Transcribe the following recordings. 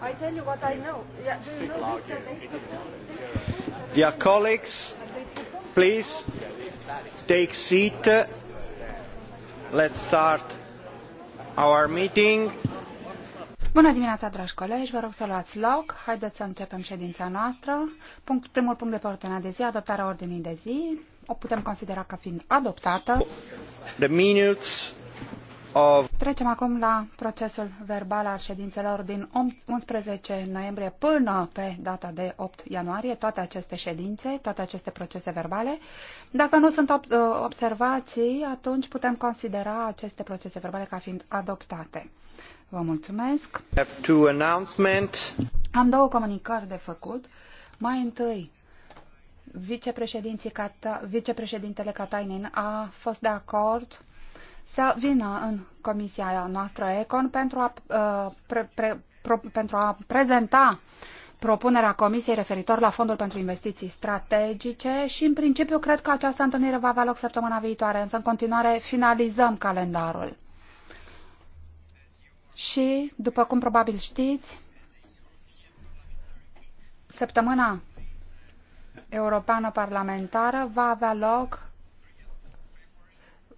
I tell you what I know. Yeah, do you know this? Dear colleagues, please take seat. Let's start our meeting. Bună dimineața, dragi colegi, vă rog să luați loc. Haideți să începem ședința noastră. Punct, primul punct de pe ordinea de zi, adoptarea ordinii de zi. O putem considera ca fiind adoptată. The minutes Trecem acum la procesul verbal al ședințelor din 11 noiembrie până pe data de 8 ianuarie, toate aceste ședințe, toate aceste procese verbale. Dacă nu sunt uh, observații, atunci putem considera aceste procese verbale ca fiind adoptate. Vă mulțumesc. Am două comunicări de făcut. Mai întâi, vicepreședintele Catainen a fost de acord să vină în comisia noastră ECON pentru a, uh, pre, pre, pro, pentru a prezenta propunerea comisiei referitor la Fondul pentru Investiții Strategice și, în principiu, cred că această întâlnire va avea loc săptămâna viitoare, însă, în continuare, finalizăm calendarul. Și, după cum probabil știți, săptămâna europeană parlamentară va avea loc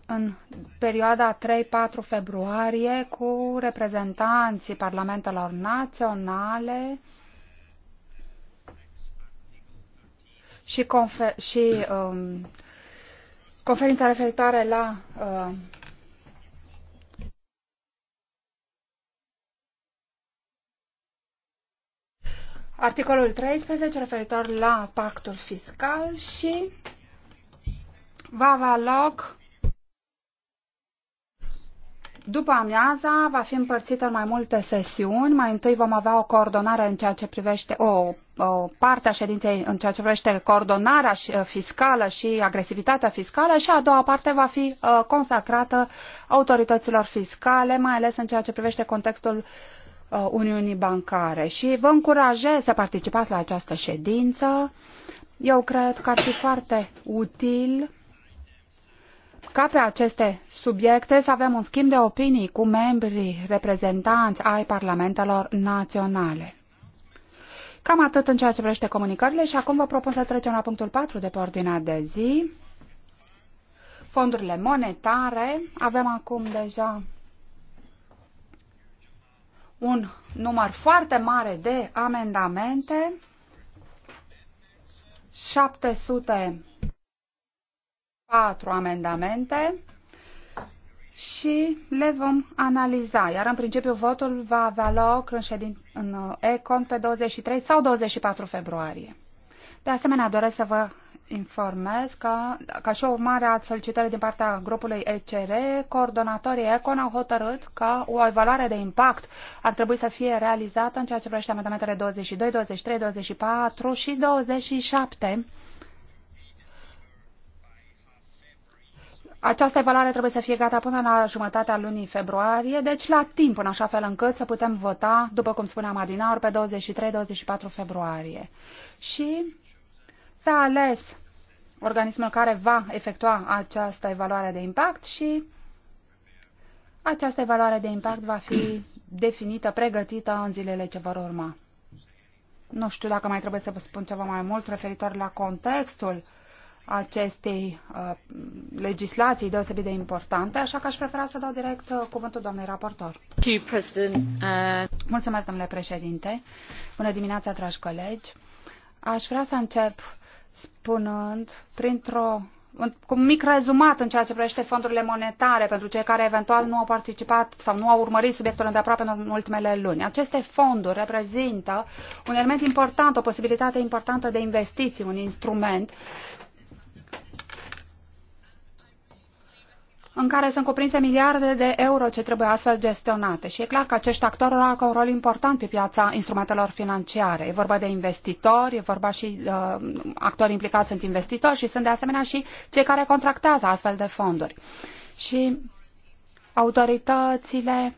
în perioada 3-4 februarie cu reprezentanții parlamentelor naționale și, confer și um, conferința referitoare la uh, articolul 13 referitor la pactul fiscal și va avea loc după amiaza va fi împărțită în mai multe sesiuni. Mai întâi vom avea o coordonare în ceea ce privește o, o parte a ședinței în ceea ce privește coordonarea uh, fiscală și agresivitatea fiscală și a doua parte va fi uh, consacrată autorităților fiscale, mai ales în ceea ce privește contextul uh, Uniunii Bancare. Și vă încurajez să participați la această ședință. Eu cred că ar fi foarte util ca pe aceste subiecte să avem un schimb de opinii cu membrii reprezentanți ai parlamentelor naționale. Cam atât în ceea ce privește comunicările și acum vă propun să trecem la punctul 4 de pe ordinea de zi. Fondurile monetare. Avem acum deja un număr foarte mare de amendamente. 700 patru amendamente și le vom analiza. Iar în principiu votul va avea loc în, ședin, în uh, Econ pe 23 sau 24 februarie. De asemenea, doresc să vă informez că, ca și o urmare a solicitării din partea grupului ECR, coordonatorii ECON au hotărât că o evaluare de impact ar trebui să fie realizată în ceea ce privește amendamentele 22, 23, 24 și 27 Această evaluare trebuie să fie gata până la jumătatea lunii februarie, deci la timp, în așa fel încât să putem vota, după cum spuneam adinaur, pe 23-24 februarie. Și s-a ales organismul care va efectua această evaluare de impact și această evaluare de impact va fi definită, pregătită în zilele ce vor urma. Nu știu dacă mai trebuie să vă spun ceva mai mult referitor la contextul acestei uh, legislații deosebit de importante, așa că aș prefera să dau direct uh, cuvântul doamnei raportor. Uh, Mulțumesc, domnule președinte. Bună dimineața, dragi colegi. Aș vrea să încep spunând printr-o cu un mic rezumat în ceea ce privește fondurile monetare pentru cei care eventual nu au participat sau nu au urmărit subiectul îndeaproape în ultimele luni. Aceste fonduri reprezintă un element important, o posibilitate importantă de investiții, un instrument în care sunt cuprinse miliarde de euro ce trebuie astfel gestionate. Și e clar că acești actori au un rol important pe piața instrumentelor financiare. E vorba de investitori, e vorba și uh, actori implicați sunt investitori și sunt de asemenea și cei care contractează astfel de fonduri. Și autoritățile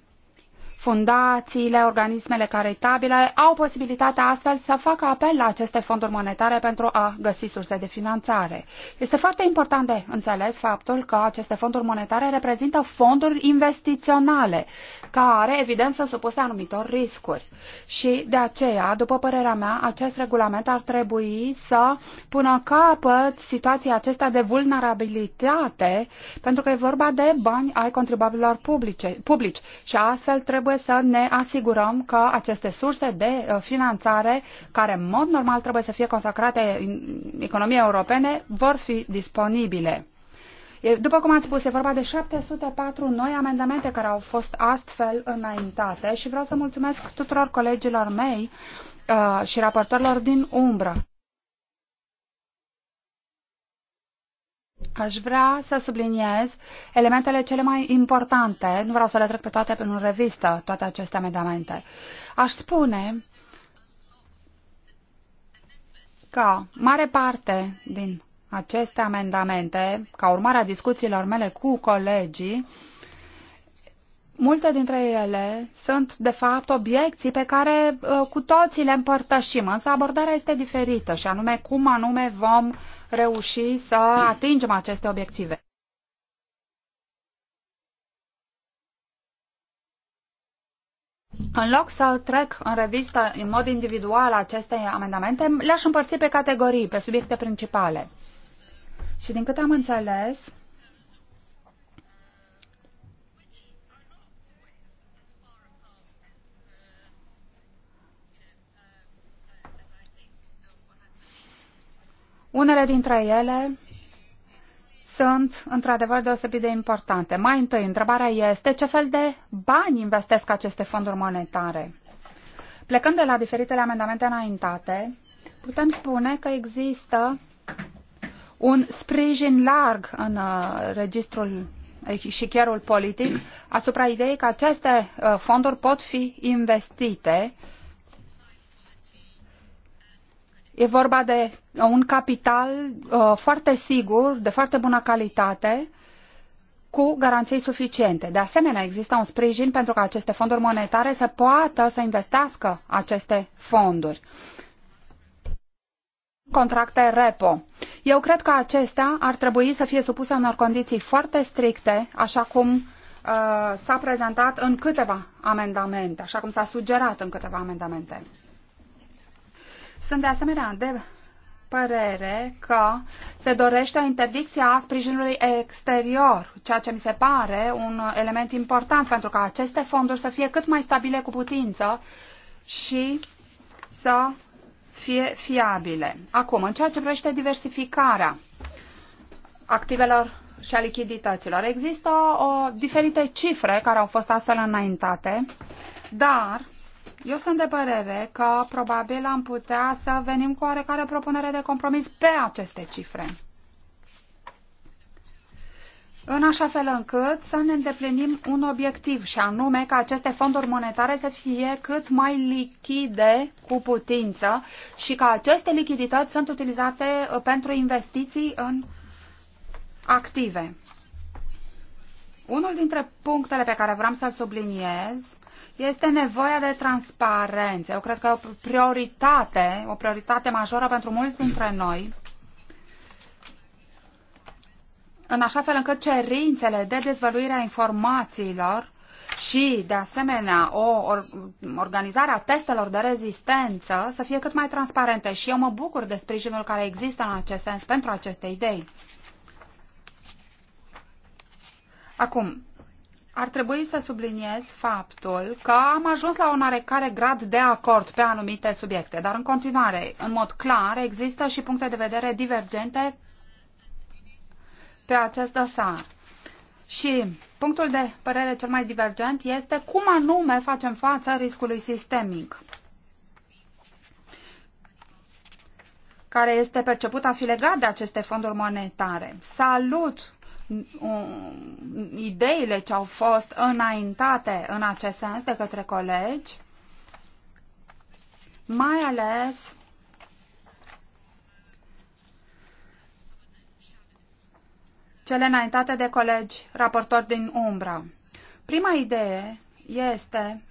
fundațiile, organismele caritabile au posibilitatea astfel să facă apel la aceste fonduri monetare pentru a găsi surse de finanțare. Este foarte important de înțeles faptul că aceste fonduri monetare reprezintă fonduri investiționale, care, evident, sunt supuse anumitor riscuri. Și, de aceea, după părerea mea, acest regulament ar trebui să pună capăt situației acestea de vulnerabilitate, pentru că e vorba de bani ai contribuabililor publice, publici și astfel trebuie trebuie să ne asigurăm că aceste surse de uh, finanțare, care în mod normal trebuie să fie consacrate economiei europene, vor fi disponibile. După cum ați spus, e vorba de 704 noi amendamente care au fost astfel înaintate și vreau să mulțumesc tuturor colegilor mei uh, și raportorilor din umbră. Aș vrea să subliniez elementele cele mai importante, nu vreau să le trec pe toate în revistă, toate aceste amendamente. Aș spune că mare parte din aceste amendamente, ca urmare a discuțiilor mele cu colegii, Multe dintre ele sunt, de fapt, obiecții pe care uh, cu toții le împărtășim, însă abordarea este diferită și anume cum anume vom reuși să atingem aceste obiective. În loc să trec în revistă în mod individual aceste amendamente, le-aș împărți pe categorii, pe subiecte principale. Și din câte am înțeles, Unele dintre ele sunt într-adevăr deosebit de importante. Mai întâi, întrebarea este ce fel de bani investesc aceste fonduri monetare? Plecând de la diferitele amendamente înaintate, putem spune că există un sprijin larg în uh, registrul eh, și chiarul politic asupra ideii că aceste uh, fonduri pot fi investite uh, E vorba de uh, un capital uh, foarte sigur, de foarte bună calitate, cu garanții suficiente. De asemenea, există un sprijin pentru ca aceste fonduri monetare să poată să investească aceste fonduri. Contracte repo. Eu cred că acestea ar trebui să fie supuse unor condiții foarte stricte, așa cum uh, s-a prezentat în câteva amendamente, așa cum s-a sugerat în câteva amendamente. Sunt de asemenea de părere că se dorește o interdicție a sprijinului exterior, ceea ce mi se pare un element important pentru ca aceste fonduri să fie cât mai stabile cu putință și să fie fiabile. Acum, în ceea ce privește diversificarea activelor și a lichidităților, există o, diferite cifre care au fost astfel înaintate, dar eu sunt de părere că probabil am putea să venim cu oarecare propunere de compromis pe aceste cifre. În așa fel încât să ne îndeplinim un obiectiv și anume ca aceste fonduri monetare să fie cât mai lichide cu putință și că aceste lichidități sunt utilizate uh, pentru investiții în active. Unul dintre punctele pe care vreau să-l subliniez este nevoia de transparență. Eu cred că e o prioritate, o prioritate majoră pentru mulți dintre noi, în așa fel încât cerințele de dezvăluire a informațiilor și, de asemenea, o organizare a testelor de rezistență să fie cât mai transparente. Și eu mă bucur de sprijinul care există în acest sens pentru aceste idei. Acum, ar trebui să subliniez faptul că am ajuns la un oarecare grad de acord pe anumite subiecte, dar în continuare, în mod clar, există și puncte de vedere divergente pe acest dosar. Și punctul de părere cel mai divergent este cum anume facem față riscului sistemic, care este perceput a fi legat de aceste fonduri monetare. Salut ideile ce au fost înaintate în acest sens de către colegi, mai ales cele înaintate de colegi raportori din umbra. Prima idee este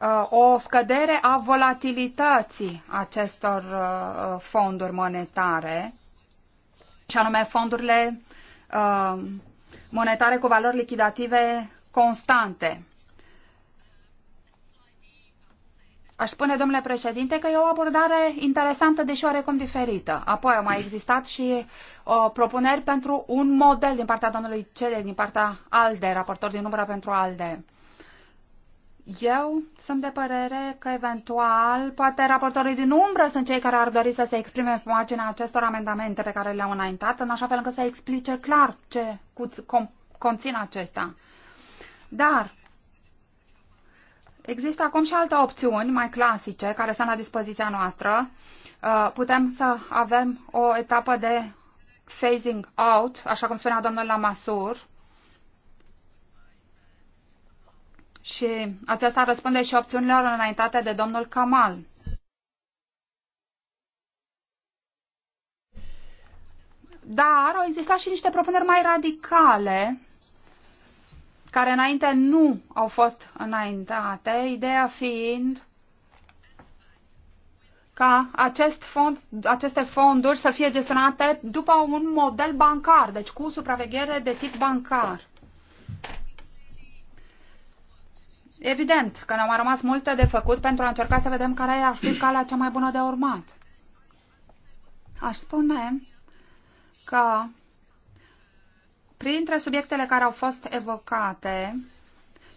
uh, o scădere a volatilității acestor uh, fonduri monetare, și anume fondurile Uh, monetare cu valori lichidative constante. Aș spune, domnule președinte, că e o abordare interesantă, deși oarecum diferită. Apoi au mai existat și o uh, propuneri pentru un model din partea domnului Cede, din partea ALDE, raportor din numără pentru ALDE. Eu sunt de părere că eventual, poate raportorii din umbră sunt cei care ar dori să se exprime pe marginea acestor amendamente pe care le-au înaintat, în așa fel încât să explice clar ce conțin acestea. Dar există acum și alte opțiuni mai clasice care sunt la dispoziția noastră. Uh, putem să avem o etapă de phasing out, așa cum spunea domnul Lamasur, Și aceasta răspunde și opțiunilor înaintate de domnul Kamal. Dar au existat și niște propuneri mai radicale care înainte nu au fost înaintate, ideea fiind ca acest fond, aceste fonduri să fie gestionate după un model bancar, deci cu supraveghere de tip bancar. Evident că ne-au mai rămas multe de făcut pentru a încerca să vedem care ar fi calea cea mai bună de urmat. Aș spune că printre subiectele care au fost evocate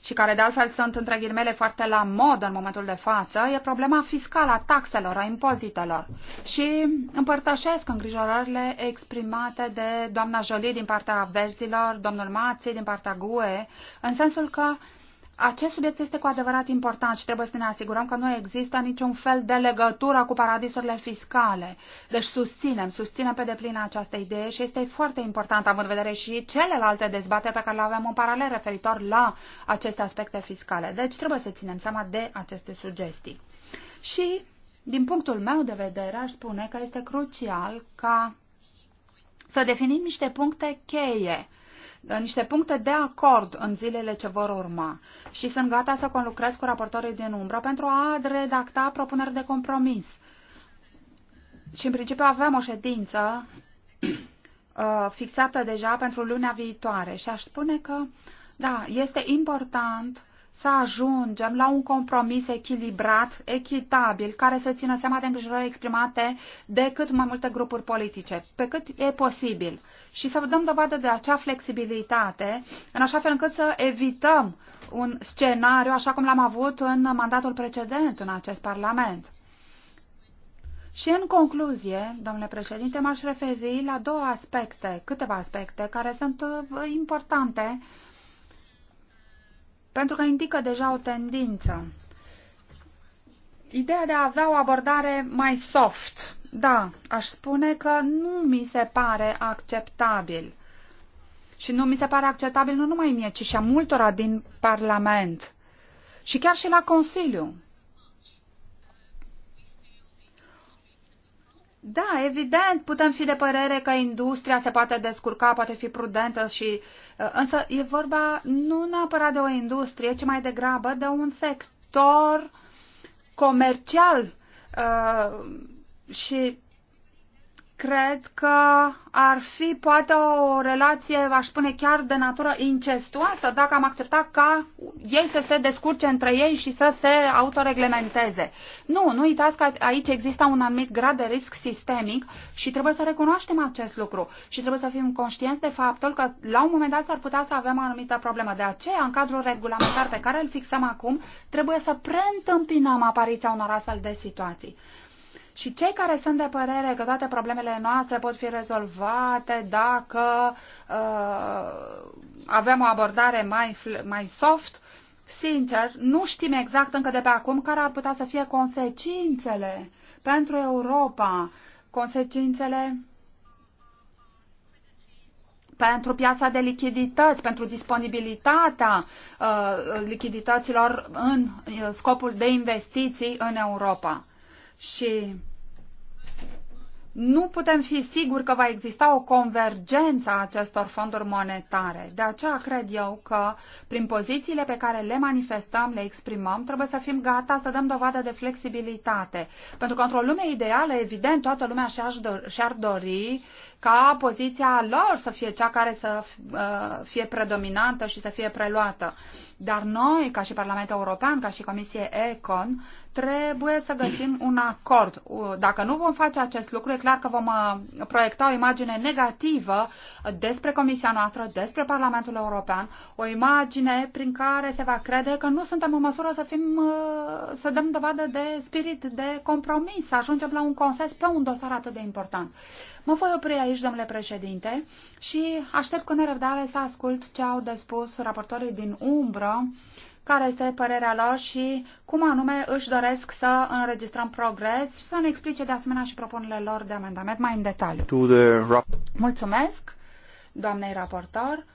și care de altfel sunt între ghilimele foarte la mod în momentul de față, e problema fiscală a taxelor, a impozitelor. Și împărtășesc îngrijorările exprimate de doamna Jolie din partea verzilor, domnul Mații din partea GUE, în sensul că acest subiect este cu adevărat important și trebuie să ne asigurăm că nu există niciun fel de legătură cu paradisurile fiscale. Deci susținem, susținem pe deplin această idee și este foarte important, având în vedere și celelalte dezbateri pe care le avem în paralel referitor la aceste aspecte fiscale. Deci trebuie să ținem seama de aceste sugestii. Și, din punctul meu de vedere, aș spune că este crucial ca să definim niște puncte cheie Uh, niște puncte de acord în zilele ce vor urma și sunt gata să conlucrez cu raportorii din umbră pentru a redacta propuneri de compromis. Și în principiu avem o ședință uh, fixată deja pentru lunea viitoare și aș spune că, da, este important să ajungem la un compromis echilibrat, echitabil, care să țină seama de îngrijorări exprimate de cât mai multe grupuri politice, pe cât e posibil. Și să dăm dovadă de acea flexibilitate, în așa fel încât să evităm un scenariu așa cum l-am avut în mandatul precedent în acest Parlament. Și în concluzie, domnule președinte, m-aș referi la două aspecte, câteva aspecte care sunt uh, importante pentru că indică deja o tendință. Ideea de a avea o abordare mai soft, da, aș spune că nu mi se pare acceptabil. Și nu mi se pare acceptabil nu numai mie, ci și a multora din Parlament. Și chiar și la Consiliu. Da, evident, putem fi de părere că industria se poate descurca, poate fi prudentă și... Uh, însă e vorba nu neapărat de o industrie, ci mai degrabă de un sector comercial uh, și cred că ar fi poate o relație, aș spune chiar de natură incestuoasă, dacă am acceptat ca ei să se descurce între ei și să se autoreglementeze. Nu, nu uitați că aici există un anumit grad de risc sistemic și trebuie să recunoaștem acest lucru și trebuie să fim conștienți de faptul că la un moment dat s-ar putea să avem o anumită problemă. De aceea, în cadrul regulamentar pe care îl fixăm acum, trebuie să preîntâmpinăm apariția unor astfel de situații. Și cei care sunt de părere că toate problemele noastre pot fi rezolvate dacă uh, avem o abordare mai, mai soft, sincer, nu știm exact încă de pe acum care ar putea să fie consecințele pentru Europa, consecințele pentru piața de lichidități, pentru disponibilitatea uh, lichidităților în uh, scopul de investiții în Europa și nu putem fi siguri că va exista o convergență a acestor fonduri monetare. De aceea cred eu că prin pozițiile pe care le manifestăm, le exprimăm, trebuie să fim gata să dăm dovadă de flexibilitate. Pentru că într-o lume ideală, evident, toată lumea și-ar dori ca poziția lor să fie cea care să uh, fie predominantă și să fie preluată. Dar noi, ca și Parlamentul European, ca și Comisie Econ, trebuie să găsim un acord. Dacă nu vom face acest lucru, e clar că vom uh, proiecta o imagine negativă despre Comisia noastră, despre Parlamentul European, o imagine prin care se va crede că nu suntem în măsură să, fim, uh, să dăm dovadă de spirit de compromis, să ajungem la un consens pe un dosar atât de important. Mă voi opri aici, domnule președinte, și aștept cu nerăbdare să ascult ce au de spus raportorii din umbră, care este părerea lor și cum anume își doresc să înregistrăm progres și să ne explice de asemenea și propunerile lor de amendament mai în detaliu. The... Mulțumesc, doamnei raportor.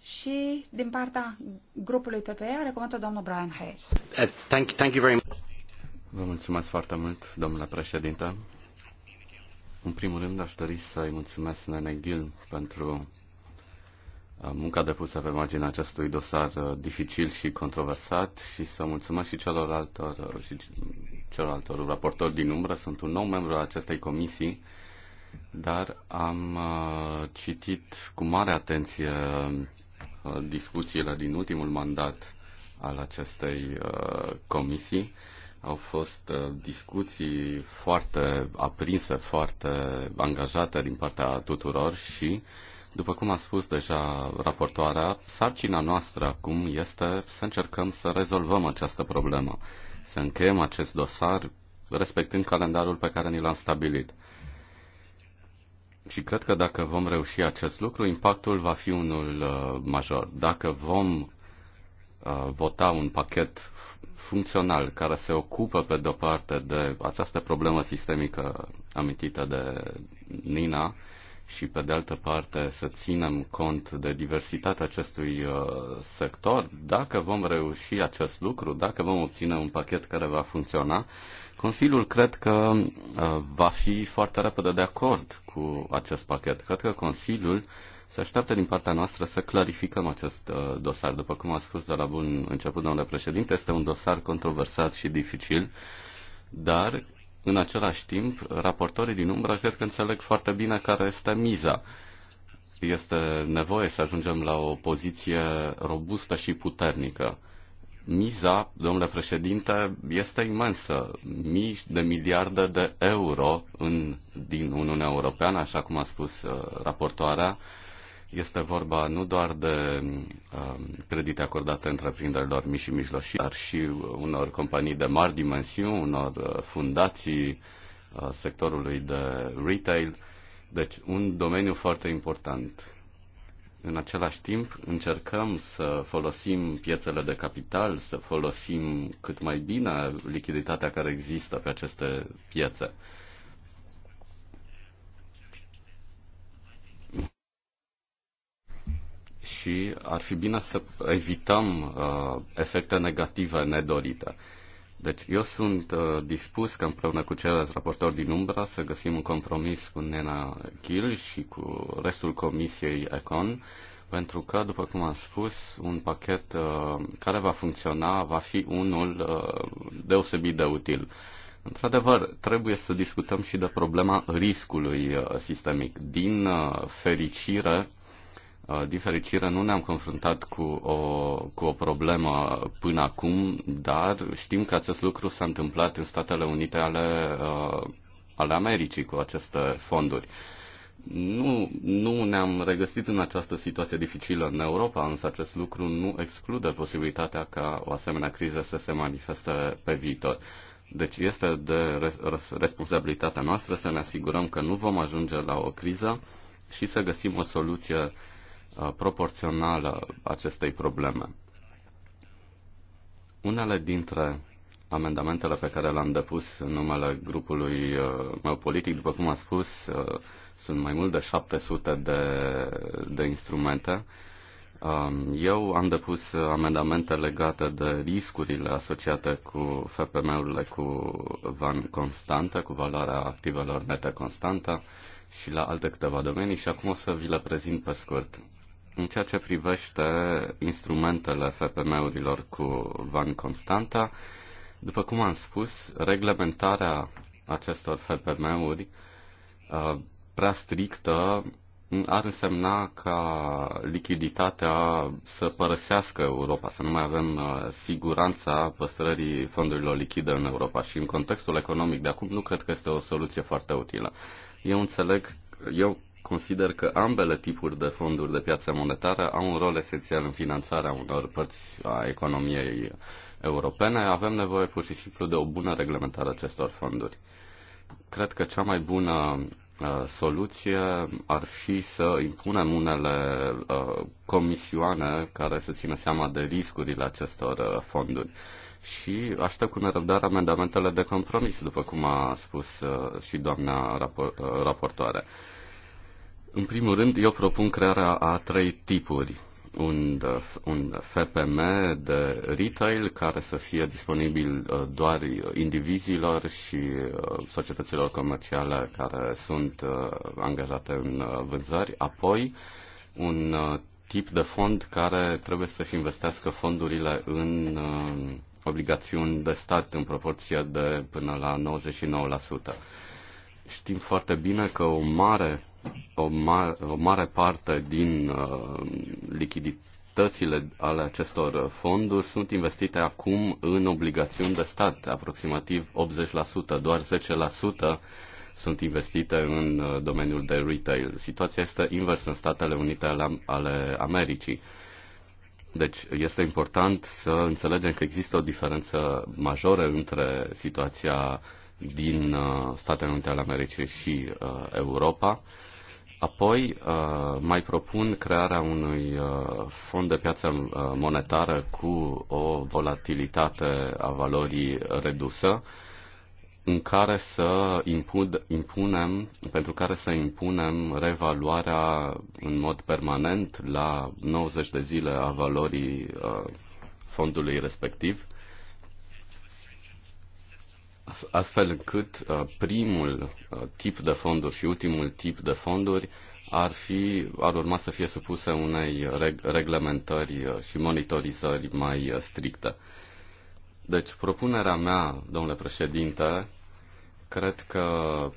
Și din partea grupului PPE are cuvântul domnul Brian Hayes. Uh, thank, thank you very much. Vă mulțumesc foarte mult, domnule președinte. În primul rând, aș dori să-i mulțumesc Nene Gil pentru uh, munca depusă pe marginea acestui dosar uh, dificil și controversat și să mulțumesc și celorlaltor, uh, și celorlaltor raportori din umbră. Sunt un nou membru al acestei comisii, dar am citit cu mare atenție discuțiile din ultimul mandat al acestei comisii au fost uh, discuții foarte aprinse, foarte angajate din partea tuturor și, după cum a spus deja raportoarea, sarcina noastră acum este să încercăm să rezolvăm această problemă, să încheiem acest dosar respectând calendarul pe care ni l-am stabilit. Și cred că dacă vom reuși acest lucru, impactul va fi unul uh, major. Dacă vom uh, vota un pachet funcțional care se ocupă pe de-o parte de această problemă sistemică amintită de Nina și pe de altă parte să ținem cont de diversitatea acestui uh, sector, dacă vom reuși acest lucru, dacă vom obține un pachet care va funcționa, Consiliul cred că uh, va fi foarte repede de acord cu acest pachet. Cred că Consiliul se așteaptă din partea noastră să clarificăm acest uh, dosar. După cum a spus de la bun început, domnule președinte, este un dosar controversat și dificil, dar în același timp, raportorii din umbră cred că înțeleg foarte bine care este miza. Este nevoie să ajungem la o poziție robustă și puternică. Miza, domnule președinte, este imensă. Mii de miliarde de euro în, din Uniunea Europeană, așa cum a spus uh, raportoarea, este vorba nu doar de um, credite acordate întreprinderilor mici și mijloșii, dar și unor companii de mari dimensiuni, unor uh, fundații uh, sectorului de retail. Deci un domeniu foarte important. În același timp încercăm să folosim piețele de capital, să folosim cât mai bine lichiditatea care există pe aceste piețe. și ar fi bine să evităm uh, efecte negative nedorite. Deci eu sunt uh, dispus că împreună cu ceilalți raportori din Umbra să găsim un compromis cu Nena Gil și cu restul Comisiei Econ, pentru că, după cum am spus, un pachet uh, care va funcționa va fi unul uh, deosebit de util. Într-adevăr, trebuie să discutăm și de problema riscului uh, sistemic. Din uh, fericire, Uh, din fericire, nu ne-am confruntat cu o, cu o problemă până acum, dar știm că acest lucru s-a întâmplat în Statele Unite ale, uh, ale Americii cu aceste fonduri. Nu, nu ne-am regăsit în această situație dificilă în Europa, însă acest lucru nu exclude posibilitatea ca o asemenea criză să se manifeste pe viitor. Deci este de responsabilitatea noastră să ne asigurăm că nu vom ajunge la o criză și să găsim o soluție Uh, proporțională acestei probleme. Unele dintre amendamentele pe care le-am depus în numele grupului uh, meu politic, după cum am spus, uh, sunt mai mult de 700 de, de instrumente. Um, eu am depus amendamente legate de riscurile asociate cu FPM-urile cu van constantă, cu valoarea activelor nete constantă și la alte câteva domenii și acum o să vi le prezint pe scurt. În ceea ce privește instrumentele FPM-urilor cu Van Constanta, după cum am spus, reglementarea acestor FPM-uri uh, prea strictă ar însemna ca lichiditatea să părăsească Europa, să nu mai avem uh, siguranța păstrării fondurilor lichide în Europa. Și în contextul economic de acum nu cred că este o soluție foarte utilă. Eu înțeleg, eu Consider că ambele tipuri de fonduri de piață monetară au un rol esențial în finanțarea unor părți a economiei europene. Avem nevoie pur și simplu de o bună reglementare a acestor fonduri. Cred că cea mai bună uh, soluție ar fi să impunem unele uh, comisioane care să țină seama de riscurile acestor uh, fonduri. Și aștept cu nerăbdare amendamentele de compromis, după cum a spus și doamna raportoare. În primul rând, eu propun crearea a trei tipuri. Un, un FPM de retail care să fie disponibil uh, doar indivizilor și uh, societăților comerciale care sunt uh, angajate în vânzări, apoi un tip de fond care trebuie să-și investească fondurile în obligațiuni de stat în proporție de până la 99%. Știm foarte bine că o mare o mare, o mare parte din uh, lichiditățile ale acestor fonduri sunt investite acum în obligațiuni de stat, aproximativ 80%, doar 10% sunt investite în uh, domeniul de retail. Situația este inversă în Statele Unite ale, ale Americii. Deci este important să înțelegem că există o diferență majoră între situația din uh, Statele Unite ale Americii și uh, Europa Apoi uh, mai propun crearea unui uh, fond de piață uh, monetară cu o volatilitate a valorii redusă, în care să impun, impunem, pentru care să impunem revaluarea în mod permanent la 90 de zile a valorii fondului respectiv astfel încât uh, primul uh, tip de fonduri și ultimul tip de fonduri ar, fi, ar urma să fie supuse unei reglementări uh, și monitorizări mai stricte. Deci, propunerea mea, domnule președinte, cred că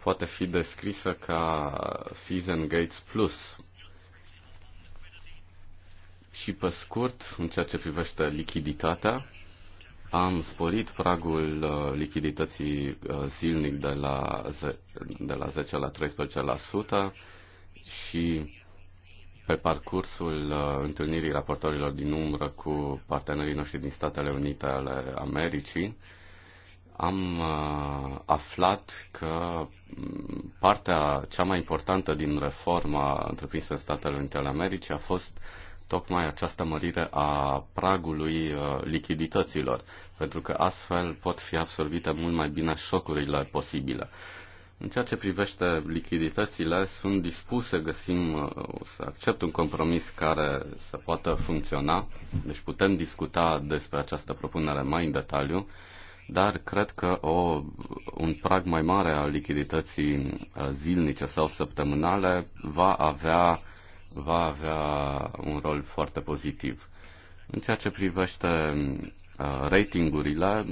poate fi descrisă ca Fees and Gates Plus. Și pe scurt, în ceea ce privește lichiditatea, am sporit pragul uh, lichidității uh, zilnic de la, ze- de la 10 la 13% și pe parcursul uh, întâlnirii raportorilor din umbră cu partenerii noștri din Statele Unite ale Americii, am uh, aflat că mm, partea cea mai importantă din reforma întreprinsă în Statele Unite ale Americii a fost uh, tocmai această mărire a pragului uh, lichidităților, pentru că astfel pot fi absorbite mult mai bine șocurile posibile. În ceea ce privește lichiditățile, sunt dispus să găsim, uh, să accept un compromis care să poată funcționa, deci putem discuta despre această propunere mai în detaliu, dar cred că o, un prag mai mare al lichidității uh, zilnice sau săptămânale va avea va avea un rol foarte pozitiv. În ceea ce privește uh, ratingurile,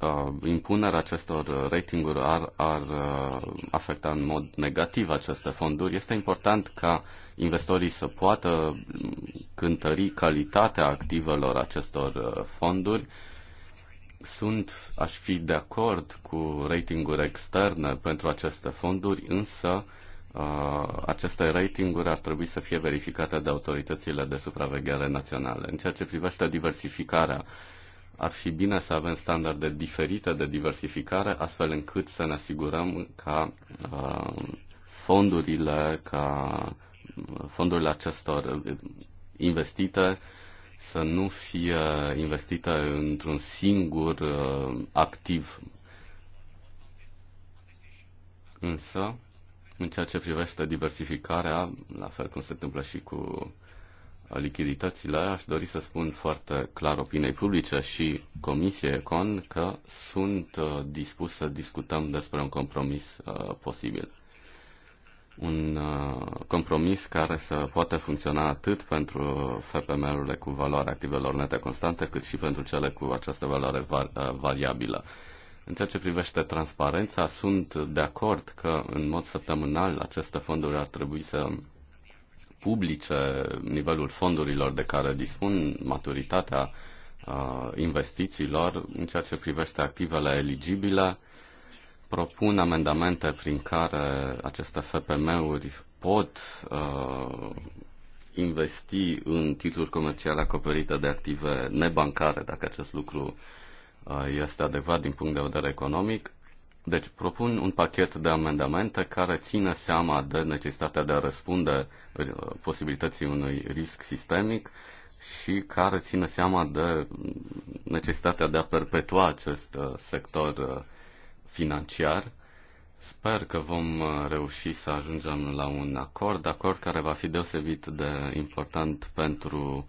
uh, impunerea acestor ratinguri ar, ar uh, afecta în mod negativ aceste fonduri. Este important ca investorii să poată cântări calitatea activelor acestor fonduri. Sunt, aș fi de acord cu ratinguri externe pentru aceste fonduri, însă uh, aceste ratinguri ar trebui să fie verificate de autoritățile de supraveghere naționale. În ceea ce privește diversificarea, ar fi bine să avem standarde diferite de diversificare, astfel încât să ne asigurăm ca fondurile, ca fondurile acestor investite să nu fie investite într-un singur activ. Însă, în ceea ce privește diversificarea, la fel cum se întâmplă și cu lichiditățile, aș dori să spun foarte clar opiniei publice și Comisie Econ că sunt uh, dispus să discutăm despre un compromis uh, posibil. Un uh, compromis care să poată funcționa atât pentru FPM-urile cu valoare activelor nete constante, cât și pentru cele cu această valoare var- uh, variabilă. În ceea ce privește transparența, sunt de acord că în mod săptămânal aceste fonduri ar trebui să publice nivelul fondurilor de care dispun, maturitatea investițiilor în ceea ce privește activele eligibile. Propun amendamente prin care aceste FPM-uri pot uh, investi în titluri comerciale acoperite de active nebancare, dacă acest lucru este adevărat din punct de vedere economic. Deci propun un pachet de amendamente care ține seama de necesitatea de a răspunde uh, posibilității unui risc sistemic și care ține seama de necesitatea de a perpetua acest uh, sector uh, financiar. Sper că vom reuși să ajungem la un acord, acord care va fi deosebit de important pentru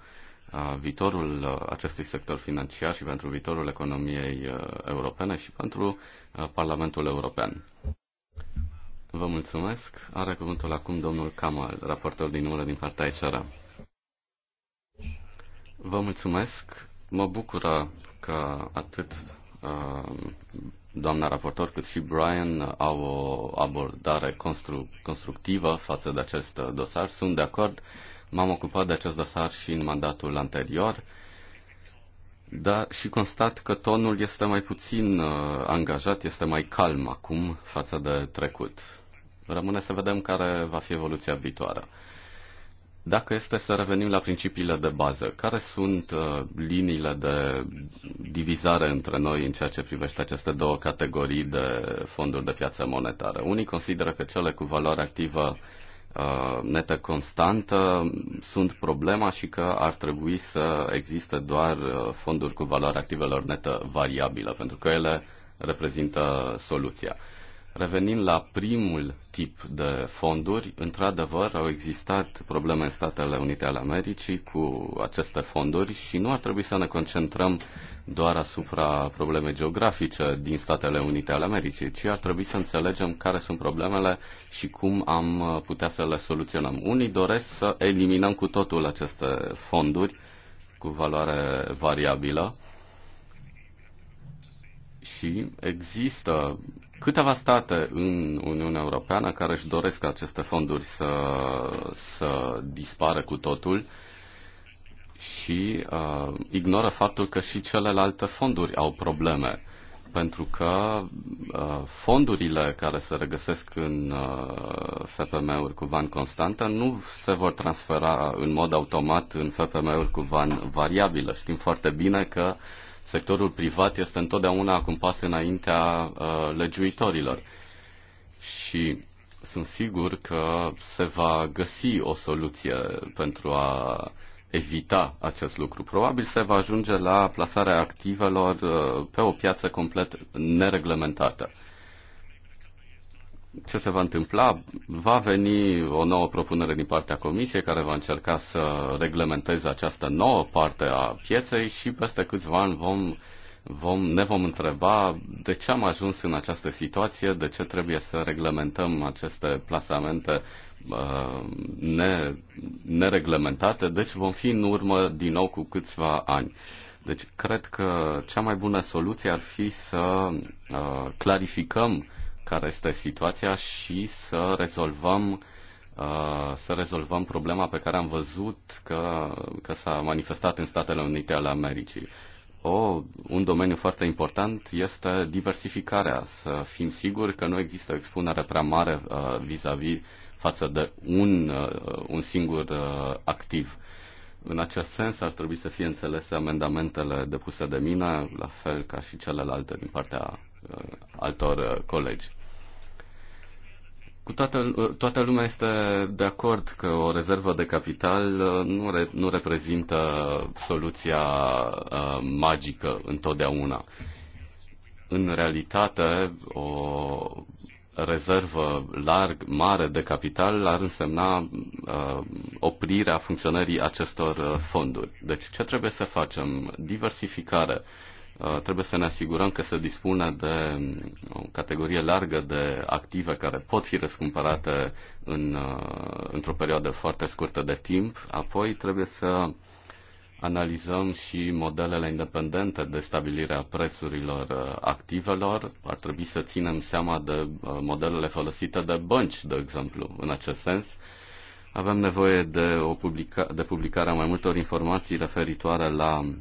viitorul uh, acestui sector financiar și pentru viitorul economiei uh, europene și pentru uh, Parlamentul European. Vă mulțumesc. Are cuvântul acum domnul Kamal, raportor din urmă din partea ICR. Vă mulțumesc. Mă bucură că atât doamna raportor cât și Brian au o abordare constru- constructivă față de acest dosar. Sunt de acord M-am ocupat de acest dosar și în mandatul anterior, dar și constat că tonul este mai puțin uh, angajat, este mai calm acum față de trecut. Rămâne să vedem care va fi evoluția viitoare. Dacă este să revenim la principiile de bază, care sunt uh, liniile de divizare între noi în ceea ce privește aceste două categorii de fonduri de piață monetară? Unii consideră că cele cu valoare activă Uh, netă constantă sunt problema și că ar trebui să existe doar uh, fonduri cu valoare activelor netă variabilă, pentru că ele reprezintă soluția. Revenind la primul tip de fonduri, într-adevăr au existat probleme în Statele Unite ale Americii cu aceste fonduri și nu ar trebui să ne concentrăm doar asupra problemei geografice din Statele Unite ale Americii, ci ar trebui să înțelegem care sunt problemele și cum am putea să le soluționăm. Unii doresc să eliminăm cu totul aceste fonduri cu valoare variabilă și există câteva state în Uniunea Europeană care își doresc aceste fonduri să, să dispară cu totul și uh, ignoră faptul că și celelalte fonduri au probleme, pentru că uh, fondurile care se regăsesc în uh, FPM-uri cu van constantă nu se vor transfera în mod automat în FPM-uri cu van variabilă. Știm foarte bine că sectorul privat este întotdeauna acum pas înaintea uh, legiuitorilor. Și sunt sigur că se va găsi o soluție pentru a evita acest lucru. Probabil se va ajunge la plasarea activelor uh, pe o piață complet nereglementată. Ce se va întâmpla? Va veni o nouă propunere din partea Comisiei care va încerca să reglementeze această nouă parte a pieței și peste câțiva ani vom, vom, ne vom întreba de ce am ajuns în această situație, de ce trebuie să reglementăm aceste plasamente Uh, ne, nereglementate, deci vom fi în urmă din nou cu câțiva ani. Deci cred că cea mai bună soluție ar fi să uh, clarificăm care este situația și să rezolvăm uh, să rezolvăm problema pe care am văzut că, că s-a manifestat în Statele Unite ale Americii. O, un domeniu foarte important este diversificarea, să fim siguri că nu există o expunere prea mare uh, vis-a-vis uh, -vis față de un, uh, un singur uh, activ. În acest sens ar trebui să fie înțelese amendamentele depuse de mine, la fel ca și celelalte din partea uh, altor colegi. Cu toată, toată lumea este de acord că o rezervă de capital nu, re, nu reprezintă soluția uh, magică întotdeauna. În realitate, o rezervă larg, mare de capital ar însemna uh, oprirea funcționării acestor uh, fonduri. Deci ce trebuie să facem? Diversificare. Uh, trebuie să ne asigurăm că se dispune de uh, o categorie largă de active care pot fi răscumpărate în, uh, într-o perioadă foarte scurtă de timp. Apoi trebuie să analizăm și modelele independente de stabilire a prețurilor uh, activelor. Ar trebui să ținem seama de uh, modelele folosite de bănci, de exemplu, în acest sens. Avem nevoie de, o publica- de publicarea mai multor informații referitoare la,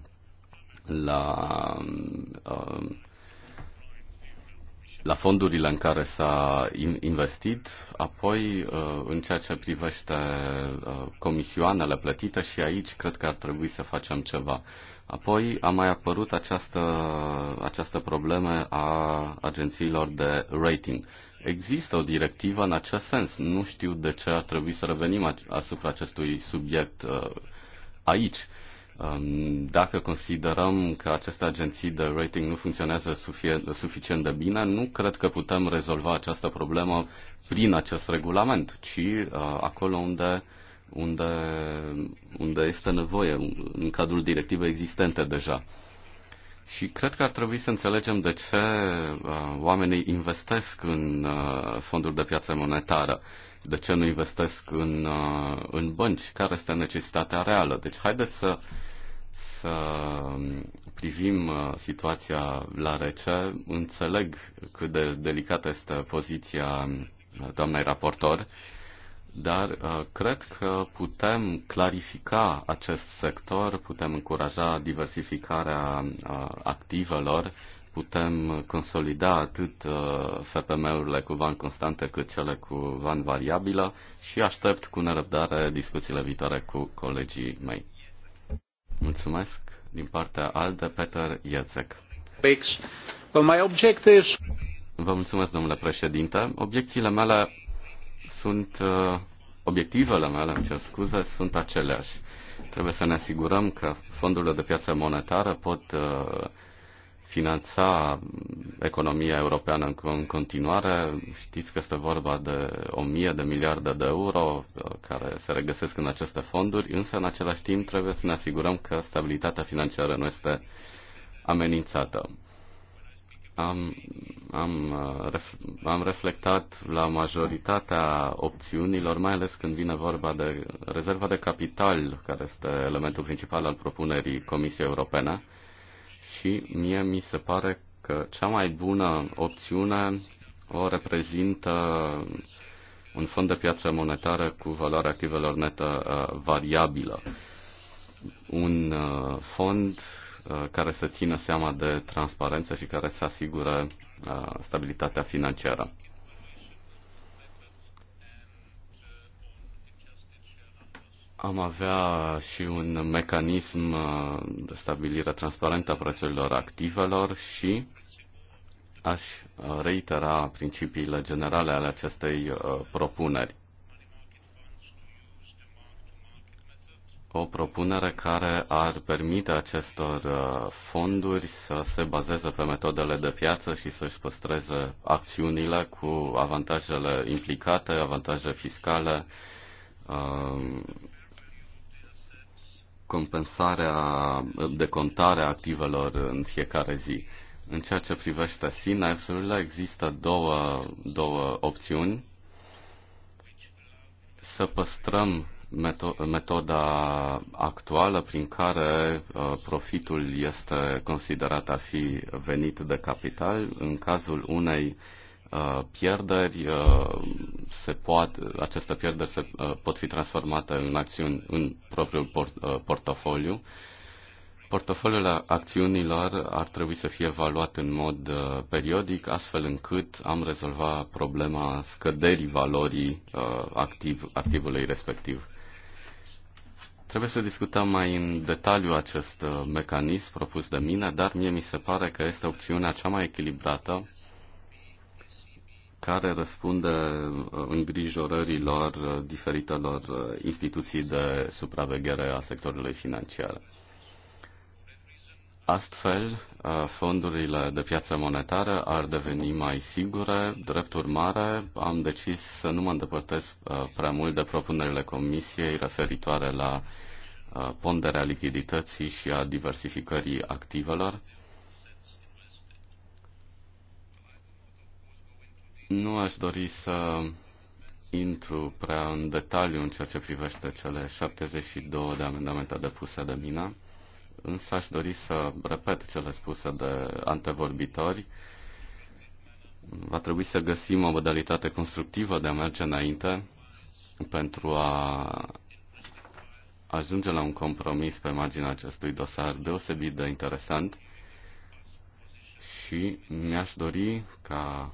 la um, uh, la fondurile în care s-a investit, apoi uh, în ceea ce privește uh, comisioanele plătite și aici cred că ar trebui să facem ceva. Apoi a mai apărut această, această problemă a agențiilor de rating. Există o directivă în acest sens. Nu știu de ce ar trebui să revenim asupra acestui subiect uh, aici Um, dacă considerăm că aceste agenții de rating nu funcționează suficient de bine, nu cred că putem rezolva această problemă prin acest regulament, ci uh, acolo unde, unde, unde este nevoie, în cadrul directivei existente deja. Și cred că ar trebui să înțelegem de ce uh, oamenii investesc în uh, fonduri de piață monetară, de ce nu investesc în, în bănci, care este necesitatea reală. Deci haideți să să privim uh, situația la rece. Înțeleg cât de delicată este poziția uh, doamnei raportor, dar uh, cred că putem clarifica acest sector, putem încuraja diversificarea activelor, putem consolida atât FPM-urile cu van constante cât cele cu van variabilă și aștept cu nerăbdare discuțiile viitoare cu colegii mei. Mulțumesc din partea ALDE, Peter Iețec. Vă mulțumesc, domnule președinte. Obiecțiile mele sunt, uh, obiectivele mele, îmi cer scuze, sunt aceleași. Trebuie să ne asigurăm că fondurile de piață monetară pot uh, finanța economia europeană în continuare. Știți că este vorba de o mie de miliarde de euro uh, care se regăsesc în aceste fonduri, însă în același timp trebuie să ne asigurăm că stabilitatea financiară nu este amenințată. Am, am, uh, am reflectat la majoritatea opțiunilor, mai ales când vine vorba de rezerva de capital, care este elementul principal al propunerii Comisiei Europene și mie mi se pare că cea mai bună opțiune o reprezintă un fond de piață monetară cu valoare activelor netă uh, variabilă. Un uh, fond uh, care să țină seama de transparență și care să asigure stabilitatea financiară. am avea și un mecanism uh, de stabilire transparentă a prețurilor activelor și aș uh, reitera principiile generale ale acestei uh, propuneri. O propunere care ar permite acestor fonduri să se bazeze pe metodele de piață și să-și păstreze acțiunile cu avantajele implicate, avantaje fiscale, compensarea, decontarea activelor în fiecare zi. În ceea ce privește SIN, absolut există două, două opțiuni. Să păstrăm meto- metoda actuală prin care uh, profitul este considerat a fi venit de capital în cazul unei uh, Uh, pierderi uh, se poat, aceste pierderi se uh, pot fi transformate în acțiuni în propriul port, portofoliu. Portofoliul acțiunilor ar trebui să fie evaluat în mod periodic, astfel încât am rezolvat problema scăderii valorii activ, activului respectiv. Trebuie să discutăm mai în detaliu acest mecanism propus de mine, dar mie mi se pare că este opțiunea cea mai echilibrată care răspunde uh, îngrijorărilor uh, diferitelor uh, instituții de supraveghere a sectorului financiar. Astfel, fondurile de piață monetară ar deveni mai sigure. Drept urmare, am decis să nu mă îndepărtez prea mult de propunerile Comisiei referitoare la ponderea lichidității și a diversificării activelor Nu aș dori să intru prea în detaliu în ceea ce privește cele 72 de amendamente depuse de mine, însă aș dori să repet cele spuse de antevorbitori. Va trebui să găsim o modalitate constructivă de a merge înainte pentru a ajunge la un compromis pe marginea acestui dosar deosebit de interesant și mi-aș dori ca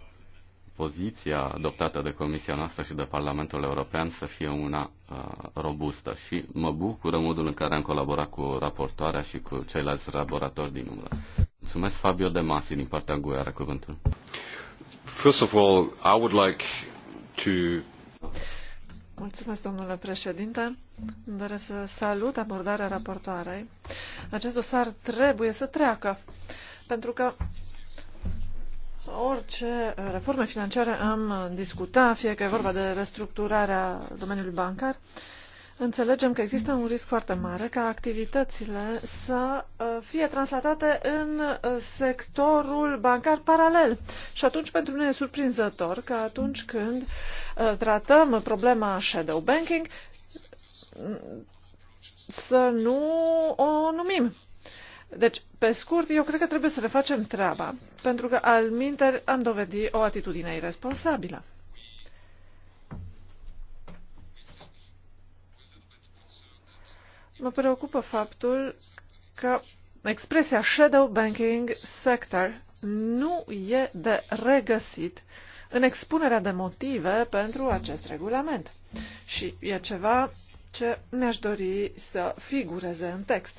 poziția adoptată de Comisia noastră și de Parlamentul European să fie una uh, robustă și mă bucură modul în care am colaborat cu raportoarea și cu ceilalți laboratori din umbră. Mulțumesc Fabio De Masi din partea GUE are cuvântul. First of all, I would like to Mulțumesc, domnule președinte. Îmi doresc să salut abordarea raportoarei. Acest dosar trebuie să treacă, pentru că orice uh, reforme financiare am discutat, fie că e vorba de restructurarea domeniului bancar, înțelegem că există un risc foarte mare ca activitățile să uh, fie translatate în uh, sectorul bancar paralel. Și atunci pentru noi e surprinzător că atunci când tratăm problema shadow banking, să nu o numim deci, pe scurt, eu cred că trebuie să le facem treaba, pentru că al minter am dovedi o atitudine irresponsabilă. Mă preocupă faptul că expresia shadow banking sector nu e de regăsit în expunerea de motive pentru acest regulament. Și e ceva ce mi-aș dori să figureze în text.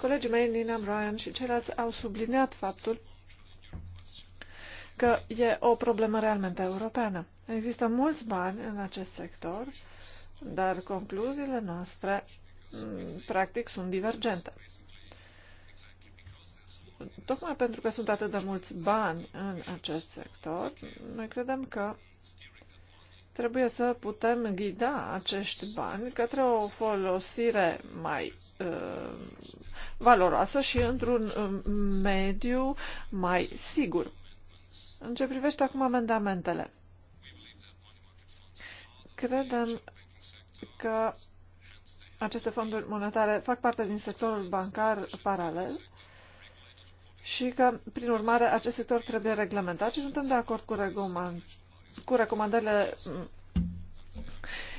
Colegii mei, Nina Bryan și ceilalți, au subliniat faptul că e o problemă realmente europeană. Există mulți bani în acest sector, dar concluziile noastre mm, practic sunt divergente. Tocmai pentru că sunt atât de mulți bani în acest sector, noi credem că Trebuie să putem ghida acești bani către o folosire mai uh, valoroasă și într-un um, mediu mai sigur. În ce privește acum amendamentele, credem că aceste fonduri monetare fac parte din sectorul bancar paralel și că, prin urmare, acest sector trebuie reglementat și suntem de acord cu cu recomandările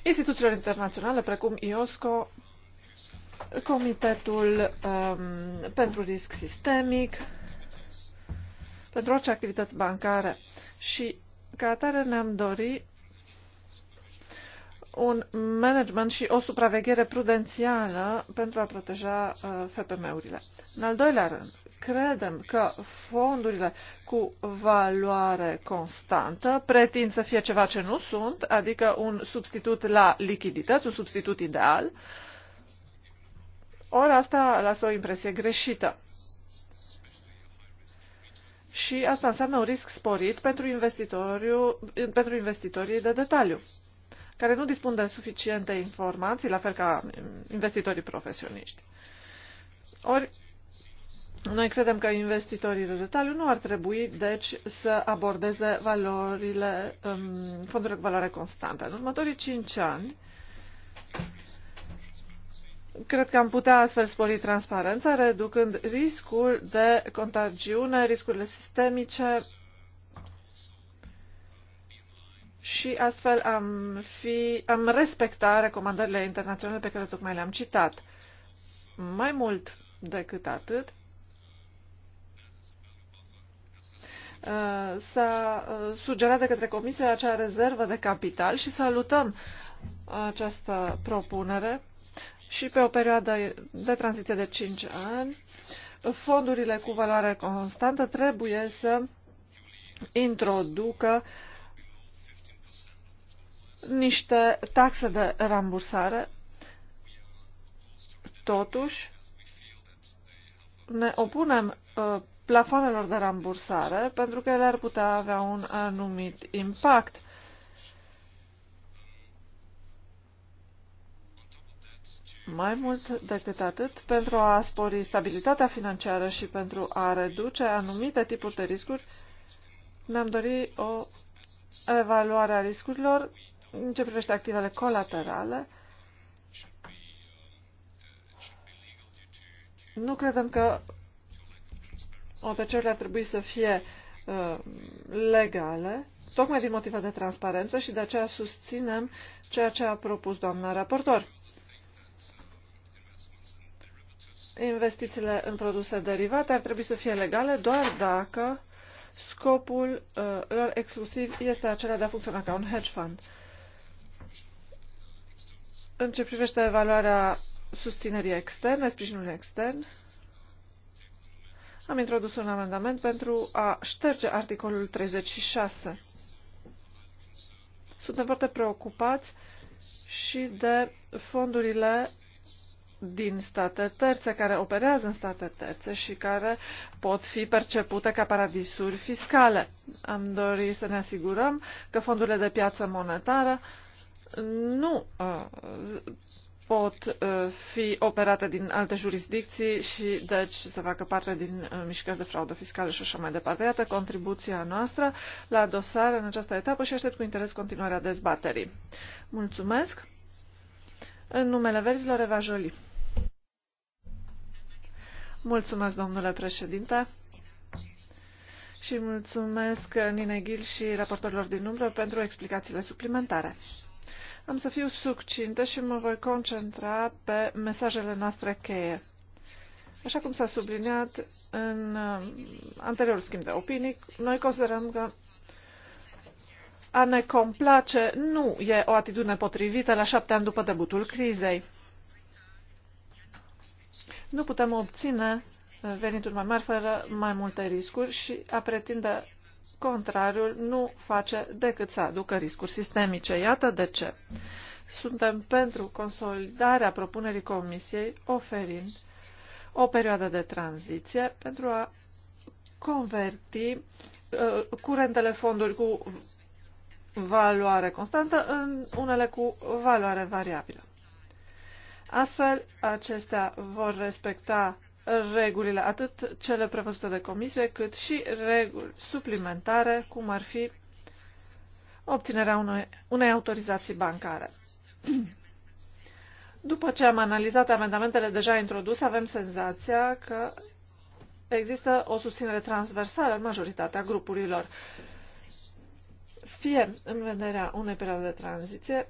instituțiilor internaționale, precum IOSCO, Comitetul um, pentru Risc Sistemic, pentru orice activități bancare. Și ca atare ne-am dorit un management și o supraveghere prudențială pentru a proteja uh, FPM-urile. În al doilea rând, credem că fondurile cu valoare constantă pretind să fie ceva ce nu sunt, adică un substitut la lichidități, un substitut ideal. Ori asta lasă o impresie greșită. Și asta înseamnă un risc sporit pentru, pentru investitorii de detaliu care nu dispun de suficiente informații, la fel ca investitorii profesioniști. Ori, noi credem că investitorii de detaliu nu ar trebui, deci, să abordeze valorile, um, fondurile cu valoare constantă. În următorii 5 ani, cred că am putea astfel spori transparența, reducând riscul de contagiune, riscurile sistemice și astfel am, fi, am respecta recomandările internaționale pe care tocmai le-am citat. Mai mult decât atât, uh, s-a uh, sugerat de către Comisie acea rezervă de capital și salutăm această propunere și pe o perioadă de tranziție de 5 ani, fondurile cu valoare constantă trebuie să introducă niște taxe de rambursare. Totuși, ne opunem uh, plafonelor de rambursare pentru că ele ar putea avea un anumit impact. Mai mult decât atât, pentru a spori stabilitatea financiară și pentru a reduce anumite tipuri de riscuri, ne-am dorit o evaluare a riscurilor în ce privește activele colaterale, nu credem că o tăcere ar trebui să fie uh, legale, tocmai din motive de transparență și de aceea susținem ceea ce a propus doamna raportor. Investițiile în produse derivate ar trebui să fie legale doar dacă scopul uh, lor exclusiv este acela de a funcționa ca un hedge fund. Uh, în ce privește evaluarea susținerii externe, sprijinului extern, am introdus un amendament pentru a șterge articolul 36. Suntem foarte preocupați și de fondurile din state terțe, care operează în state terțe și care pot fi percepute ca paradisuri fiscale. Am dorit să ne asigurăm că fondurile de piață monetară uh, nu uh, pot uh, fi operate din alte jurisdicții și deci să facă parte din uh, mișcări de fraudă fiscală și așa mai departe. Iată contribuția noastră la dosar în această etapă și aștept cu interes continuarea dezbaterii. Mulțumesc! În numele verzilor, Eva Jolie. Mulțumesc, domnule președinte, și mulțumesc Nina Ghil și raportorilor din umbră pentru explicațiile suplimentare. Am să fiu succintă și mă voi concentra pe mesajele noastre cheie. Așa cum s-a subliniat în uh, anteriorul schimb de opinii, noi considerăm că a ne complace nu e o atitudine potrivită la șapte ani după debutul crizei. Nu putem obține venituri mai mari fără mai multe riscuri și a pretinde contrariul nu face decât să aducă riscuri sistemice. Iată de ce. Suntem pentru consolidarea propunerii Comisiei, oferind o perioadă de tranziție pentru a converti uh, curentele fonduri cu valoare constantă în unele cu valoare variabilă. Astfel, acestea vor respecta regulile, atât cele prevăzute de comisie, cât și reguli suplimentare, cum ar fi obținerea unei, unei autorizații bancare. După ce am analizat amendamentele deja introduse, avem senzația că există o susținere transversală în majoritatea grupurilor. Fie în vederea unei perioade de tranziție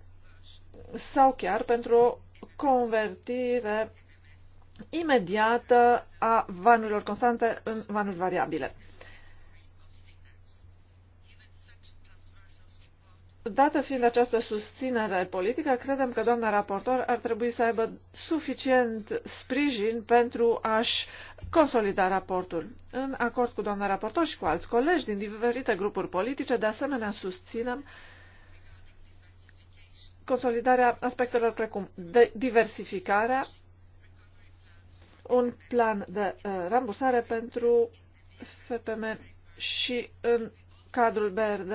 sau chiar pentru o convertire imediată a vanurilor constante în vanuri variabile. Dată fiind această susținere politică, credem că doamna raportor ar trebui să aibă suficient sprijin pentru a-și consolida raportul. În acord cu doamna raportor și cu alți colegi din diferite grupuri politice, de asemenea susținem consolidarea aspectelor precum diversificarea un plan de uh, rambursare pentru FPM și în cadrul BRD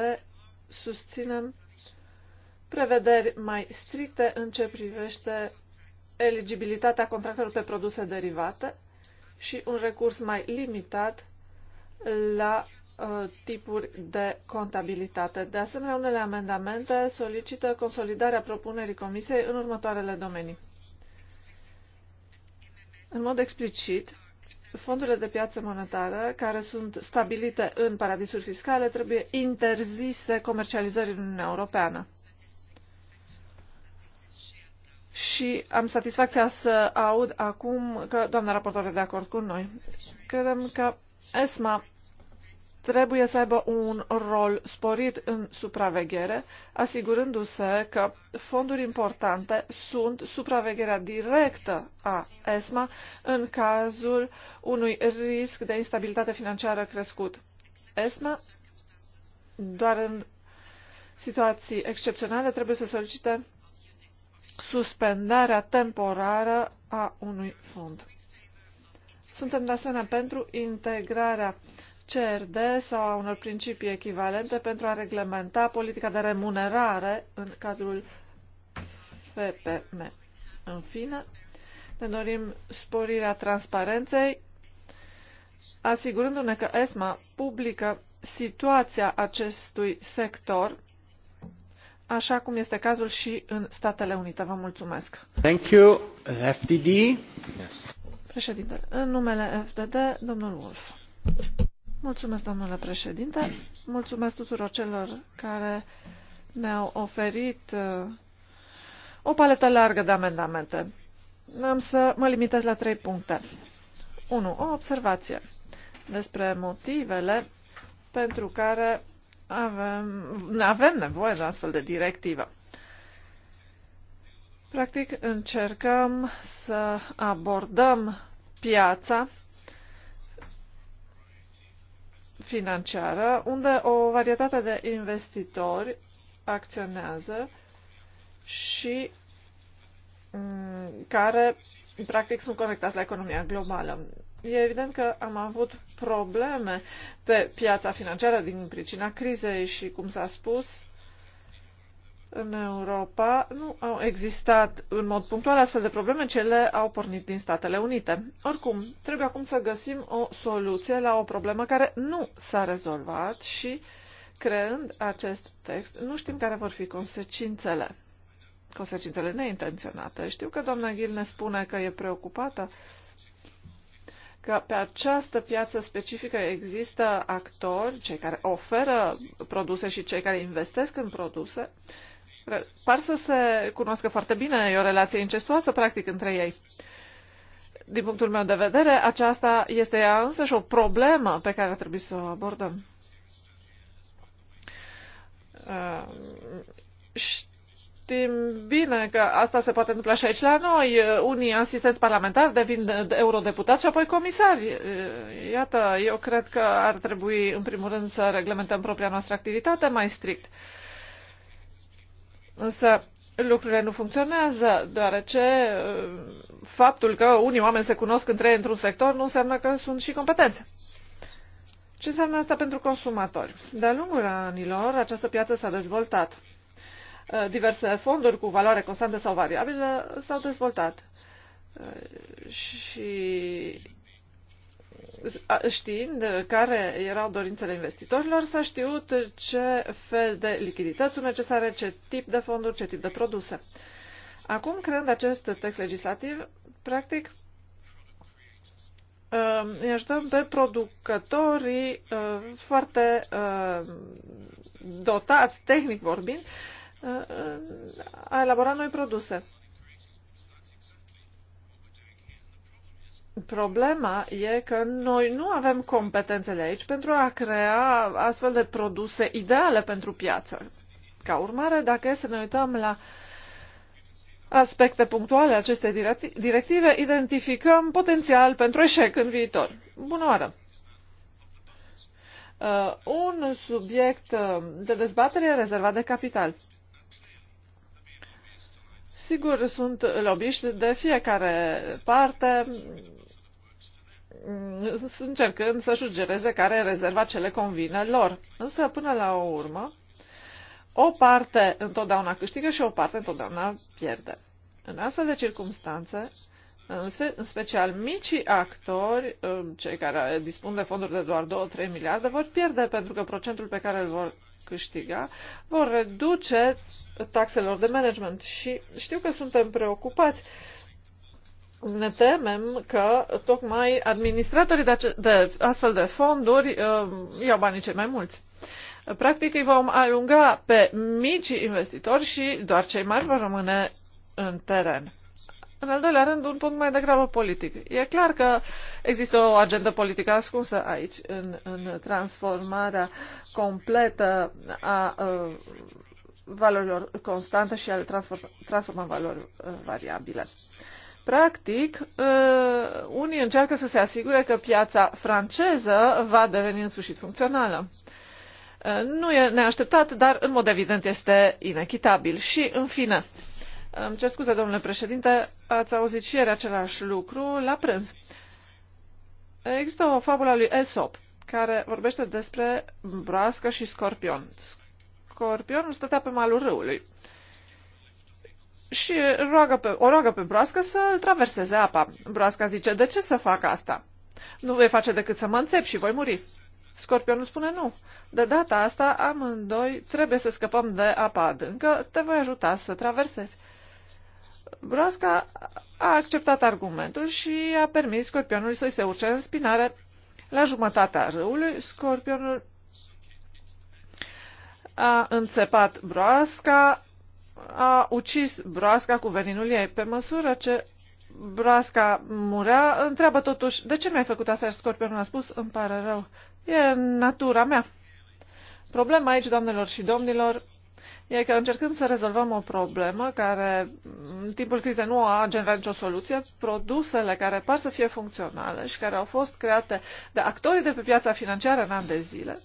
susținem prevederi mai stricte în ce privește eligibilitatea contractelor pe produse derivate și un recurs mai limitat la uh, tipuri de contabilitate. De asemenea, unele amendamente solicită consolidarea propunerii Comisiei în următoarele domenii în mod explicit, fondurile de piață monetară care sunt stabilite în paradisuri fiscale trebuie interzise comercializării în Uniunea Europeană. Și am satisfacția să aud acum că doamna raportoare de acord cu noi. Credem că ESMA trebuie să aibă un rol sporit în supraveghere, asigurându-se că fonduri importante sunt supravegherea directă a ESMA în cazul unui risc de instabilitate financiară crescut. ESMA, doar în situații excepționale, trebuie să solicite suspendarea temporară a unui fond. Suntem de asemenea pentru integrarea CRD sau a unor principii echivalente pentru a reglementa politica de remunerare în cadrul FPM. În fine, ne dorim sporirea transparenței, asigurându-ne că ESMA publică situația acestui sector, așa cum este cazul și în Statele Unite. Vă mulțumesc. Thank you, FDD. Yes. Președinte, în numele FDD, domnul Wolf. Mulțumesc, domnule președinte. Mulțumesc tuturor celor care ne-au oferit uh, o paletă largă de amendamente. Am să mă limitez la trei puncte. 1. O observație despre motivele pentru care avem, avem nevoie de astfel de directivă. Practic, încercăm să abordăm piața financiară, unde o varietate de investitori acționează și mm, care, practic, sunt conectați la economia globală. E evident că am avut probleme pe piața financiară din pricina crizei și, cum s-a spus, în Europa nu au existat în mod punctual astfel de probleme, cele au pornit din Statele Unite. Oricum, trebuie acum să găsim o soluție la o problemă care nu s-a rezolvat și, creând acest text, nu știm care vor fi consecințele. Consecințele neintenționate. Știu că doamna Ghil ne spune că e preocupată că pe această piață specifică există actori, cei care oferă produse și cei care investesc în produse, par să se cunoască foarte bine, e o relație incestuoasă, practic, între ei. Din punctul meu de vedere, aceasta este ea însă și o problemă pe care trebuie să o abordăm. Uh, știm bine că asta se poate întâmpla și aici la noi. Unii asistenți parlamentari devin eurodeputați și apoi comisari. Uh, iată, eu cred că ar trebui, în primul rând, să reglementăm propria noastră activitate mai strict. Uh, Însă lucrurile nu funcționează, deoarece uh, faptul că unii oameni se cunosc între ei într-un sector nu înseamnă că sunt și competențe. Ce înseamnă asta pentru consumatori? De-a lungul anilor, această piață s-a dezvoltat. Uh, diverse fonduri cu valoare constantă sau variabilă s-au dezvoltat. Uh, și știind care erau dorințele investitorilor, s-a știut ce fel de lichidități sunt necesare, ce tip de fonduri, ce tip de produse. Acum, creând acest text legislativ, practic um, îi ajutăm pe producătorii uh, foarte uh, dotați, tehnic vorbind, uh, a elabora noi produse. Problema e că noi nu avem competențele aici pentru a crea astfel de produse ideale pentru piață. Ca urmare, dacă e să ne uităm la aspecte punctuale acestei directive, identificăm potențial pentru eșec în viitor. Bună oară! Uh, un subiect uh, de dezbatere rezervat de capital. Sigur, sunt lobiști de fiecare parte, Mm, încercând să sugereze care rezerva ce le convine lor. Însă, până la o urmă, o parte întotdeauna câștigă și o parte întotdeauna pierde. În astfel de circunstanțe, în special micii actori, um, cei care dispun de fonduri de doar 2-3 miliarde, vor pierde pentru că procentul pe care îl vor câștiga vor reduce taxelor de management. Și știu că suntem preocupați ne temem că tocmai administratorii de, de astfel de fonduri uh, iau banii cei mai mulți. Practic îi vom alunga pe micii investitori și doar cei mari vor rămâne în teren. În al doilea rând, un punct mai degrabă politic. E clar că există o agendă politică ascunsă aici, în, în transformarea completă a uh, valorilor constante și a transform, transformării în valori uh, variabile. Uh, Practic, uh, unii încearcă să se asigure că piața franceză va deveni în sfârșit funcțională. Uh, nu e neașteptat, dar în mod evident este inechitabil. Și, în fine, îmi cer scuze, domnule președinte, ați auzit și ieri același lucru la prânz. Există o fabulă lui Aesop care vorbește despre broască și scorpion. Scorpionul stătea pe malul râului și roagă pe, o roagă pe broască să traverseze apa. Broasca zice, de ce să fac asta? Nu vei face decât să mă înțep și voi muri. Scorpionul spune nu. De data asta, amândoi trebuie să scăpăm de apa adâncă, te voi ajuta să traversezi. Broasca a acceptat argumentul și a permis scorpionului să-i se urce în spinare. La jumătatea râului, scorpionul a înțepat broasca, a ucis broasca cu veninul ei. Pe măsură ce broasca murea, întreabă totuși, de ce mi-ai făcut asta? scorpionul a spus, îmi pare rău, e natura mea. Problema aici, doamnelor și domnilor, e că încercând să rezolvăm o problemă care în timpul crizei nu a generat nicio soluție, produsele care par să fie funcționale și care au fost create de actorii de pe piața financiară în an de zile,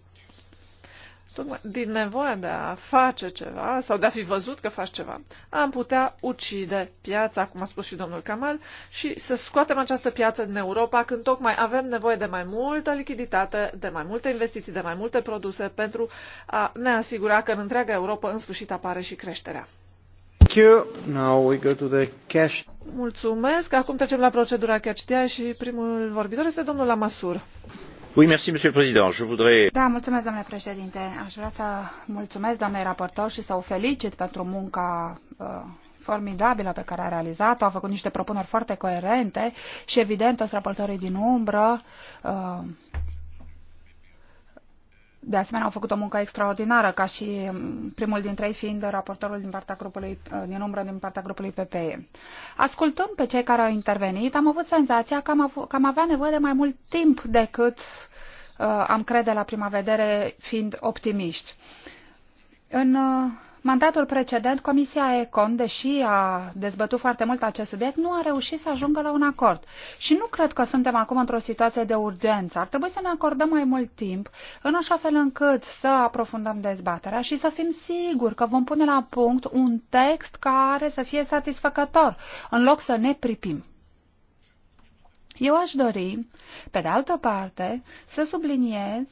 din nevoia de a face ceva sau de a fi văzut că faci ceva, am putea ucide piața, cum a spus și domnul Kamal, și să scoatem această piață din Europa când tocmai avem nevoie de mai multă lichiditate, de mai multe investiții, de mai multe produse pentru a ne asigura că în întreaga Europa în sfârșit apare și creșterea. Now we go to the cash. Mulțumesc. Acum trecem la procedura cash și primul vorbitor este domnul Lamasur. Da, mulțumesc, domnule președinte. Aș vrea să mulțumesc doamnei raportor și să o felicit pentru munca uh, formidabilă pe care a realizat-o, a făcut niște propuneri foarte coerente și, evident, toți raportorii din umbră uh, de asemenea, au făcut o muncă extraordinară, ca și mm, primul dintre ei fiind raportorul din partea grupului, eh, din umbră din partea grupului PPE. Ascultând pe cei care au intervenit, am avut senzația că am, av- că am avea nevoie de mai mult timp decât uh, am crede la prima vedere, fiind optimiști. În uh, mandatul precedent, Comisia Econ, deși a dezbătut foarte mult acest subiect, nu a reușit să ajungă la un acord. Și nu cred că suntem acum într-o situație de urgență. Ar trebui să ne acordăm mai mult timp, în așa fel încât să aprofundăm dezbaterea și să fim siguri că vom pune la punct un text care să fie satisfăcător, în loc să ne pripim. Eu aș dori, pe de altă parte, să subliniez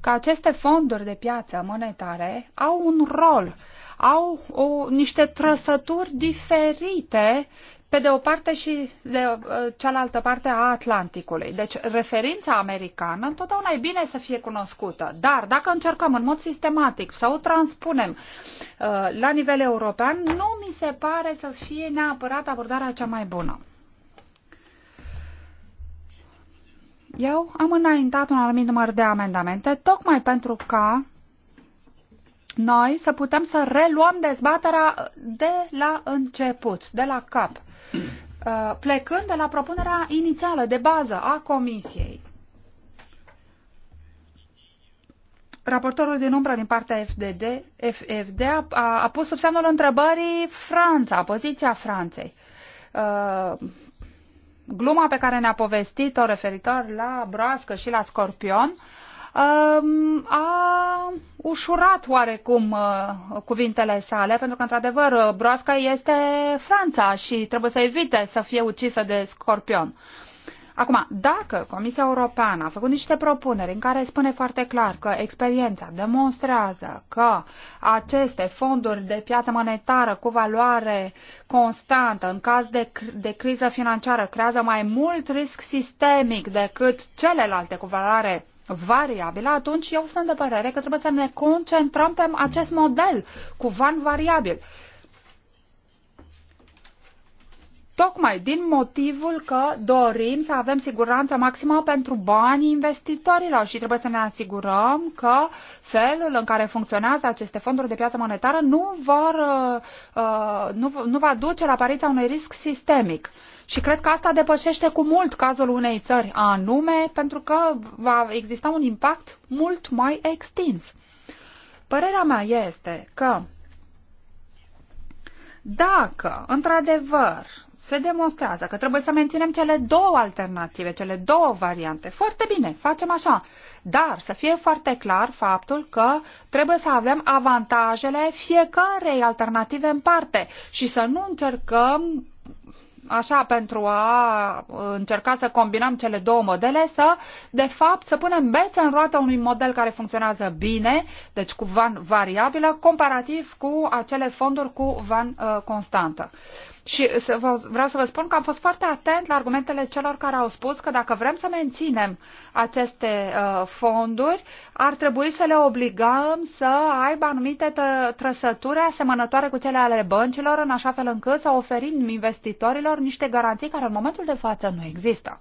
că aceste fonduri de piață monetare au un rol, au o, niște trăsături diferite pe de o parte și de uh, cealaltă parte a Atlanticului. Deci referința americană întotdeauna e bine să fie cunoscută, dar dacă încercăm în mod sistematic să o transpunem uh, la nivel european, nu mi se pare să fie neapărat abordarea cea mai bună. Eu am înaintat un anumit număr de amendamente tocmai pentru ca noi să putem să reluăm dezbaterea de la început, de la cap, uh, plecând de la propunerea inițială de bază a Comisiei. Raportorul din umbră din partea FDD, FFD a, a pus sub semnul întrebării Franța, poziția Franței. Uh, gluma pe care ne-a povestit-o referitor la broască și la scorpion um, a ușurat oarecum uh, cuvintele sale, pentru că, într-adevăr, uh, broasca este Franța și trebuie să evite să fie ucisă de scorpion. Acum, dacă Comisia Europeană a făcut niște propuneri în care spune foarte clar că experiența demonstrează că aceste fonduri de piață monetară cu valoare constantă în caz de, de criză financiară creează mai mult risc sistemic decât celelalte cu valoare variabilă, atunci eu sunt de părere că trebuie să ne concentrăm pe acest model cu van variabil. tocmai din motivul că dorim să avem siguranță maximă pentru banii investitorilor și trebuie să ne asigurăm că felul în care funcționează aceste fonduri de piață monetară nu, vor, uh, uh, nu, nu va duce la apariția unui risc sistemic. Și cred că asta depășește cu mult cazul unei țări anume, pentru că va exista un impact mult mai extins. Părerea mea este că dacă, într-adevăr, se demonstrează că trebuie să menținem cele două alternative, cele două variante. Foarte bine, facem așa. Dar să fie foarte clar faptul că trebuie să avem avantajele fiecarei alternative în parte și să nu încercăm așa pentru a încerca să combinăm cele două modele, să de fapt să punem bețe în roată unui model care funcționează bine, deci cu van variabilă, comparativ cu acele fonduri cu van uh, constantă. Și să vă, vreau să vă spun că am fost foarte atent la argumentele celor care au spus că dacă vrem să menținem aceste uh, fonduri, ar trebui să le obligăm să aibă anumite trăsături asemănătoare cu cele ale băncilor, în așa fel încât să oferim investitorilor niște garanții care în momentul de față nu există.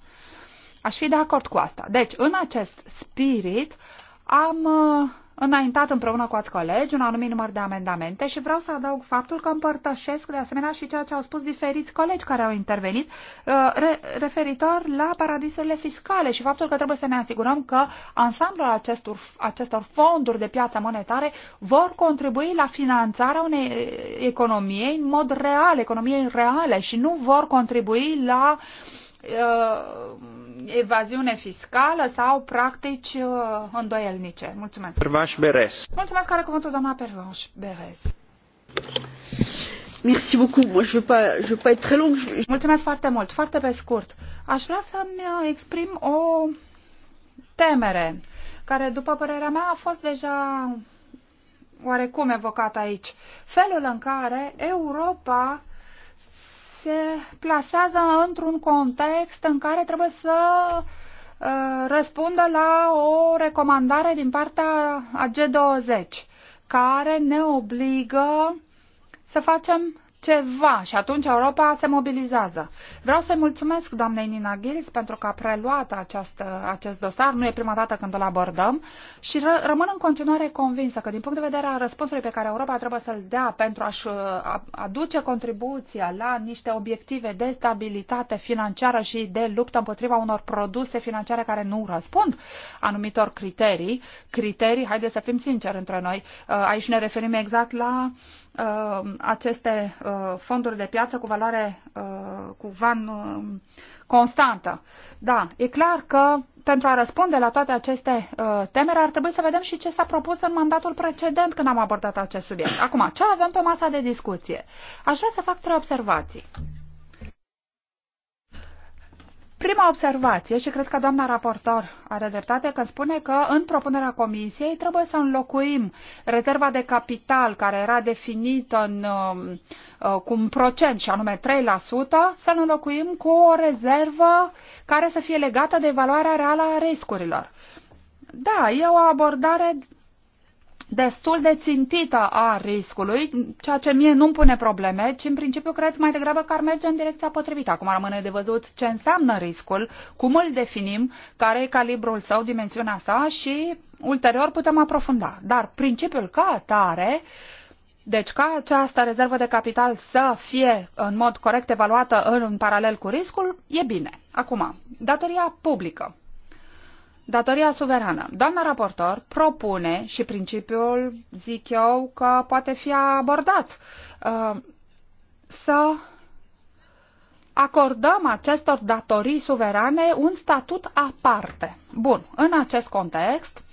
Aș fi de acord cu asta. Deci, în acest spirit, am. Uh, înaintat împreună cu ați colegi un anumit număr de amendamente și vreau să adaug faptul că împărtășesc de asemenea și ceea ce au spus diferiți colegi care au intervenit uh, referitor la paradisurile fiscale și faptul că trebuie să ne asigurăm că ansamblul acestor, acestor fonduri de piață monetare vor contribui la finanțarea unei uh, economiei în mod real, economiei reale și nu vor contribui la uh, Uh, evaziune fiscală sau practici uh, îndoielnice. Mulțumesc. Pervaș Beres. Mulțumesc, care cuvântul doamna Pervaș Beres. Merci beaucoup. Moi, je veux pas, je veux pas être très long. Je... Mulțumesc foarte mult. Foarte pe scurt. Aș vrea să-mi uh, exprim o temere care, după părerea mea, a fost deja oarecum evocat aici. Felul în care Europa se plasează într-un context în care trebuie să uh, răspundă la o recomandare din partea G20, care ne obligă să facem ceva și atunci Europa se mobilizează. Vreau să-i mulțumesc doamnei Nina Gils pentru că a preluat această, acest dosar. Nu e prima dată când îl abordăm și ră, rămân în continuare convinsă că din punct de vedere al răspunsului pe care Europa trebuie să-l dea pentru a-și uh, aduce contribuția la niște obiective de stabilitate financiară și de luptă împotriva unor produse financiare care nu răspund anumitor criterii, criterii, haideți să fim sinceri între noi, uh, aici ne referim exact la uh, Uh, aceste uh, fonduri de piață cu valoare uh, cu van constantă. Da, e clar că pentru a răspunde la toate aceste temeri ar trebui să vedem și ce s-a propus în mandatul precedent când am abordat acest subiect. Acum, ce avem pe masa de discuție? Aș vrea să fac trei observații. Prima observație, și cred că doamna raportor are dreptate când spune că în propunerea comisiei trebuie să înlocuim rezerva de capital care era definită în, um, uh, cu un procent și anume 3%, să înlocuim cu o rezervă care să fie legată de valoarea reală a riscurilor. Da, e o abordare destul de țintită a riscului, ceea ce mie nu-mi pune probleme, ci în principiu cred mai degrabă că ar merge în direcția potrivită. Acum rămâne de văzut ce înseamnă riscul, cum îl definim, care e calibrul său, dimensiunea sa și ulterior putem aprofunda. Dar principiul ca atare deci ca această rezervă de capital să fie în mod corect evaluată în, în paralel cu riscul, e bine. Acum, datoria publică. Datoria suverană. Doamna raportor propune și principiul, zic eu, că poate fi abordat, uh, să acordăm acestor datorii suverane un statut aparte. Bun, în acest context,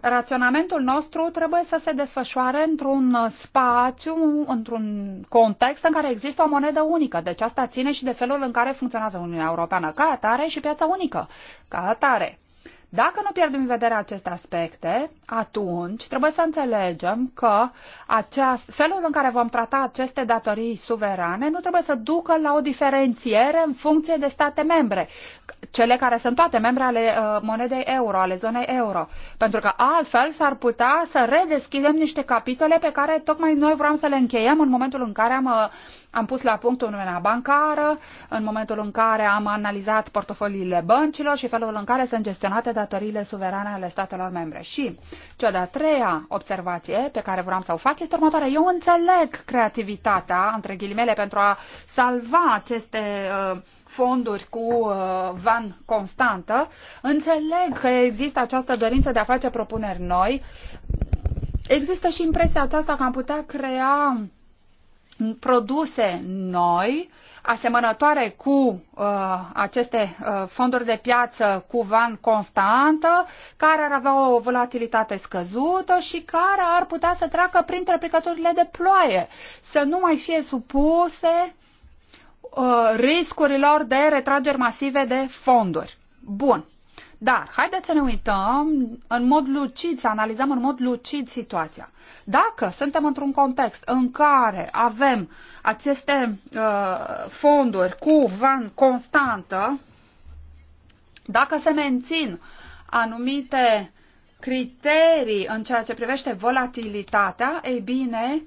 raționamentul nostru trebuie să se desfășoare într-un spațiu, într-un context în care există o monedă unică. Deci asta ține și de felul în care funcționează Uniunea Europeană ca atare și piața unică ca atare. Dacă nu pierdem în vedere aceste aspecte, atunci trebuie să înțelegem că aceast, felul în care vom trata aceste datorii suverane nu trebuie să ducă la o diferențiere în funcție de state membre, cele care sunt toate membre ale uh, monedei euro, ale zonei euro. Pentru că altfel s-ar putea să redeschidem niște capitole pe care tocmai noi vrem să le încheiem în momentul în care am uh, am pus la punct o numenea bancară în momentul în care am analizat portofoliile băncilor și felul în care sunt gestionate datoriile suverane ale statelor membre. Și cea de-a treia observație pe care vreau să o fac este următoarea. Eu înțeleg creativitatea, între ghilimele, pentru a salva aceste uh, fonduri cu uh, van constantă. Înțeleg că există această dorință de a face propuneri noi. Există și impresia aceasta că am putea crea produse noi, asemănătoare cu uh, aceste uh, fonduri de piață cu van constantă, care ar avea o volatilitate scăzută și care ar putea să treacă printre plicăturile de ploaie, să nu mai fie supuse uh, riscurilor de retrageri masive de fonduri. Bun. Dar haideți să ne uităm în mod lucid, să analizăm în mod lucid situația. Dacă suntem într-un context în care avem aceste uh, fonduri cu van constantă, dacă se mențin anumite criterii în ceea ce privește volatilitatea, ei bine,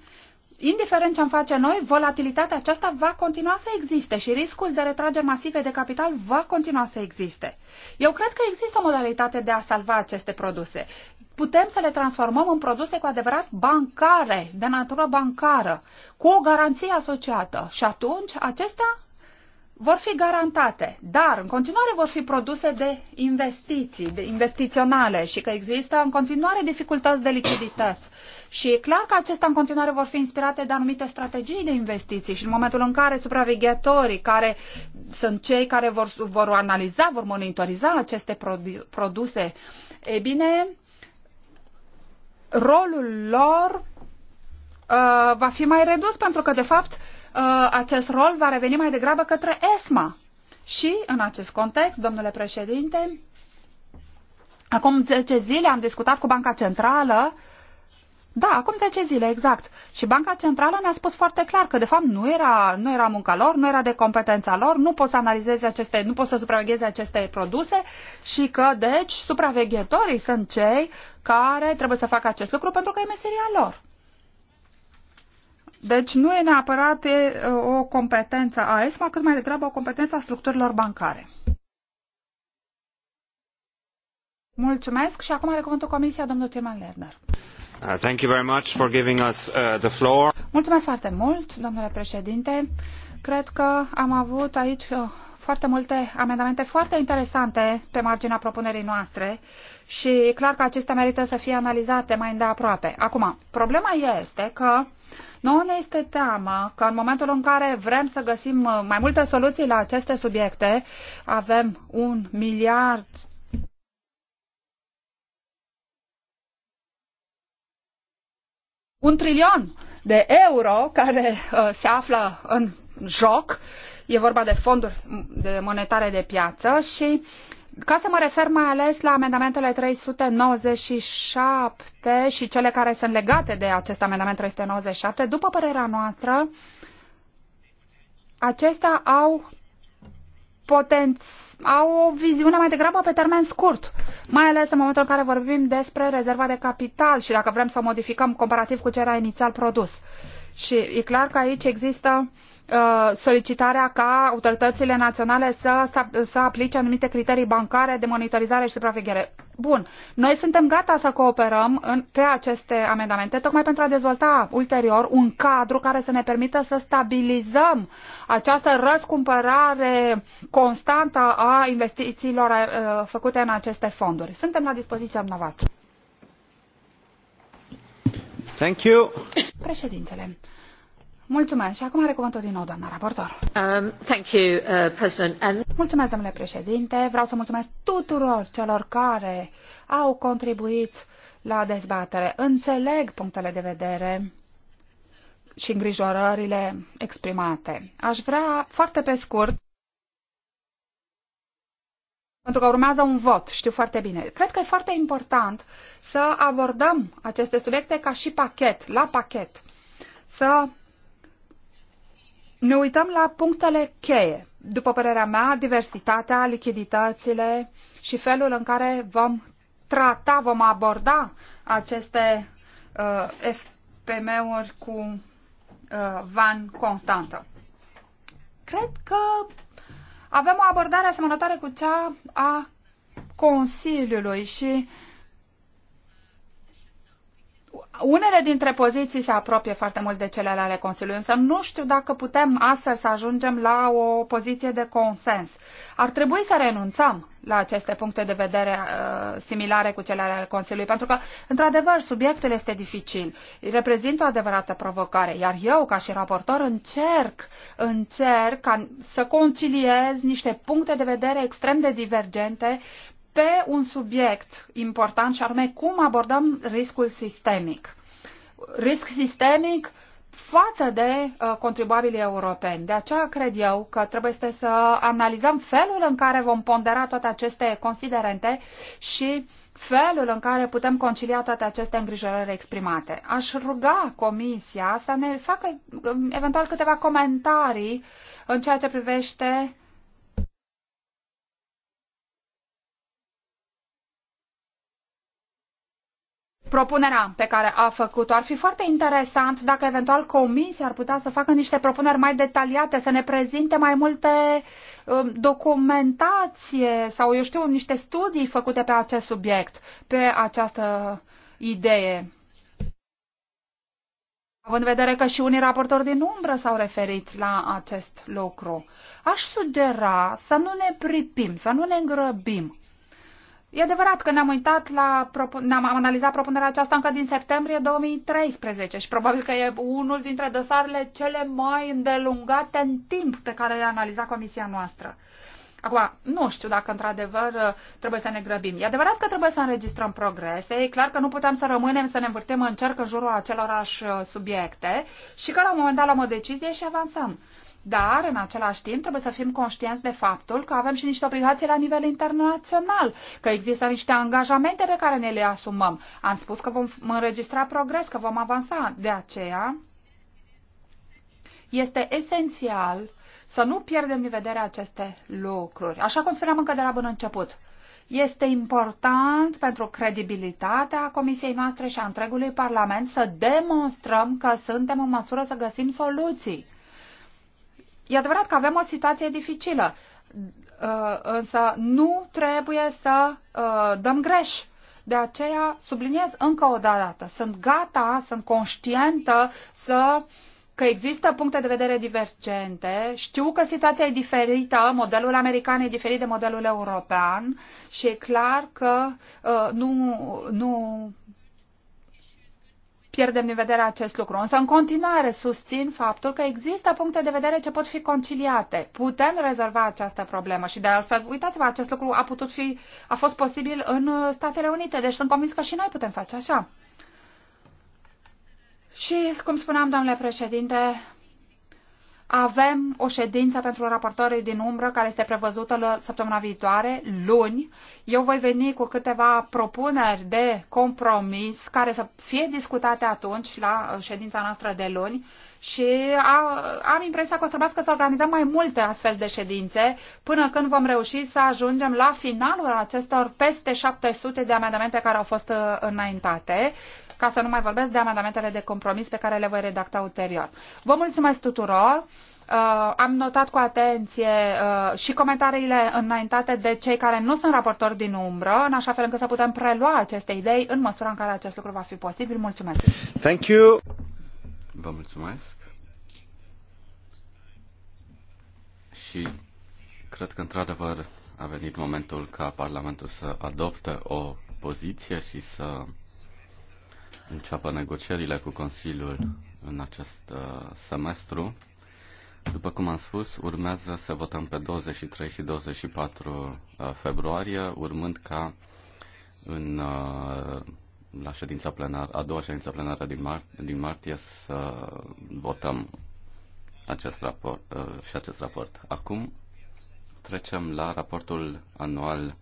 indiferent ce am face noi, volatilitatea aceasta va continua să existe și riscul de retrageri masive de capital va continua să existe. Eu cred că există o modalitate de a salva aceste produse. Putem să le transformăm în produse cu adevărat bancare, de natură bancară, cu o garanție asociată și atunci acestea vor fi garantate, dar în continuare vor fi produse de investiții, de investiționale și că există în continuare dificultăți de lichidități. Și e clar că acestea în continuare vor fi inspirate de anumite strategii de investiții și în momentul în care supraveghetorii, care sunt cei care vor, vor analiza, vor monitoriza aceste produse, e bine, rolul lor uh, va fi mai redus pentru că, de fapt, uh, Uh, acest rol va reveni mai degrabă către ESMA. Și, în acest context, domnule președinte, acum 10 zile am discutat cu Banca Centrală da, acum 10 zile, exact. Și Banca Centrală ne-a spus foarte clar că, de fapt, nu era, nu era munca lor, nu era de competența lor, nu pot să analizeze aceste, nu pot să supravegheze aceste produse și că, deci, supraveghetorii sunt cei care trebuie să facă acest lucru pentru că e meseria lor. Deci nu e neapărat o competență a ESMA, cât mai degrabă o competență a structurilor bancare. Mulțumesc și acum are cuvântul Comisia, domnul Tilman Lerner. Uh, thank you very much for giving us uh, the floor. Mulțumesc foarte mult, domnule președinte. Cred că am avut aici uh, foarte multe amendamente foarte interesante pe marginea propunerii noastre și clar că acestea merită să fie analizate mai îndeaproape. Acum, problema este că nouă ne este teamă că în momentul în care vrem să găsim mai multe soluții la aceste subiecte, avem un miliard un trilion de euro care uh, se află în joc e vorba de fonduri de monetare de piață și ca să mă refer mai ales la amendamentele 397 și cele care sunt legate de acest amendament 397, după părerea noastră, acestea au au o viziune mai degrabă pe termen scurt, mai ales în momentul în care vorbim despre rezerva de capital și dacă vrem să o modificăm comparativ cu ce era inițial produs. Și e clar că aici există uh, Uh, solicitarea ca autoritățile naționale să, să aplice anumite criterii bancare de monitorizare și supraveghere. Bun, noi suntem gata să cooperăm în, pe aceste amendamente, tocmai pentru a dezvolta ulterior un cadru care să ne permită să stabilizăm această răscumpărare constantă a investițiilor uh, făcute în aceste fonduri. Suntem la dispoziția noastră. Thank you. Președintele. Mulțumesc. Și acum are din nou, doamna raportor. Um, thank you, uh, President. And... Mulțumesc, domnule președinte. Vreau să mulțumesc tuturor celor care au contribuit la dezbatere. Înțeleg punctele de vedere și îngrijorările exprimate. Aș vrea, foarte pe scurt, pentru că urmează un vot, știu foarte bine. Cred că e foarte important să abordăm aceste subiecte ca și pachet, la pachet. Să ne uităm la punctele cheie. După părerea mea, diversitatea, lichiditățile și felul în care vom trata, vom aborda aceste uh, FPM-uri cu uh, van constantă. Cred că avem o abordare asemănătoare cu cea a Consiliului și uh, unele dintre poziții se apropie foarte mult de cele ale Consiliului, însă nu știu dacă putem astfel să ajungem la o poziție de consens. Ar trebui să renunțăm la aceste puncte de vedere uh, similare cu cele ale Consiliului, pentru că, într-adevăr, subiectul este dificil, reprezintă o adevărată provocare, iar eu, ca și raportor, încerc, încerc ca să conciliez niște puncte de vedere extrem de divergente pe un subiect important și anume cum abordăm riscul sistemic. Risc sistemic față de uh, contribuabilii europeni. De aceea cred eu că trebuie să analizăm felul în care vom pondera toate aceste considerente și felul în care putem concilia toate aceste îngrijorări exprimate. Aș ruga Comisia să ne facă um, eventual câteva comentarii în ceea ce privește uh, propunerea pe care a făcut-o. Ar fi foarte interesant dacă eventual comisia ar putea să facă niște propuneri mai detaliate, să ne prezinte mai multe um, documentație sau, eu știu, niște studii făcute pe acest subiect, pe această idee. Având în vedere că și unii raportori din umbră s-au referit la acest lucru, aș sugera să nu ne pripim, să nu ne îngrăbim E adevărat că ne-am uitat la, ne-am analizat propunerea aceasta încă din septembrie 2013 și probabil că e unul dintre dosarele cele mai îndelungate în timp pe care le-a analizat comisia noastră. Acum, nu știu dacă într-adevăr trebuie să ne grăbim. E adevărat că trebuie să înregistrăm progrese, e clar că nu putem să rămânem să ne învârtim în cerc în jurul acelorași uh, subiecte și că la un moment dat luăm o decizie și avansăm dar în același timp trebuie să fim conștienți de faptul că avem și niște obligații la nivel internațional, că există niște angajamente pe care ne le asumăm. Am spus că vom înregistra progres, că vom avansa. De aceea este esențial să nu pierdem din vedere aceste lucruri. Așa cum spuneam încă de la bun început, este important pentru credibilitatea Comisiei noastre și a întregului Parlament să demonstrăm că suntem în măsură să găsim soluții E adevărat că avem o situație dificilă, uh, însă nu trebuie să uh, dăm greș. De aceea subliniez încă o dată, sunt gata, sunt conștientă să că există puncte de vedere divergente, știu că situația e diferită, modelul american e diferit de modelul european și e clar că uh, nu, nu pierdem din vedere acest lucru. Însă, în continuare, susțin faptul că există puncte de vedere ce pot fi conciliate. Putem rezolva această problemă și, de altfel, uitați-vă, acest lucru a putut fi, a fost posibil în Statele Unite, deci sunt convins că și noi putem face așa. Și, cum spuneam, domnule președinte, avem o ședință pentru raportorii din umbră care este prevăzută la săptămâna viitoare, luni. Eu voi veni cu câteva propuneri de compromis care să fie discutate atunci la uh, ședința noastră de luni și am impresia că o să trebuiască să organizăm mai multe astfel de ședințe până când vom reuși să ajungem la finalul acestor peste 700 de amendamente care au fost uh, înaintate ca să nu mai vorbesc de amendamentele de compromis pe care le voi redacta ulterior. Vă mulțumesc tuturor! Uh, am notat cu atenție uh, și comentariile înaintate de cei care nu sunt raportori din umbră, în așa fel încât să putem prelua aceste idei în măsura în care acest lucru va fi posibil. Mulțumesc! Thank you! Vă mulțumesc! Și cred că, într-adevăr, a venit momentul ca Parlamentul să adopte o poziție și să înceapă negocierile cu Consiliul în acest uh, semestru. După cum am spus, urmează să votăm pe 23 și 24 uh, februarie, urmând ca în, uh, la ședința plenară, a doua ședință plenară din, mar- din martie să votăm acest raport, și acest raport. Acum trecem la raportul anual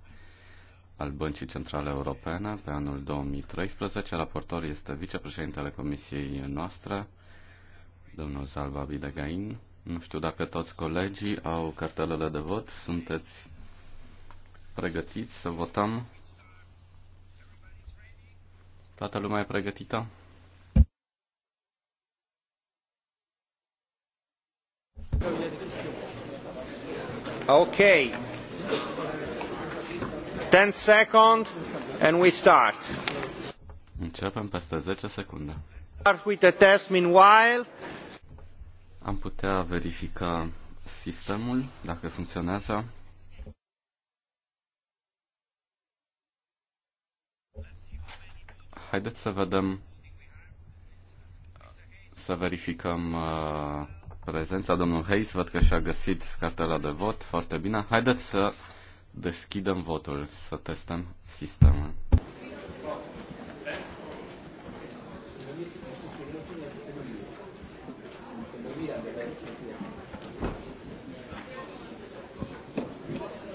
al Băncii Centrale Europene pe anul 2013. Raportor este vicepreședintele comisiei noastre, domnul Salva Videgain. Nu știu dacă toți colegii au cartelele de vot. Sunteți pregătiți să votăm? Toată lumea e pregătită? Okay, 10 seconds and we start. Începem peste 10 secunde. Start with the test meanwhile. Am putea verifica sistemul dacă funcționează. Haideți să vedem să verificăm uh, prezența. domnului Hayes, văd că și-a găsit cartela de vot foarte bine. Haideți să Deschidem votul să testăm sistemul.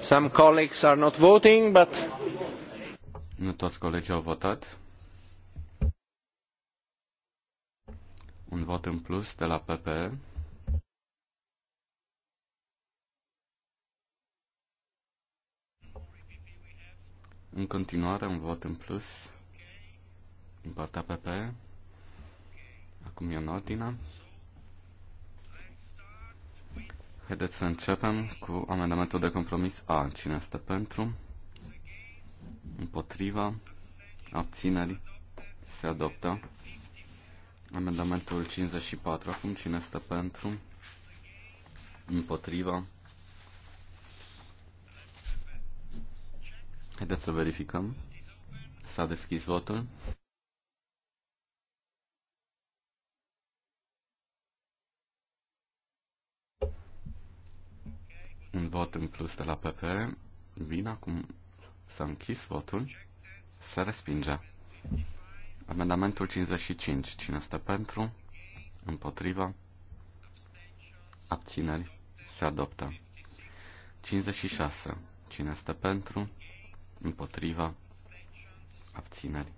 Some colleagues are not voting, but nu toți colegii au votat. Un vot în plus de la PPE. În continuare, un vot în plus din partea PP. Acum e în ordine. Haideți să începem cu amendamentul de compromis A. Cine este pentru? Împotriva? Abțineri? Se adoptă. Amendamentul 54. Acum cine este pentru? Împotriva? Haideți să verificăm. S-a deschis votul. Un vot în plus de la PP. Bine, acum s-a închis votul. Se respinge. Amendamentul 55. Cine este pentru? Împotriva? Abțineri? Se adoptă. 56. Cine este pentru? împotriva, abținerii.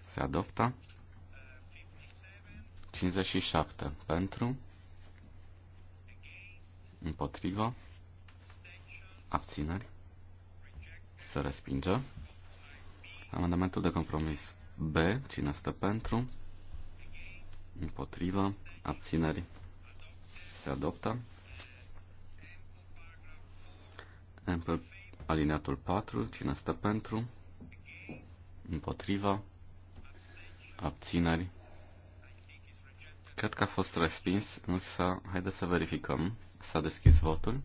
Se adoptă. 57 pentru, împotriva, abținerii Se respinge. Amendamentul de compromis B, cine stă pentru, împotriva, abținerii Se adoptă. Ample Alineatul 4, cine stă pentru? Împotriva? Abțineri? Cred că a fost respins, însă haideți să verificăm. S-a deschis votul.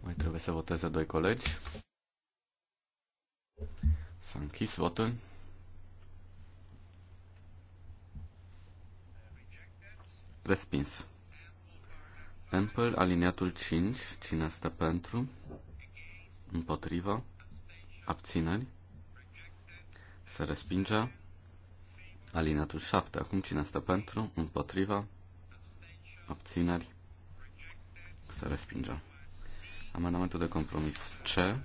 Mai trebuie să voteze doi colegi. S-a închis votul. Respins. Ample, aliniatul 5, cine stă pentru? Împotriva? Abțineri? Se respinge. Alineatul 7. Acum cine stă pentru? Împotriva? Abțineri? Se respinge. Amendamentul de compromis C.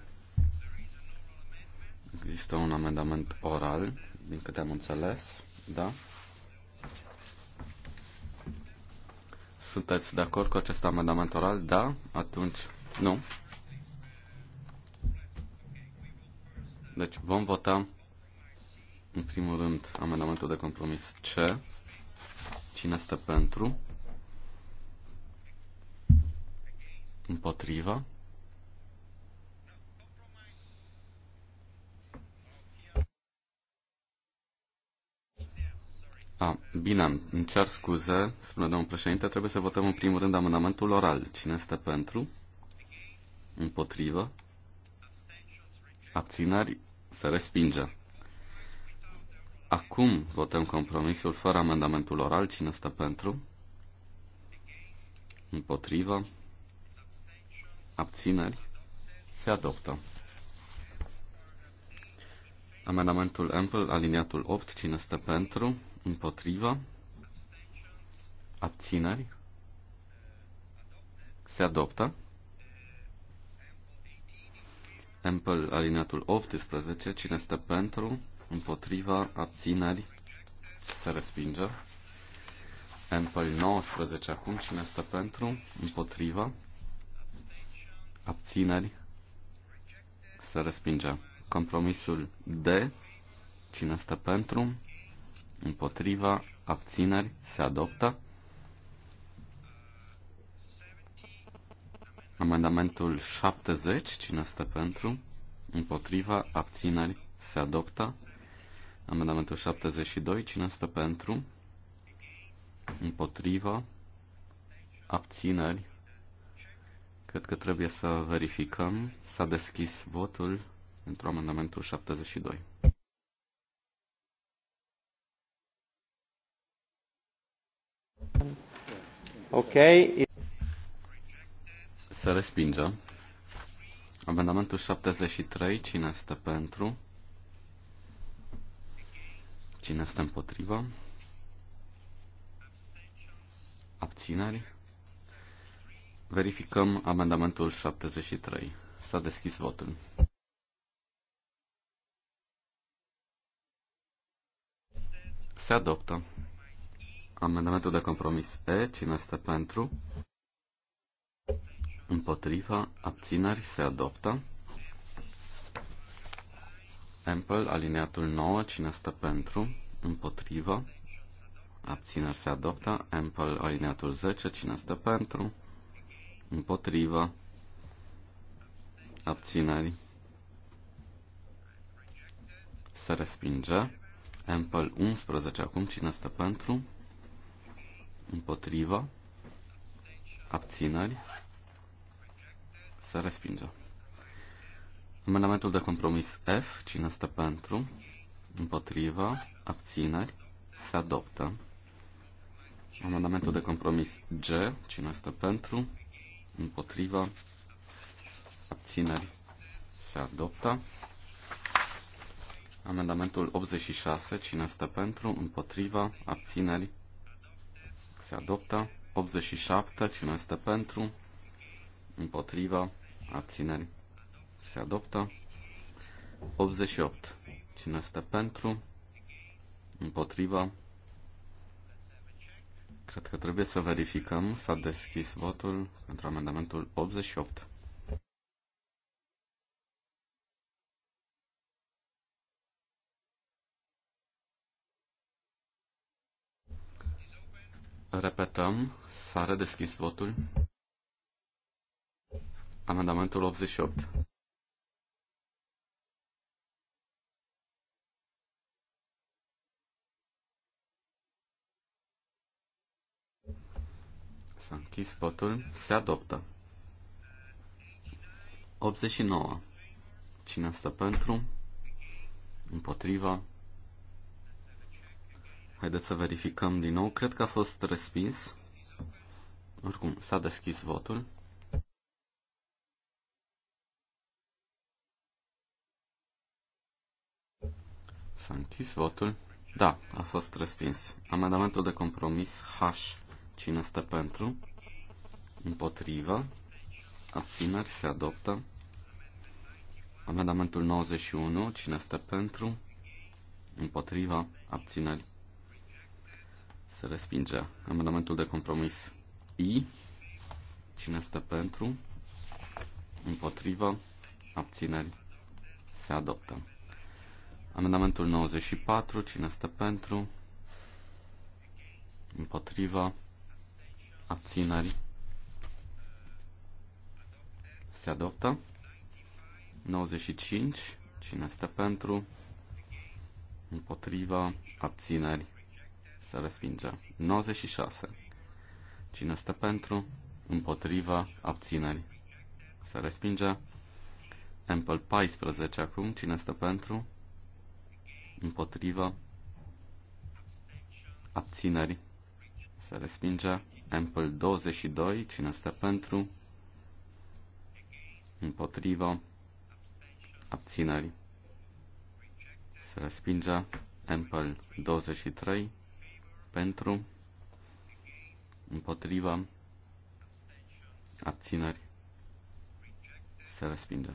Există un amendament oral, din câte am înțeles, da? Sunteți de acord cu acest amendament oral? Da? Atunci, nu? Deci vom vota în primul rând amendamentul de compromis C. Cine este pentru? Împotriva? A, bine, îmi cer scuze, spune domnul președinte, trebuie să votăm în primul rând amendamentul oral. Cine este pentru? Împotrivă? Abținări? Se respinge. Acum votăm compromisul fără amendamentul oral. Cine este pentru? Împotrivă? Abțineri? Se adoptă. Amendamentul Ample, aliniatul 8. Cine este pentru? Împotrivă. Abțineri. Se adoptă. Ample alineatul 18. Cine este pentru? Împotriva. Abțineri. Se respinge. Ample 19 acum. Cine este pentru? Împotriva. Abțineri. Se respinge. Compromisul D. Cine este pentru? împotriva, abțineri, se adoptă. Amendamentul 70, cine stă pentru? Împotriva, abțineri, se adoptă. Amendamentul 72, cine stă pentru? Împotriva, abțineri. Cred că trebuie să verificăm. S-a deschis votul pentru amendamentul 72. Ok. Se respinge. Amendamentul 73, cine este pentru? Cine este împotrivă? Abțineri? Verificăm amendamentul 73. S-a deschis votul. Se adoptă. Amendamentul de compromis E, cine este pentru? Împotriva, abțineri, se adoptă. Ample, alineatul 9, cine este pentru? Împotriva, abțineri, se adoptă. Ample, alineatul 10, cine este pentru? Împotriva, abțineri, se respinge. Ample 11, acum cine este pentru? împotriva, abțineri, se respinge. Amendamentul de compromis F, cine este pentru, împotriva, abțineri, se adoptă. Amendamentul de compromis G, cine este pentru, împotriva, abțineri, se adoptă. Amendamentul 86, cine este pentru, împotriva, abțineri, se adoptă. 87, cine este pentru, împotriva, abțineri, se adoptă. 88, cine este pentru, împotriva, cred că trebuie să verificăm, s-a deschis votul pentru amendamentul 88. Repetăm, s-a redeschis votul. Amendamentul 88. S-a închis votul. Se adoptă. 89. Cine stă pentru? Împotriva? Haideți să verificăm din nou. Cred că a fost respins. Oricum, s-a deschis votul. S-a închis votul. Da, a fost respins. Amendamentul de compromis H. Cine stă pentru? Împotrivă. Abțineri se adoptă. Amendamentul 91. Cine stă pentru? Împotriva. Abțineri se respinge. Amendamentul de compromis I. Cine este pentru? Împotrivă. Abțineri. Se adoptă. Amendamentul 94. Cine este pentru? Împotriva. Abțineri. Se adoptă. 95. Cine este pentru? Împotriva. Abțineri se respinge. 96. Cine stă pentru, împotriva, abțineri, se respinge. Ample 14 acum, cine stă pentru, împotriva, abțineri, se respinge. Ample 22, cine stă pentru, împotriva, abțineri, se respinge. Ample 23, pentru, împotriva, abțineri, se respinge.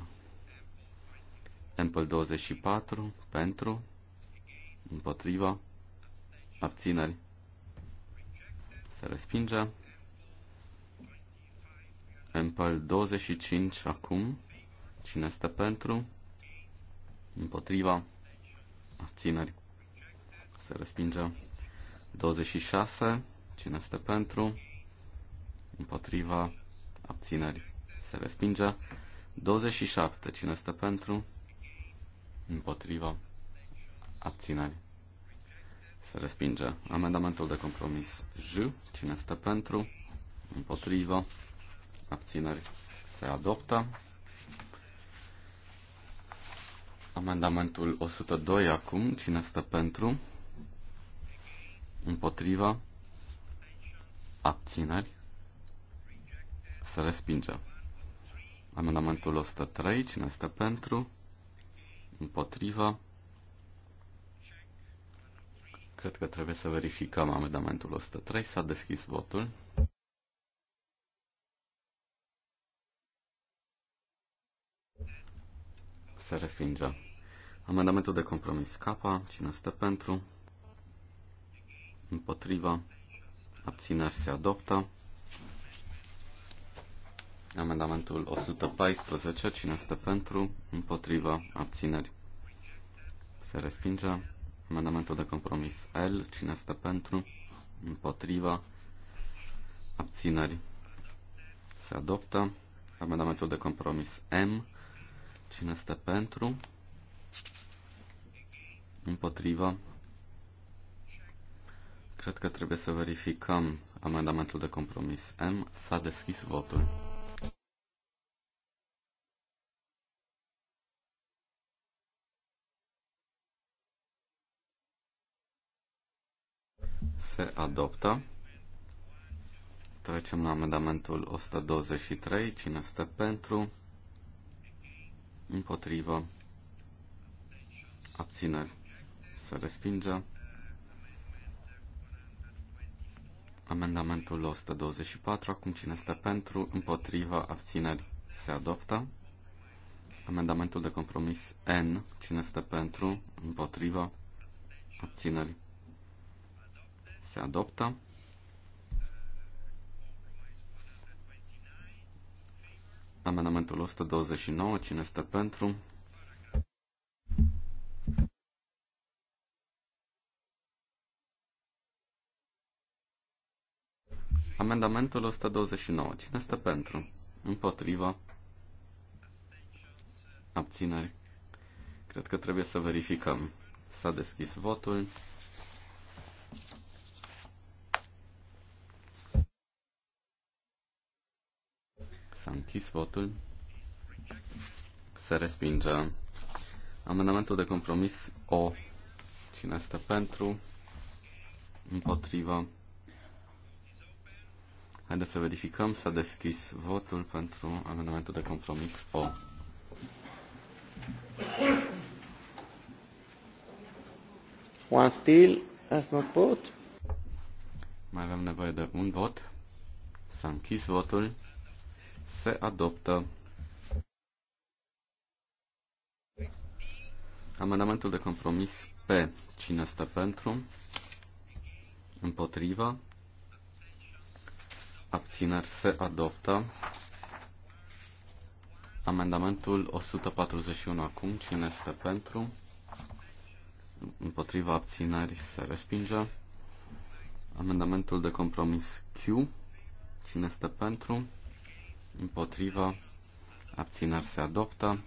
Ample 24 pentru, împotriva, abțineri, se respinge. Ample 25 acum, cine este pentru, împotriva, abțineri, se respinge. 26. Cine este pentru? Împotriva. Abțineri. Se respinge. 27. Cine este pentru? Împotriva. Abțineri. Se respinge. Amendamentul de compromis J. Cine este pentru? Împotriva. Abțineri. Se adoptă. Amendamentul 102 acum. Cine este pentru? împotriva, abțineri, se respinge. Amendamentul 103, cine este pentru, împotriva, cred că trebuie să verificăm amendamentul 103, s-a deschis votul. Se respinge. Amendamentul de compromis capa, cine este pentru, împotriva, abțineri se adoptă. Amendamentul 114, cine este pentru, împotriva, abțineri se respinge. Amendamentul de compromis L, cine este pentru, împotriva, abțineri se adoptă. Amendamentul de compromis M, cine este pentru, împotriva, Cred că trebuie să verificăm amendamentul de compromis M. S-a deschis votul. Se adoptă. Trecem la amendamentul 123. Cine stă pentru? Împotrivă. Abțineri. Se respinge. Amendamentul 124. Acum cine este pentru, împotriva, abțineri, se adoptă. Amendamentul de compromis N. Cine este pentru, împotriva, abțineri, se adoptă. Amendamentul 129. Cine este pentru, Amendamentul 129. Cine stă pentru? Împotrivă? Abțineri? Cred că trebuie să verificăm. S-a deschis votul. S-a închis votul. Se respinge amendamentul de compromis O. Cine este pentru? Împotrivă? Haideți să verificăm. S-a deschis votul pentru amendamentul de compromis O. One still has not vote. Mai avem nevoie de un vot. S-a închis votul. Se adoptă. Amendamentul de compromis P. Cine stă pentru? Împotriva? abțineri se adoptă. Amendamentul 141 acum. Cine este pentru? Împotriva abținerii se respinge. Amendamentul de compromis Q. Cine este pentru? Împotriva abțineri se adoptă.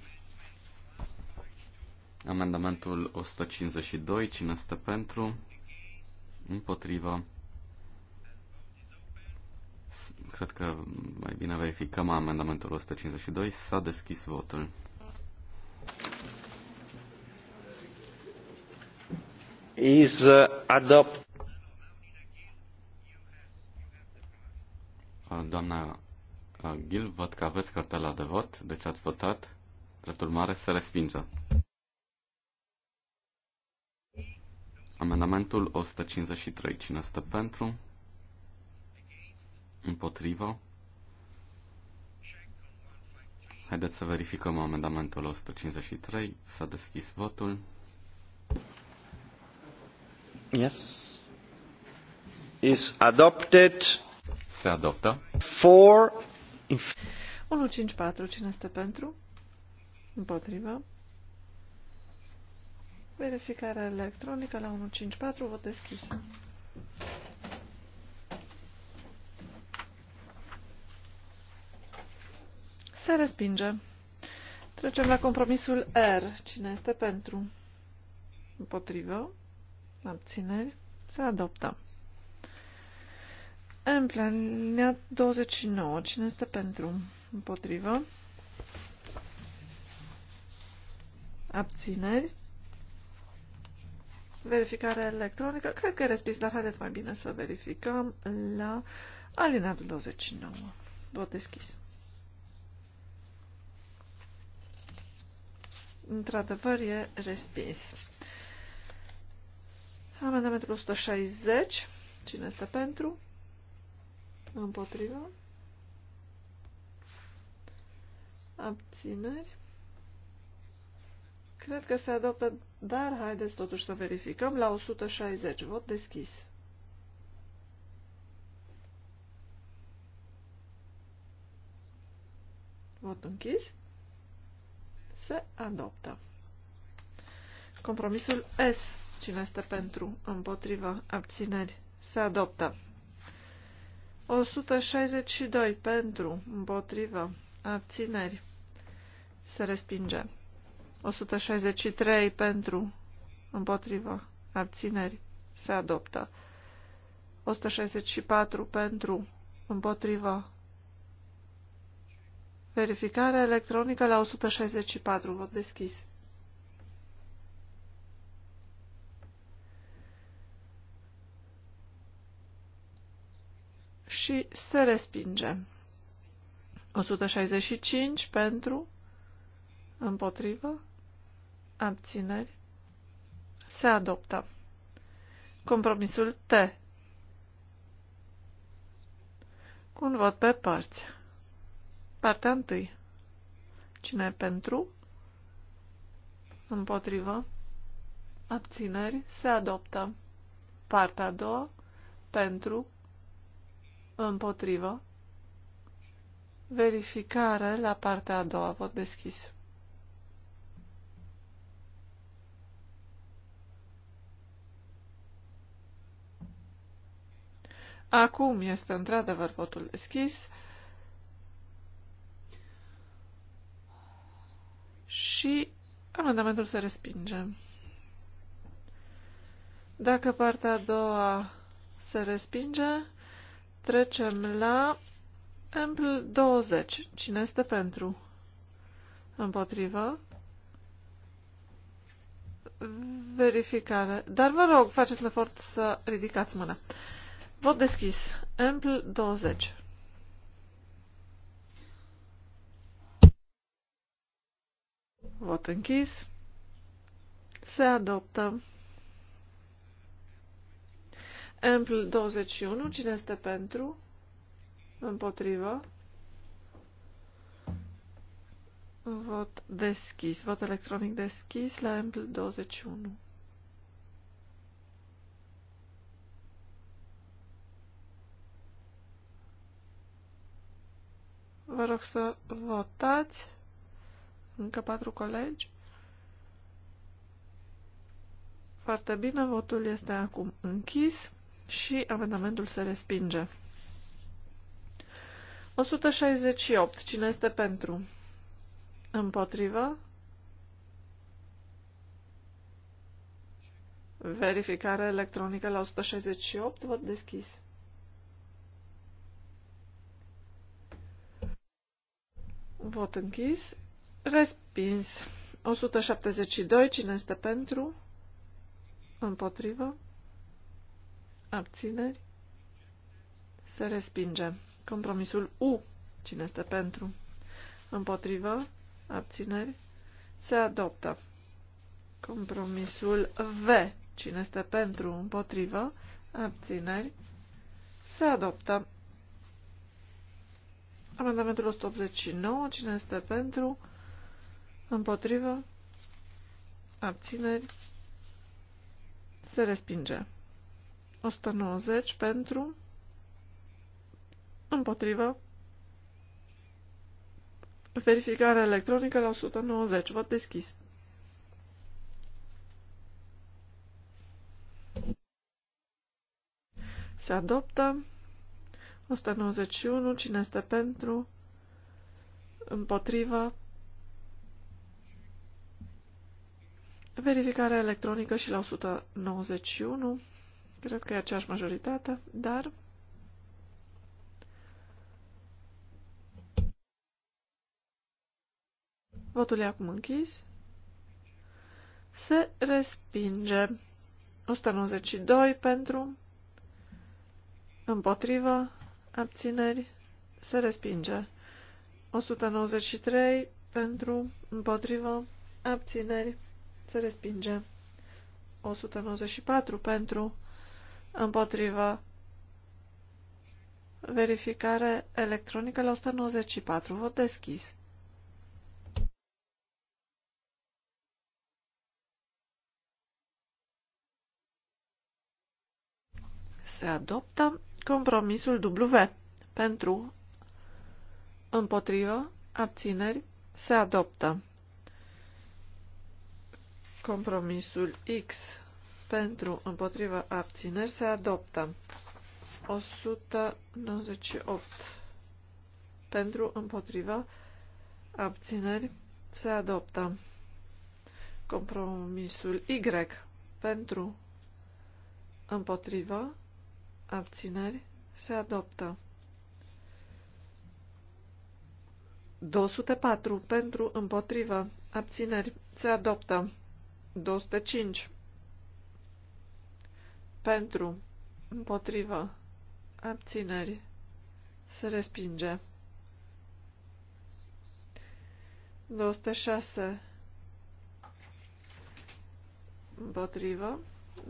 Amendamentul 152. Cine este pentru? Împotriva Cred că mai bine verificăm amendamentul 152. S-a deschis votul. Is uh, adopt. Uh, doamna uh, Gil, văd că aveți cartela de vot, deci ați votat. Drept urmare, se respinge. Amendamentul 153. Cine stă pentru? Împotrivă. Haideți să verificăm amendamentul 153. S-a deschis votul. Yes. Is adopted. Se adoptă. 4 154. Cine este pentru? Împotrivă. Verificarea electronică la 154. Vot deschis. Se respinge. Trecem la compromisul R. Cine este pentru? Împotrivă. Abțineri. Se adoptă. În plan, 29. Cine este pentru? Împotrivă. Abțineri. Verificare electronică. Cred că e respins, dar haideți mai bine să verificăm la alineatul 29. Vot deschis. Într-adevăr, e respins. Amendamentul 160. Cine este pentru? Împotriva. Abțineri. Cred că se adoptă, dar haideți totuși să verificăm. La 160, vot deschis. Vot închis se adoptă. Compromisul S. Cine este pentru, Împotrivă? abțineri, se adoptă. 162 pentru, Împotrivă? abțineri, se respinge. 163 pentru, Împotrivă? abțineri, se adoptă. 164 pentru, Împotrivă? Verificare electronică la 164. Vot deschis. Și se respinge. 165 pentru, împotrivă, abțineri, se adoptă. Compromisul T. Cu un vot pe părți. Partea întâi. Cine e pentru? Împotrivă. Abțineri. Se adoptă. Partea a doua. Pentru. Împotrivă. Verificare la partea a doua. Vot deschis. Acum este într-adevăr votul deschis. și amendamentul se respinge. Dacă partea a doua se respinge, trecem la ampl 20. Cine este pentru? Împotrivă? Verificare. Dar vă rog, faceți efort să ridicați mâna. Vot deschis. Ampl 20. Vot închis. Se adoptă. Ampl 21. Cine este pentru? Împotrivă. Vot deschis. Vot electronic deschis la Ampl 21. Vă rog să votați. Încă patru colegi? Foarte bine, votul este acum închis și amendamentul se respinge. 168. Cine este pentru? Împotrivă? Verificare electronică la 168. Vot deschis. Vot închis. Respins. 172. Cine este pentru? Împotrivă. Abțineri. Se respinge. Compromisul U. Cine este pentru? Împotrivă. Abțineri. Se adoptă. Compromisul V. Cine este pentru? Împotrivă. Abțineri. Se adoptă. Amendamentul 189. Cine este pentru? Împotrivă. Abțineri. Se respinge. 190 pentru. Împotrivă. Verificare electronică la 190. Vot deschis. Se adoptă. 191. Cine este pentru? Împotrivă. Verificarea electronică și la 191. Cred că e aceeași majoritate, dar... Votul e acum închis. Se respinge. 192 pentru, împotrivă, abțineri, se respinge. 193 pentru, împotrivă, abțineri, se respinge. 194 pentru, împotrivă, verificare electronică la 194, vot deschis. Se adoptă compromisul W pentru, împotrivă, abțineri, se adoptă. Compromisul X pentru împotriva abțineri se adoptă. 198 pentru împotriva abțineri se adoptă. Compromisul Y pentru împotriva abțineri se adoptă. 204 pentru împotriva abțineri se adoptă. 205. Pentru, împotrivă, abțineri, se respinge. 206. Împotrivă,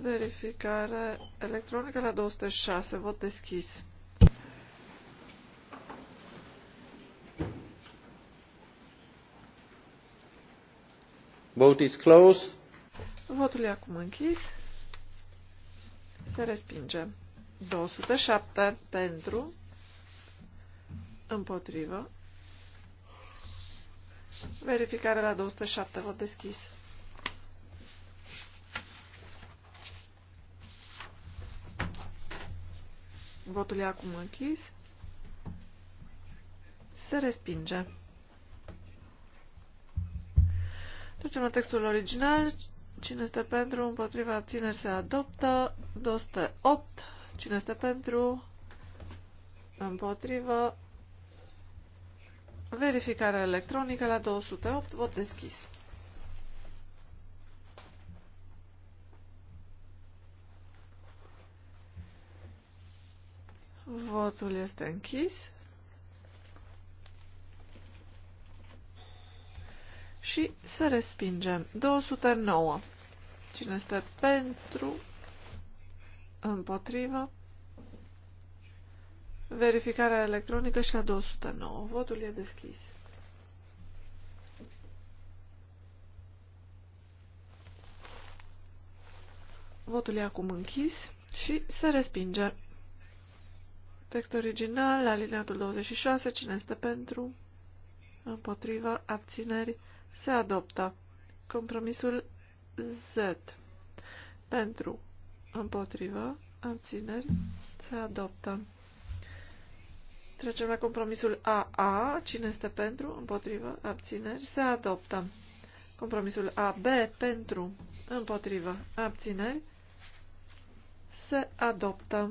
verificare electronică la 206, vot deschis. Vote is closed. Votul e acum închis. Se respinge. 207 pentru, împotrivă. Verificare la 207, vot deschis. Votul e acum închis. Se respinge. Trecem la textul original. Cine este pentru, împotriva, abțineri se adoptă. 208. Cine este pentru, împotrivă, verificare electronică la 208, vot deschis. Votul este închis. și să respingem. 209. Cine este pentru? Împotrivă. Verificarea electronică și la 209. Votul e deschis. Votul e acum închis și se respinge. Text original, alineatul 26, cine este pentru? Împotriva, abțineri, se adoptă. Compromisul Z. Pentru. Împotrivă. Abțineri. Se adoptă. Trecem la compromisul AA. Cine este pentru? Împotrivă. Abțineri. Se adoptă. Compromisul AB. Pentru. Împotrivă. Abțineri. Se adoptă.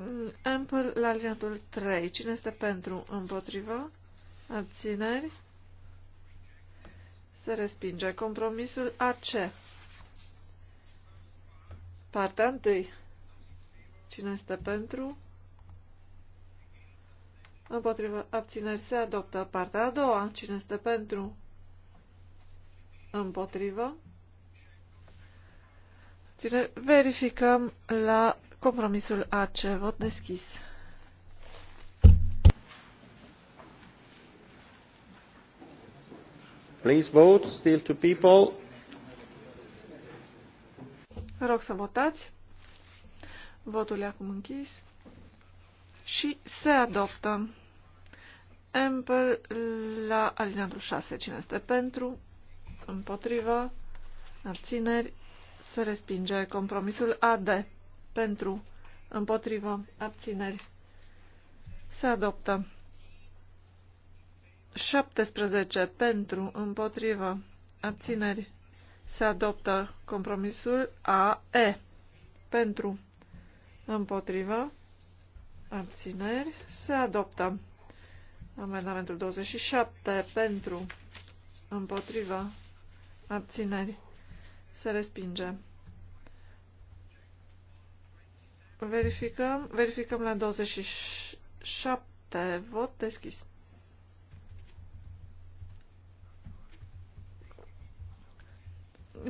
Mm, Ample la alineatul 3. Cine este pentru? Împotrivă? Abțineri? Se respinge. Compromisul AC. Partea 1. Cine este pentru? Împotrivă abțineri se adoptă. Partea a doua. Cine este pentru? Împotrivă. verificăm la Compromisul AC, vot deschis. Please vote, still to people. Vă rog să votați. Votul e acum închis. Și se adoptă. Ample la alineatul 6. Cine este pentru? Împotriva? Abțineri? Se respinge compromisul AD pentru, împotriva, abțineri, se adoptă. 17 pentru, împotriva, abțineri, se adoptă compromisul AE pentru, împotriva, abțineri, se adoptă. Amendamentul 27 pentru, împotriva, abțineri, se respinge. Verificăm, verificăm la 27 vot deschis.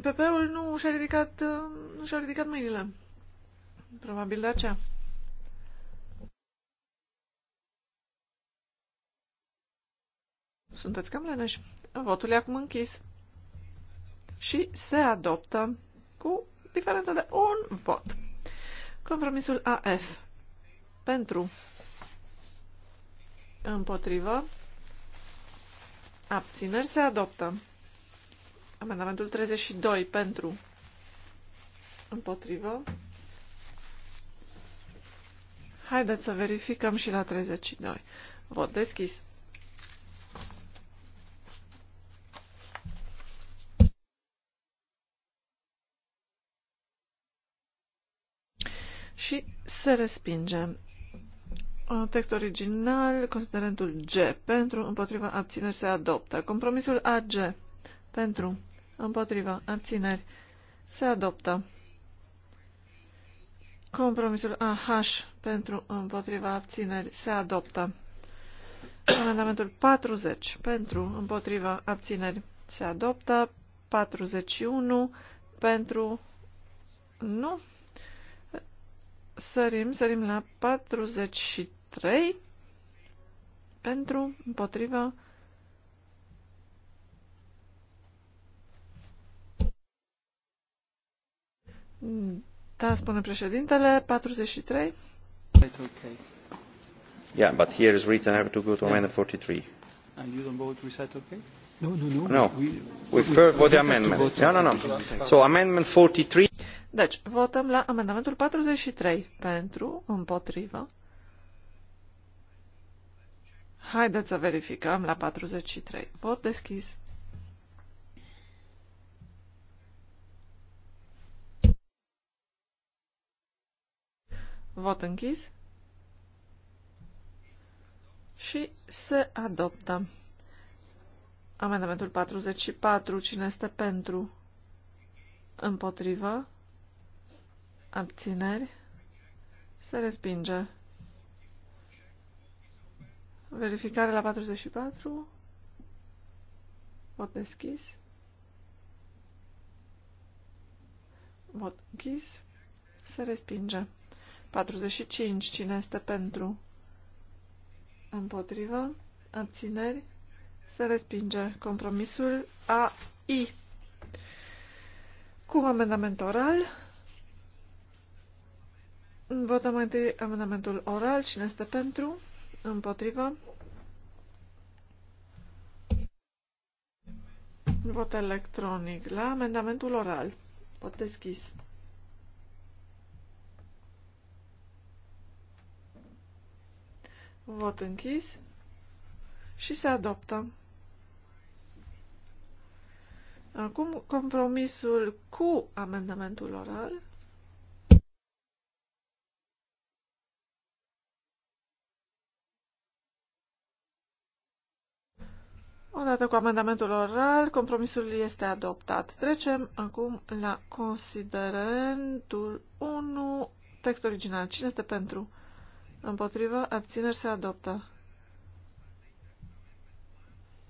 PP-ul nu și-a ridicat, nu și-a ridicat mâinile. Probabil de aceea. Sunteți cam leneși. Votul e acum închis. Și se adoptă cu diferența de un vot. Compromisul AF. Pentru. Împotrivă. Abțineri se adoptă. Amendamentul 32. Pentru. Împotrivă. Haideți să verificăm și la 32. Vot deschis. și se respinge. Uh, text original, considerentul G, pentru, împotriva, abțineri, se adoptă. Compromisul AG, pentru, împotriva, abțineri, se adoptă. Compromisul AH, pentru, împotriva, abțineri, se adoptă. Amendamentul 40, pentru, împotriva, abțineri, se adoptă. 41, pentru, nu, Sărim, sărim la 43 pentru, împotrivă, Da, spune președintele, 43. okay. Yeah, but here is written I have to go to amendment 43. And you don't vote recital okay? No, no, no. No. We, we, we, we we, amendment. we, no, no. So amendment 43. Deci, votăm la amendamentul 43 pentru, împotrivă. Haideți să verificăm la 43. Vot deschis. Vot închis. Și se adoptă. Amendamentul 44. Cine este pentru? Împotrivă? abțineri, se respinge. Verificare la 44, vot deschis, vot închis, se respinge. 45, cine este pentru? Împotrivă, abțineri, se respinge. Compromisul AI. Cu amendament oral, Votăm mai întâi amendamentul oral. Cine este pentru? Împotrivă? Vot electronic la amendamentul oral. Vot deschis. Vot închis și se adoptă. Acum compromisul cu amendamentul oral. Odată cu amendamentul oral, compromisul este adoptat. Trecem acum la considerentul 1, text original. Cine este pentru? Împotrivă, abțineri se adoptă.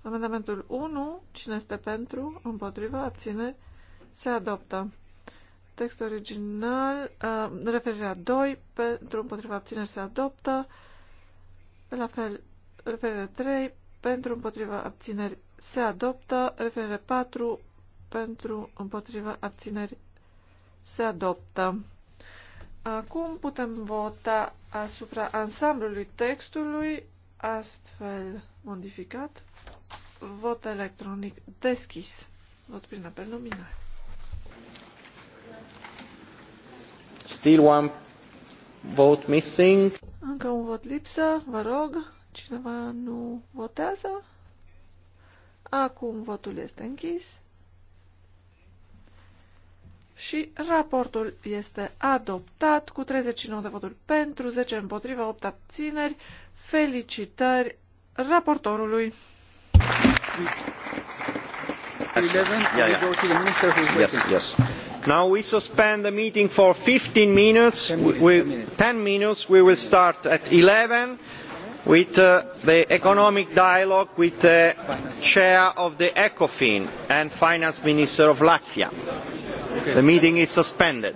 Amendamentul 1, cine este pentru? Împotrivă, abțineri se adoptă. Text original, uh, referirea 2, pentru împotriva abțineri se adoptă. La fel, referirea 3, pentru împotriva abțineri se adoptă, referere 4 pentru împotriva abțineri se adoptă. Acum putem vota asupra ansamblului textului astfel modificat. Vot electronic deschis. Vot prin apel nominal. Still one vote missing. Încă un vot lipsă, vă rog. Cineva nu votează? Acum votul este închis. Și raportul este adoptat cu 39 de voturi pentru, 10 împotriva, 8 abțineri. Felicitări raportorului. Yes, yes. Now we suspend the meeting for 15 minutes. 10 minutes. We, 10 minutes. We will start at 11 with uh, the economic dialogue with the chair of the ecofin and finance minister of latvia. the meeting is suspended.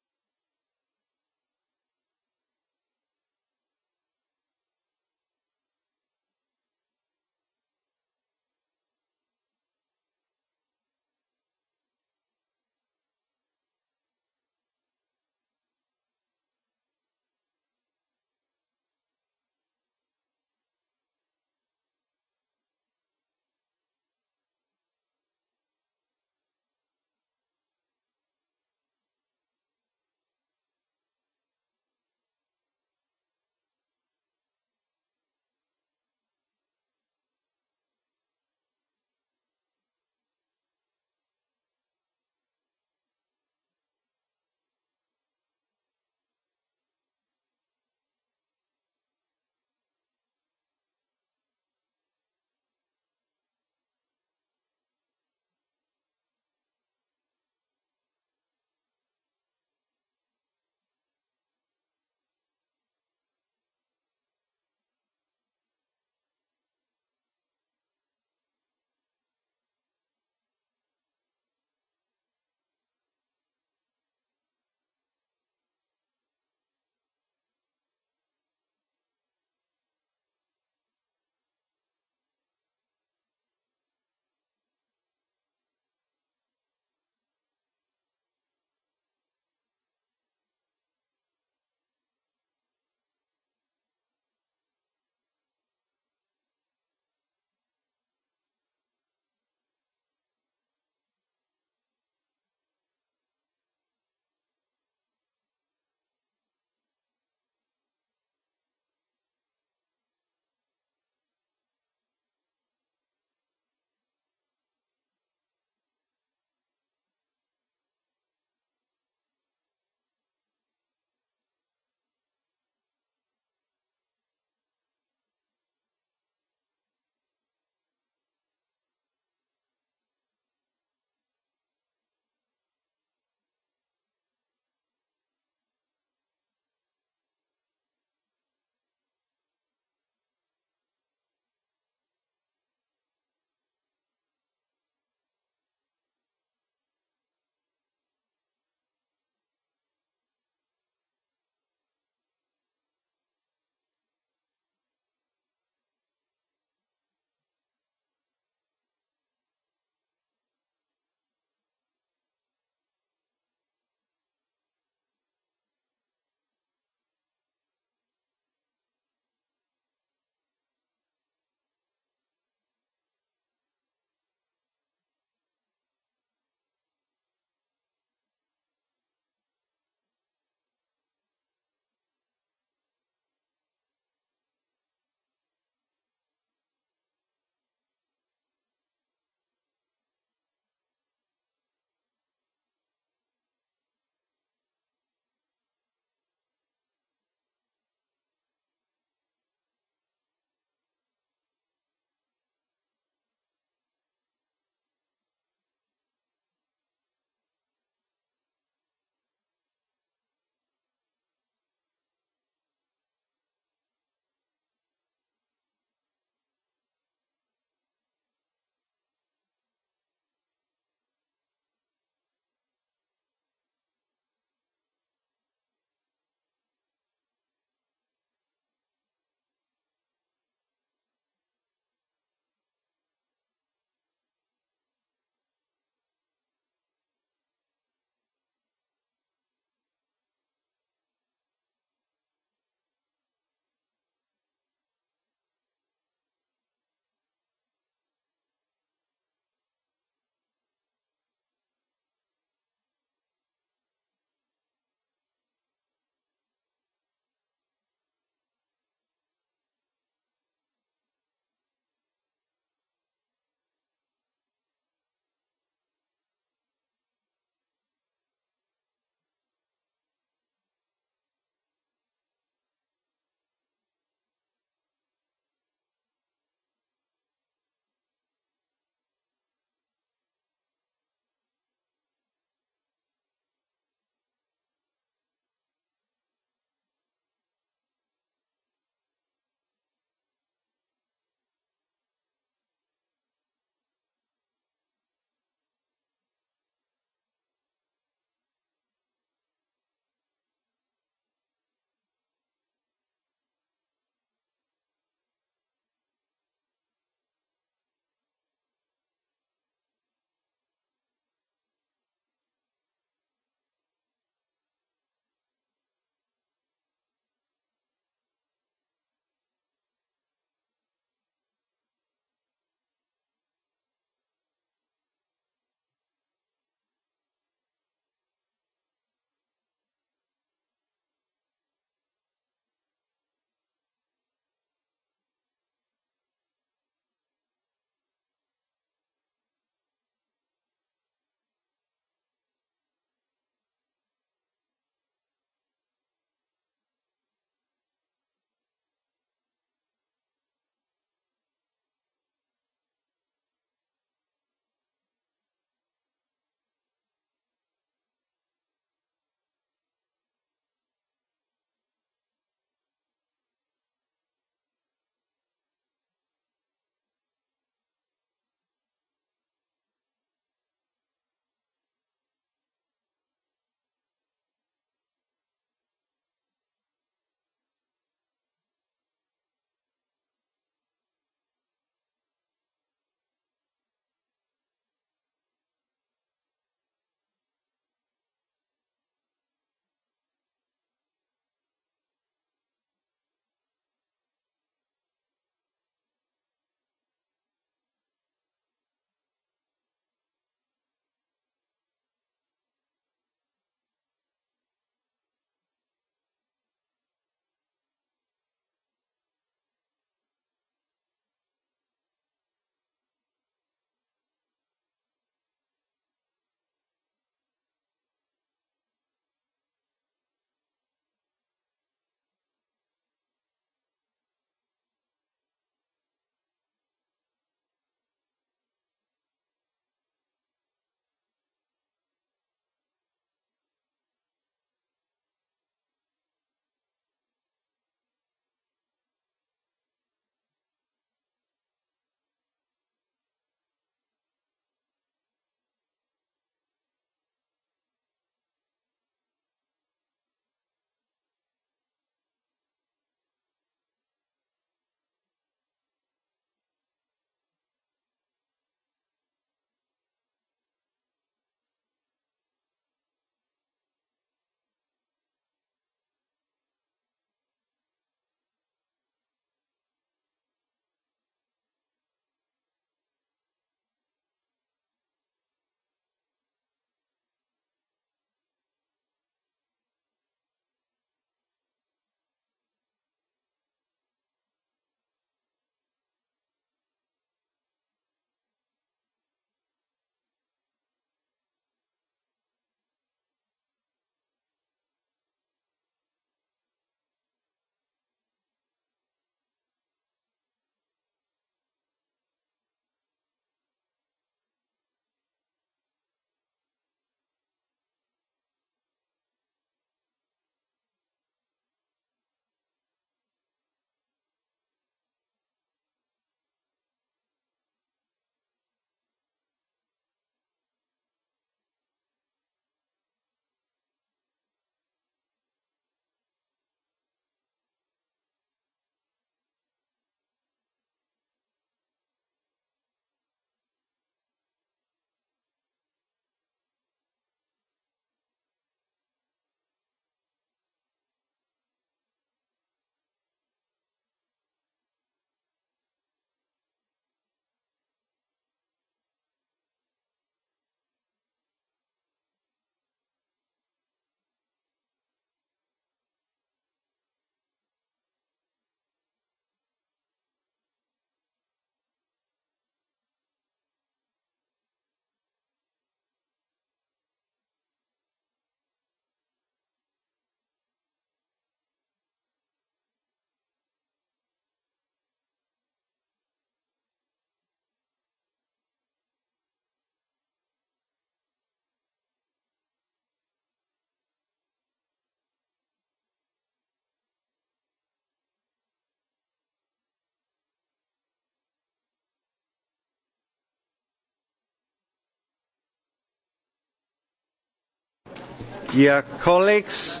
Dear colleagues,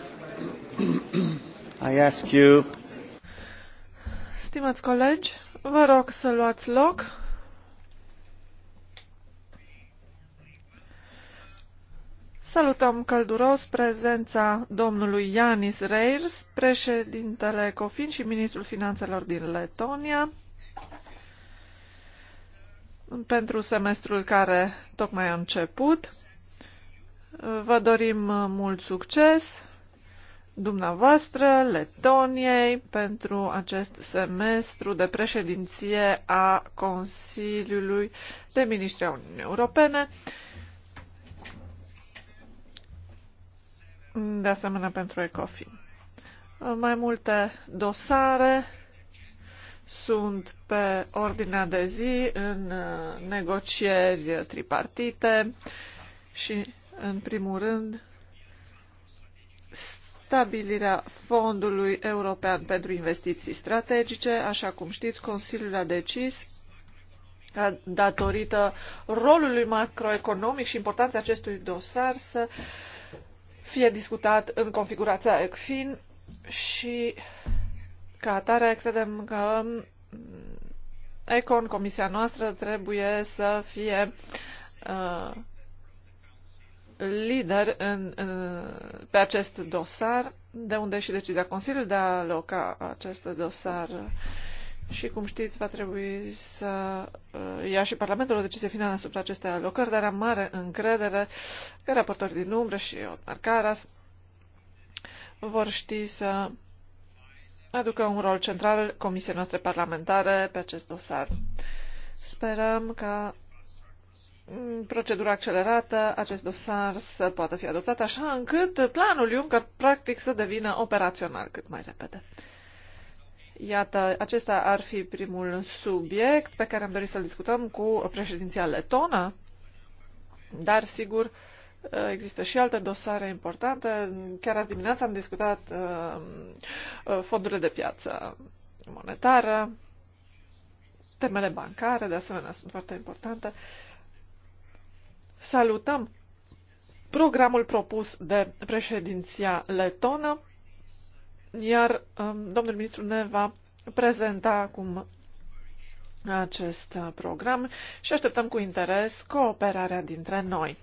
I ask you... Stimați colegi, vă rog să luați loc. Salutăm călduros prezența domnului Janis Reirs, președintele COFIN și ministrul finanțelor din Letonia, pentru semestrul care tocmai a început. Vă dorim uh, mult succes dumneavoastră, Letoniei, pentru acest semestru de președinție a Consiliului de Ministri a Uniunii Europene. De asemenea, pentru ECOFIN. Uh, mai multe dosare sunt pe ordinea de zi în uh, negocieri tripartite și în primul rând, stabilirea Fondului European pentru Investiții Strategice. Așa cum știți, Consiliul a decis datorită rolului macroeconomic și importanței acestui dosar să fie discutat în configurația ECFIN și ca atare credem că ECON, comisia noastră, trebuie să fie uh, lider în, în, pe acest dosar, de unde și decizia Consiliului de a aloca acest dosar. Și, cum știți, va trebui să uh, ia și Parlamentul o decizie finală asupra acestei alocări, dar am mare încredere că raportorii din umbră și Otmar Caras vor ști să aducă un rol central comisiei noastre parlamentare pe acest dosar. Sperăm ca Mm, procedură accelerată acest dosar să poată fi adoptat așa încât planul Juncker practic să devină operațional cât mai repede. Iată, acesta ar fi primul subiect pe care am dorit să-l discutăm cu președinția letonă, dar sigur există și alte dosare importante. Chiar azi dimineața am discutat uh, uh, fondurile de piață monetară, temele bancare, de asemenea, sunt foarte importante. Salutăm programul propus de președinția letonă, iar um, domnul ministru ne va prezenta acum acest program și așteptăm cu interes cooperarea dintre noi.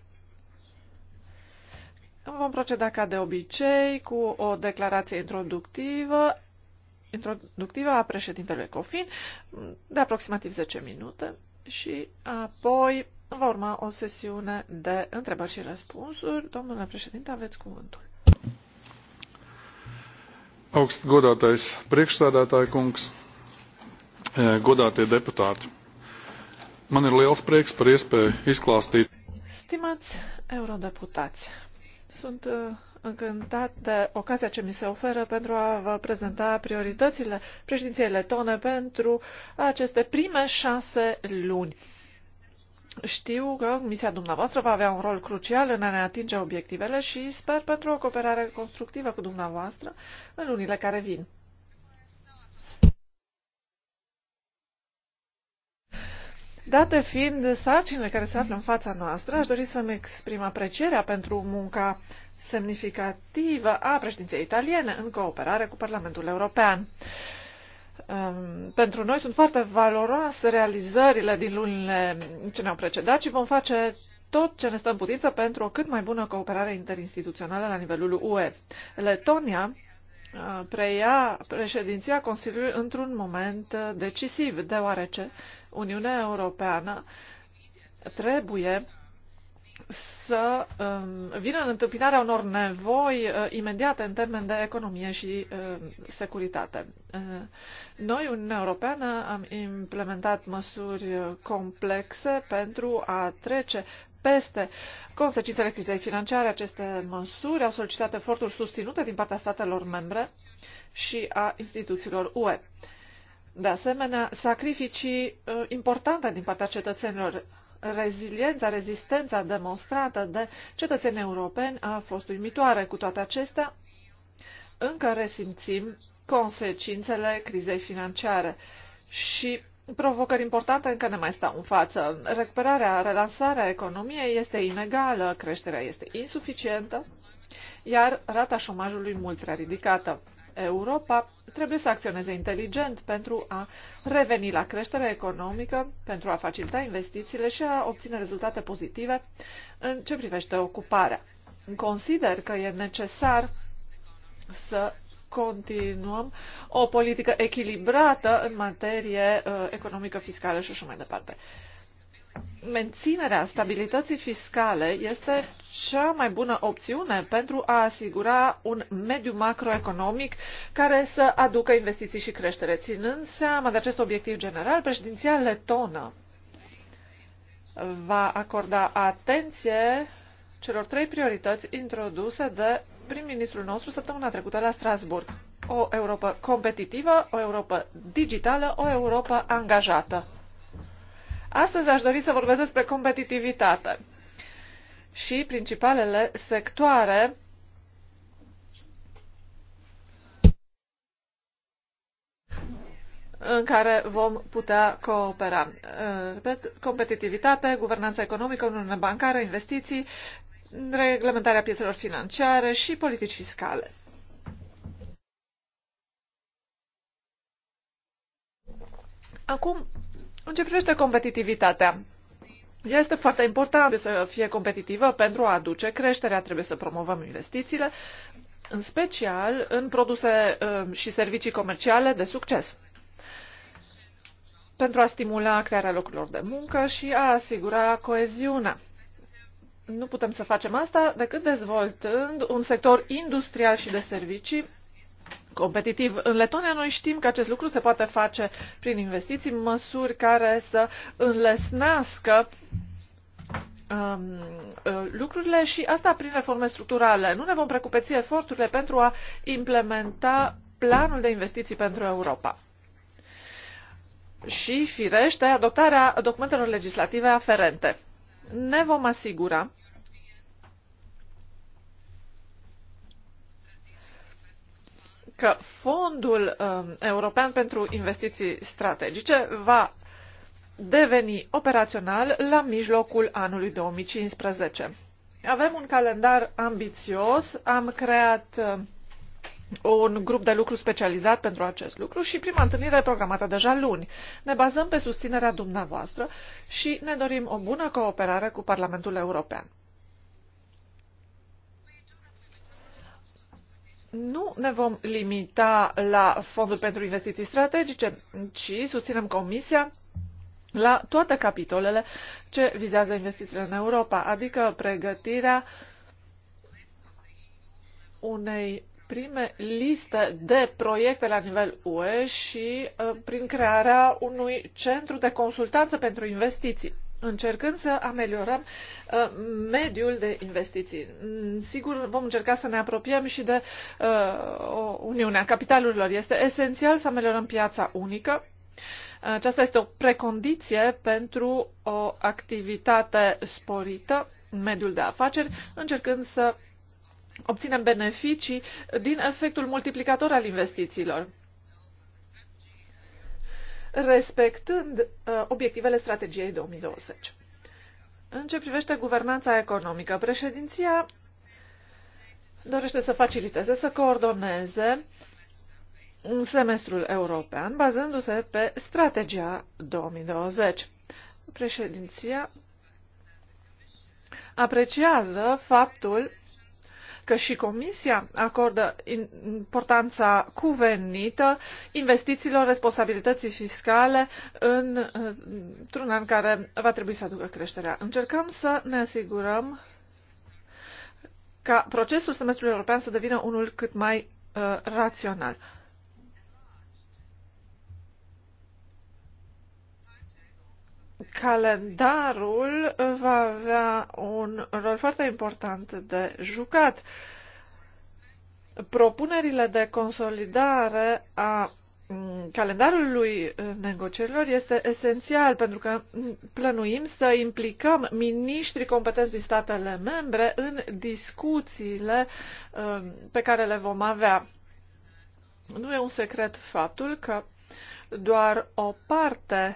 Vom proceda ca de obicei cu o declarație introductivă, introductivă a președintelui Cofin de aproximativ 10 minute și apoi va urma o sesiune de întrebări și răspunsuri. Domnule președinte, aveți cuvântul. Augst godātais priekšstādātāja kungs, eh, godātie deputāti, man ir liels prieks par iespēju izklāstīt. Stimați eurodeputați, sunt eh, încântat de ocazia ce mi se oferă pentru a vă prezenta prioritățile președinției letone pentru aceste prime șase luni știu că misia dumneavoastră va avea un rol crucial în a ne atinge obiectivele și sper pentru o cooperare constructivă cu dumneavoastră în lunile care vin. Date fiind sarcinile care se află în fața noastră, aș dori să-mi exprim aprecierea pentru munca semnificativă a președinției italiene în cooperare cu Parlamentul European. Um, pentru noi sunt foarte valoroase realizările din lunile ce ne-au precedat și vom face tot ce ne stă în putință pentru o cât mai bună cooperare interinstituțională la nivelul UE. Letonia uh, preia președinția Consiliului într-un moment uh, decisiv, deoarece Uniunea Europeană trebuie să um, vină în întâmpinarea unor nevoi uh, imediate în termen de economie și uh, securitate. Uh, noi, Uniunea Europeană, am implementat măsuri complexe pentru a trece peste consecințele crizei financiare. Aceste măsuri au solicitat eforturi susținute din partea statelor membre și a instituțiilor UE. De asemenea, sacrificii importante din partea cetățenilor reziliența, rezistența demonstrată de cetățenii europeni a fost uimitoare. Cu toate acestea, încă resimțim consecințele crizei financiare și provocări importante încă ne mai stau în față. Recuperarea, relansarea economiei este inegală, creșterea este insuficientă, iar rata șomajului mult prea ridicată. Europa trebuie să acționeze inteligent pentru a reveni la creșterea economică, pentru a facilita investițiile și a obține rezultate pozitive în ce privește ocuparea. Consider că e necesar să continuăm o politică echilibrată în materie uh, economică, fiscală și așa mai departe menținerea stabilității fiscale este cea mai bună opțiune pentru a asigura un mediu macroeconomic care să aducă investiții și creștere. Ținând seama de acest obiectiv general, președinția letonă va acorda atenție celor trei priorități introduse de prim-ministrul nostru săptămâna trecută la Strasburg. O Europa competitivă, o Europa digitală, o Europa angajată. Astăzi aș dori să vorbesc despre competitivitate și principalele sectoare în care vom putea coopera. Repet, competitivitate, guvernanța economică, uniunea bancară, investiții, reglementarea piețelor financiare și politici fiscale. Acum în ce privește competitivitatea, este foarte important să fie competitivă pentru a aduce creșterea. Trebuie să promovăm investițiile, în special în produse um, și servicii comerciale de succes pentru a stimula crearea locurilor de muncă și a asigura coeziunea. Nu putem să facem asta decât dezvoltând un sector industrial și de servicii competitiv. În Letonia noi știm că acest lucru se poate face prin investiții, măsuri care să înlesnească um, uh, lucrurile și asta prin reforme structurale. Nu ne vom precupeți eforturile pentru a implementa planul de investiții pentru Europa. Și, firește, adoptarea documentelor legislative aferente. Ne vom asigura că Fondul um, European pentru Investiții Strategice va deveni operațional la mijlocul anului 2015. Avem un calendar ambițios, am creat um, un grup de lucru specializat pentru acest lucru și prima întâlnire programată deja luni. Ne bazăm pe susținerea dumneavoastră și ne dorim o bună cooperare cu Parlamentul European. nu ne vom limita la Fondul pentru Investiții Strategice, ci susținem Comisia la toate capitolele ce vizează investițiile în Europa, adică pregătirea unei prime liste de proiecte la nivel UE și uh, prin crearea unui centru de consultanță pentru investiții încercând să ameliorăm uh, mediul de investiții. Sigur, vom încerca să ne apropiem și de uh, Uniunea Capitalurilor. Este esențial să ameliorăm piața unică. Aceasta este o precondiție pentru o activitate sporită în mediul de afaceri, încercând să obținem beneficii din efectul multiplicator al investițiilor respectând uh, obiectivele strategiei 2020. În ce privește guvernanța economică, președinția dorește să faciliteze, să coordoneze semestrul european, bazându-se pe strategia 2020. Președinția apreciază faptul că și Comisia acordă importanța cuvenită investițiilor responsabilității fiscale în, într-un an care va trebui să aducă creșterea. Încercăm să ne asigurăm ca procesul semestrului european să devină unul cât mai uh, rațional. calendarul va avea un rol foarte important de jucat. Propunerile de consolidare a calendarului negocierilor este esențial pentru că plănuim să implicăm miniștrii competenți din statele membre în discuțiile pe care le vom avea. Nu e un secret faptul că doar o parte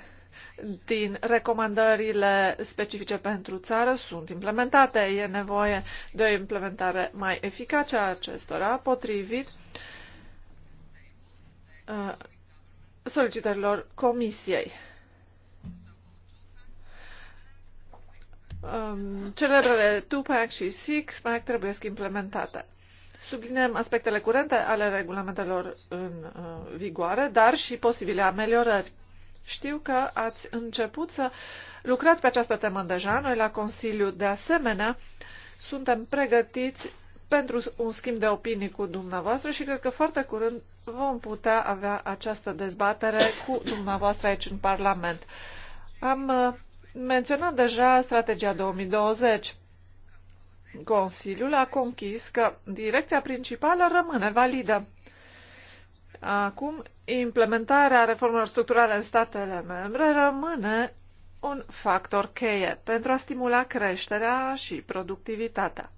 din recomandările specifice pentru țară sunt implementate. E nevoie de o implementare mai eficace a acestora, potrivit uh, solicitărilor Comisiei. Um, celebrele Tupac și six Sixpack trebuie să implementate. Subliniem aspectele curente ale regulamentelor în uh, vigoare, dar și posibile ameliorări. Știu că ați început să lucrați pe această temă deja. Noi la Consiliu, de asemenea, suntem pregătiți pentru un schimb de opinii cu dumneavoastră și cred că foarte curând vom putea avea această dezbatere cu dumneavoastră aici în Parlament. Am uh, menționat deja strategia 2020. Consiliul a conchis că direcția principală rămâne validă Acum, implementarea reformelor structurale în statele membre rămâne un factor cheie pentru a stimula creșterea și productivitatea.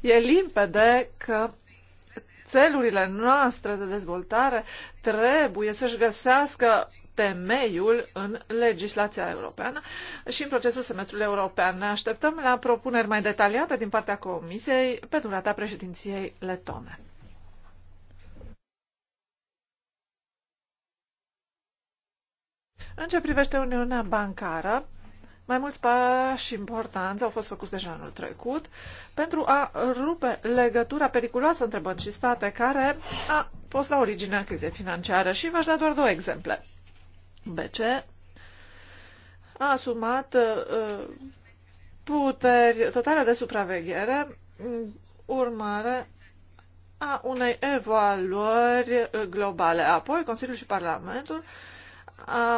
E limpede că țelurile noastre de dezvoltare trebuie să-și găsească temeiul în legislația europeană și în procesul semestrului european. Ne așteptăm la propuneri mai detaliate din partea Comisiei pe durata președinției letone. În ce privește Uniunea Bancară, mai mulți pași importanți au fost făcuți deja anul trecut pentru a rupe legătura periculoasă între bănci și state care a fost la originea crizei financiare și v-aș da doar două exemple. BC a asumat uh, puteri totale de supraveghere, urmare a unei evaluări globale. Apoi, Consiliul și Parlamentul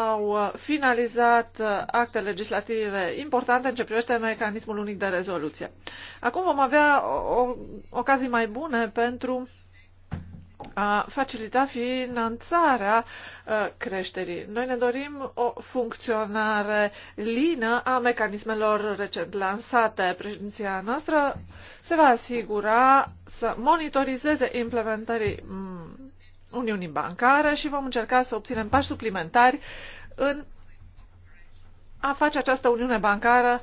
au finalizat acte legislative importante în ce privește mecanismul unic de rezoluție. Acum vom avea o, o, ocazii mai bune pentru a facilita finanțarea uh, creșterii. Noi ne dorim o funcționare lină a mecanismelor recent lansate. Președinția noastră se va asigura să monitorizeze implementării mm, Uniunii Bancare și vom încerca să obținem pași suplimentari în a face această Uniune Bancară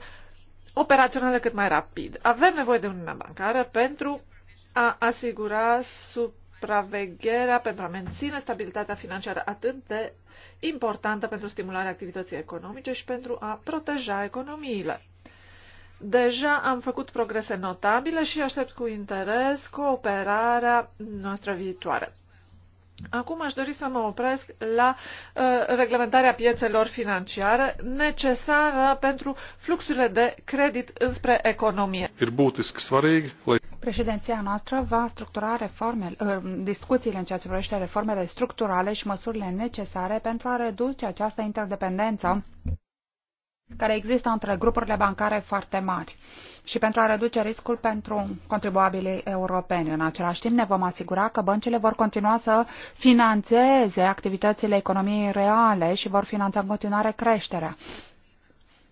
operațională cât mai rapid. Avem nevoie de Uniunea Bancară pentru a asigura sub supravegherea pentru a menține stabilitatea financiară atât de importantă pentru stimularea activității economice și pentru a proteja economiile. Deja am făcut progrese notabile și aștept cu interes cooperarea noastră viitoare. Acum aș dori să mă opresc la uh, reglementarea piețelor financiare necesară pentru fluxurile de credit înspre economie. Președinția noastră va structura reformele, uh, discuțiile în ceea ce privește reformele structurale și măsurile necesare pentru a reduce această interdependență care există între grupurile bancare foarte mari și pentru a reduce riscul pentru contribuabilii europeni. În același timp ne vom asigura că băncile vor continua să financeze activitățile economiei reale și vor finanța în continuare creșterea.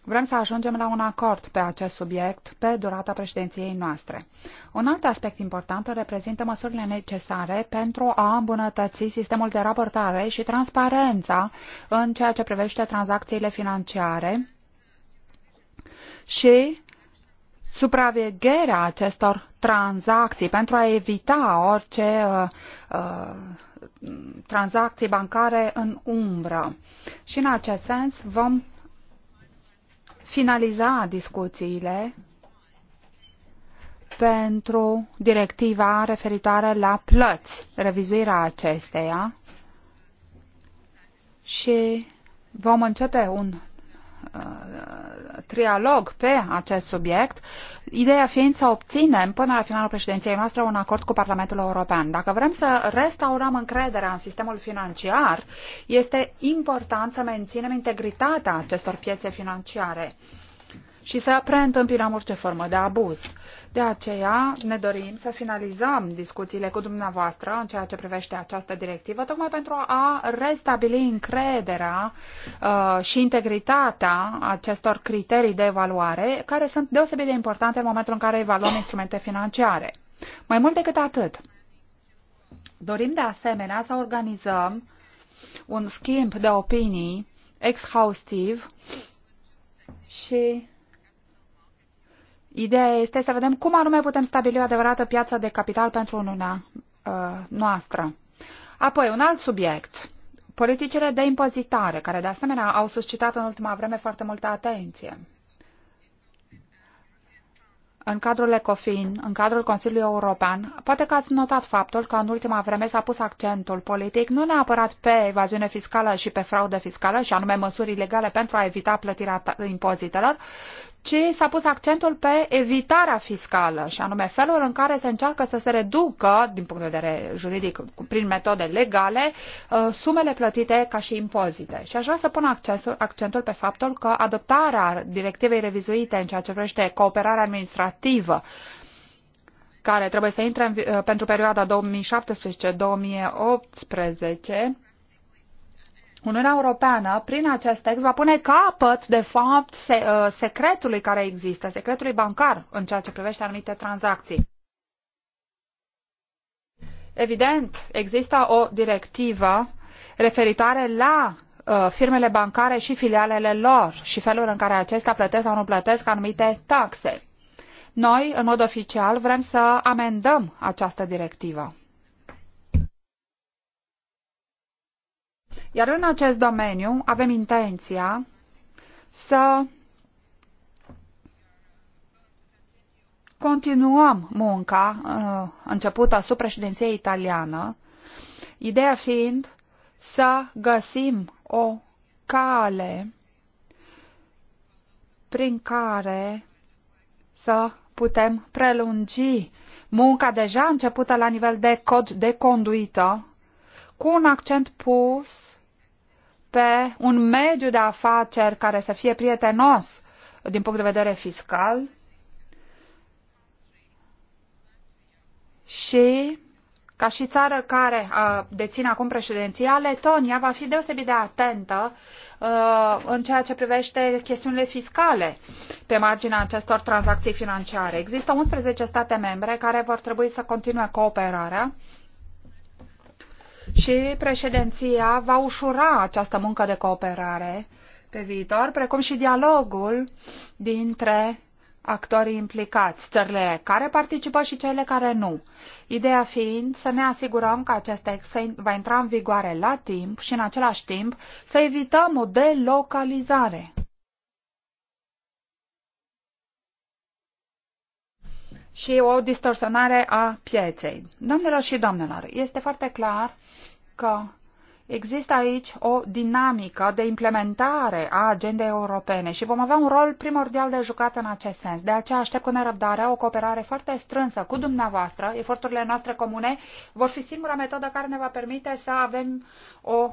Vrem să ajungem la un acord pe acest subiect pe durata președinției noastre. Un alt aspect important reprezintă măsurile necesare pentru a îmbunătăți sistemul de raportare și transparența în ceea ce privește tranzacțiile financiare și supravegherea acestor tranzacții pentru a evita orice uh, uh, tranzacții bancare în umbră. Și în acest sens vom finaliza discuțiile pentru directiva referitoare la plăți, revizuirea acesteia și vom începe un Uh, trialog pe acest subiect, ideea fiind să obținem până la finalul președinției noastre un acord cu Parlamentul European. Dacă vrem să restaurăm încrederea în sistemul financiar, este important să menținem integritatea acestor piețe financiare. Uh, și să preîntâmpinăm orice formă de abuz. De aceea ne dorim să finalizăm discuțiile cu dumneavoastră în ceea ce privește această directivă, tocmai pentru a restabili încrederea uh, și integritatea acestor criterii de evaluare, care sunt deosebit de importante în momentul în care evaluăm instrumente financiare. Mai mult decât atât, dorim de asemenea să organizăm un schimb de opinii exhaustiv și Ideea este să vedem cum anume putem stabili o adevărată piață de capital pentru Uniunea uh, noastră. Apoi, un alt subiect. Politicile de impozitare, care de asemenea au suscitat în ultima vreme foarte multă atenție. În cadrul ECOFIN, în cadrul Consiliului European, poate că ați notat faptul că în ultima vreme s-a pus accentul politic nu neapărat pe evaziune fiscală și pe fraudă fiscală, și anume măsuri ilegale pentru a evita plătirea impozitelor, ci s-a pus accentul pe evitarea fiscală și anume felul în care se încearcă să se reducă, din punct de vedere juridic, prin metode legale, uh, sumele plătite ca și impozite. Și aș vrea să pun accentul pe faptul că adoptarea directivei revizuite în ceea ce privește cooperarea administrativă care trebuie să intre în, uh, pentru perioada 2017-2018 Uniunea Europeană, prin acest text, va pune capăt, de fapt, se, uh, secretului care există, secretului bancar în ceea ce privește anumite tranzacții. Evident, există o directivă referitoare la uh, firmele bancare și filialele lor și felul în care acestea plătesc sau nu plătesc anumite taxe. Noi, în mod oficial, vrem să amendăm această directivă. Iar în acest domeniu avem intenția să continuăm munca uh, începută sub președinția italiană, ideea fiind să găsim o cale prin care să putem prelungi munca deja începută la nivel de cod de conduită, cu un accent pus pe un mediu de afaceri care să fie prietenos din punct de vedere fiscal și ca și țară care uh, deține acum președinția, Letonia va fi deosebit de atentă uh, în ceea ce privește chestiunile fiscale pe marginea acestor tranzacții financiare. Există 11 state membre care vor trebui să continue cooperarea și președinția va ușura această muncă de cooperare pe viitor, precum și dialogul dintre actorii implicați, țările care participă și cele care nu. Ideea fiind să ne asigurăm că acest text va intra în vigoare la timp și în același timp să evităm o delocalizare. și o distorsionare a pieței. Domnilor și domnilor, este foarte clar că Există aici o dinamică de implementare a agendei europene și vom avea un rol primordial de jucat în acest sens. De aceea aștept cu nerăbdare o cooperare foarte strânsă cu dumneavoastră. Eforturile noastre comune vor fi singura metodă care ne va permite să avem o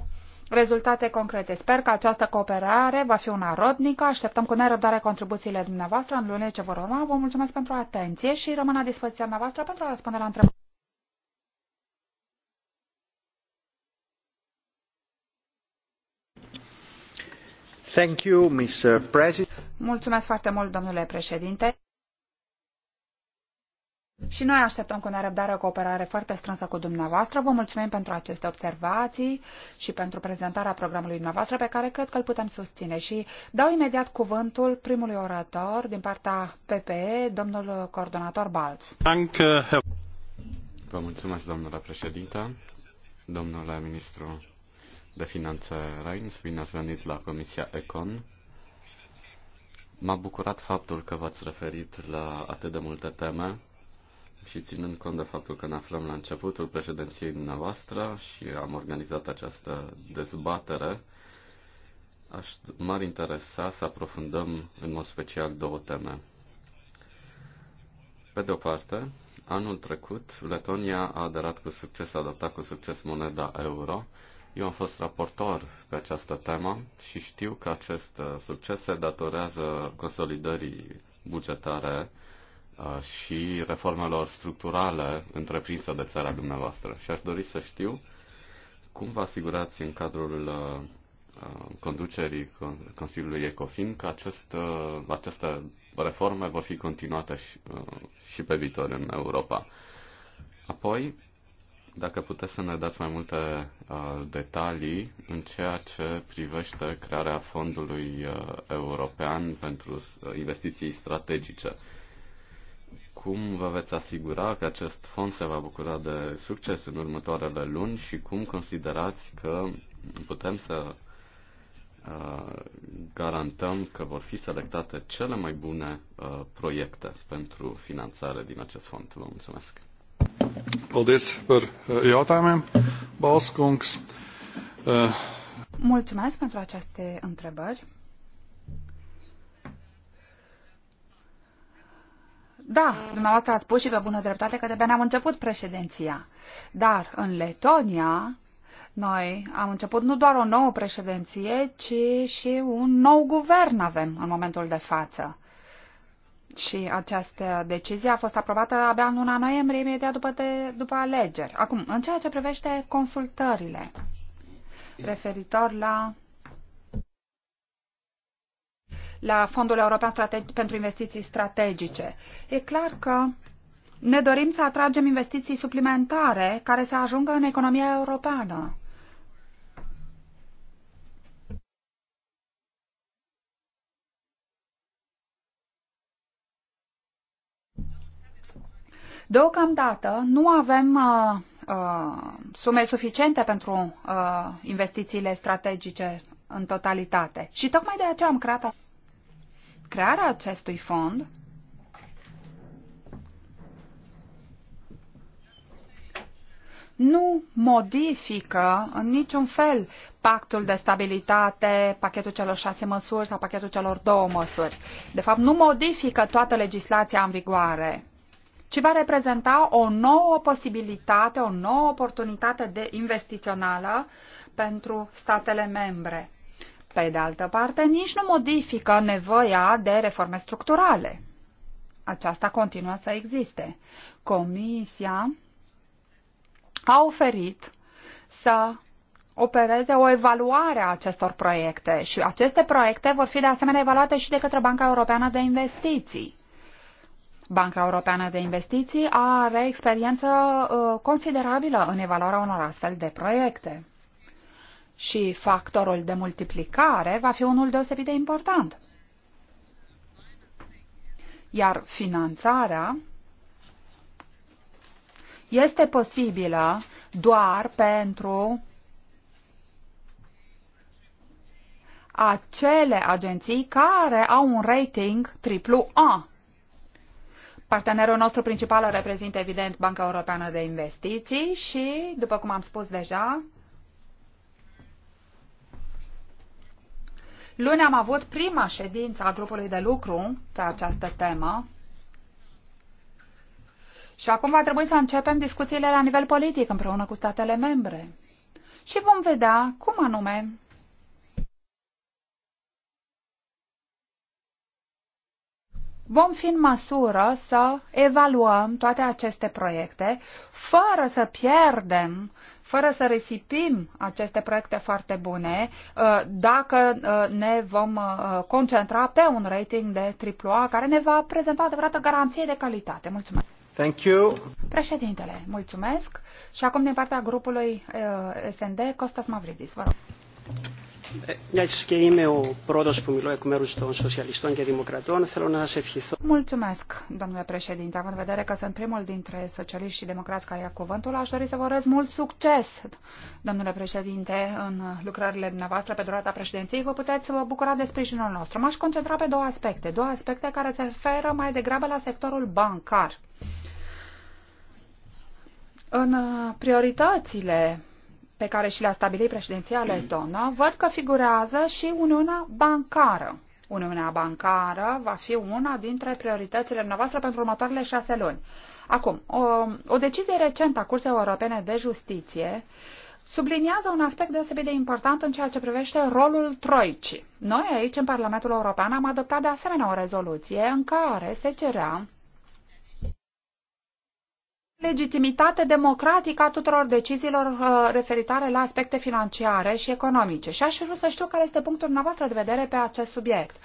rezultate concrete. Sper că această cooperare va fi una rodnică. Așteptăm cu nerăbdare contribuțiile dumneavoastră în lunile ce vor urma. Vă mulțumesc pentru atenție și rămân la dispoziția dumneavoastră pentru a răspunde la întrebări. Thank you, Mr. President. Mulțumesc foarte mult, domnule președinte. Și noi așteptăm cu nerăbdare o cooperare foarte strânsă cu dumneavoastră. Vă mulțumim pentru aceste observații și pentru prezentarea programului dumneavoastră pe care cred că îl putem susține. Și dau imediat cuvântul primului orator din partea PPE, domnul coordonator Balz. Vă mulțumesc, domnule președinte, domnule ministru de finanțe Reins, bine ați venit la Comisia Econ. M-a bucurat faptul că v-ați referit la atât de multe teme și ținând cont de faptul că ne aflăm la începutul președinției dumneavoastră și am organizat această dezbatere, aș, m-ar interesa să aprofundăm în mod special două teme. Pe de o parte, anul trecut, Letonia a aderat cu succes, a adoptat cu succes moneda euro. Eu am fost raportor pe această temă și știu că acest succes se datorează consolidării bugetare Uh, și reformelor structurale întreprinse de țara dumneavoastră. Și aș dori să știu cum vă asigurați în cadrul uh, uh, conducerii Consiliului Ecofin că acest, aceste reforme vor fi continuate și, și pe viitor în Europa. Apoi, dacă puteți să ne dați mai multe uh, detalii în ceea ce privește crearea fondului uh, european pentru investiții strategice cum vă veți asigura că acest fond se va bucura de succes în următoarele luni și cum considerați că putem să uh, garantăm că vor fi selectate cele mai bune uh, proiecte pentru finanțare din acest fond. Vă mulțumesc. Paldies par uh, jautājumiem, Balskungs. Mulțumesc pentru aceste întrebări. Da, dumneavoastră ați spus și pe bună dreptate că de ne-am început președinția. Dar în Letonia, noi am început nu doar o nouă președinție, ci și un nou guvern avem în momentul de față. Și această decizie a fost aprobată abia în luna noiembrie, imediat după, de, după alegeri. Acum, în ceea ce privește consultările referitor la la Fondul European pentru Investiții Strategice. E clar că ne dorim să atragem investiții suplimentare care să ajungă în economia europeană. Deocamdată nu avem uh, uh, sume suficiente pentru uh, investițiile strategice în totalitate. Și tocmai de aceea am creat crearea acestui fond nu modifică în niciun fel pactul de stabilitate, pachetul celor șase măsuri sau pachetul celor două măsuri. De fapt, nu modifică toată legislația în vigoare, ci va reprezenta o nouă posibilitate, o nouă oportunitate de investițională pentru statele membre. Pe de altă parte, nici nu modifică nevoia de reforme structurale. Aceasta continuă să existe. Comisia a oferit să opereze o evaluare a acestor proiecte și aceste proiecte vor fi de asemenea evaluate și de către Banca Europeană de Investiții. Banca Europeană de Investiții are experiență uh, considerabilă în evaluarea unor astfel de proiecte și factorul de multiplicare va fi unul deosebit de important. Iar finanțarea este posibilă doar pentru acele agenții care au un rating AAA. Partenerul nostru principal reprezintă, evident, Banca Europeană de Investiții și, după cum am spus deja, Luni am avut prima ședință a grupului de lucru pe această temă și acum va trebui să începem discuțiile la nivel politic împreună cu statele membre. Și vom vedea cum anume vom fi în măsură să evaluăm toate aceste proiecte fără să pierdem fără să risipim aceste proiecte foarte bune uh, dacă uh, ne vom uh, concentra pe un rating de AAA care ne va prezenta adevărată garanție de calitate. Mulțumesc! Thank you. Președintele, mulțumesc. Și acum din partea grupului SND, Costas Mavridis, vă rog. Eh, Mulțumesc, domnule președinte. Având în vedere că sunt primul dintre socialiști și democrați care ia cuvântul, aș dori să vă urez mult succes, domnule președinte, în lucrările dumneavoastră pe durata președinției. Vă puteți vă bucura de sprijinul nostru. M-aș concentra pe două aspecte, două aspecte care se referă mai degrabă la sectorul bancar. În prioritățile pe care și le-a stabilit președinția letonă, văd că figurează și Uniunea Bancară. Uniunea Bancară va fi una dintre prioritățile noastre pentru următoarele șase luni. Acum, o, o decizie recentă a Curții Europene de Justiție subliniază un aspect deosebit de important în ceea ce privește rolul troicii. Noi aici, în Parlamentul European, am adoptat de asemenea o rezoluție în care se cerea legitimitate democratică a tuturor deciziilor uh, referitoare la aspecte financiare și economice. Și aș vrea să știu care este punctul dumneavoastră de vedere pe acest subiect,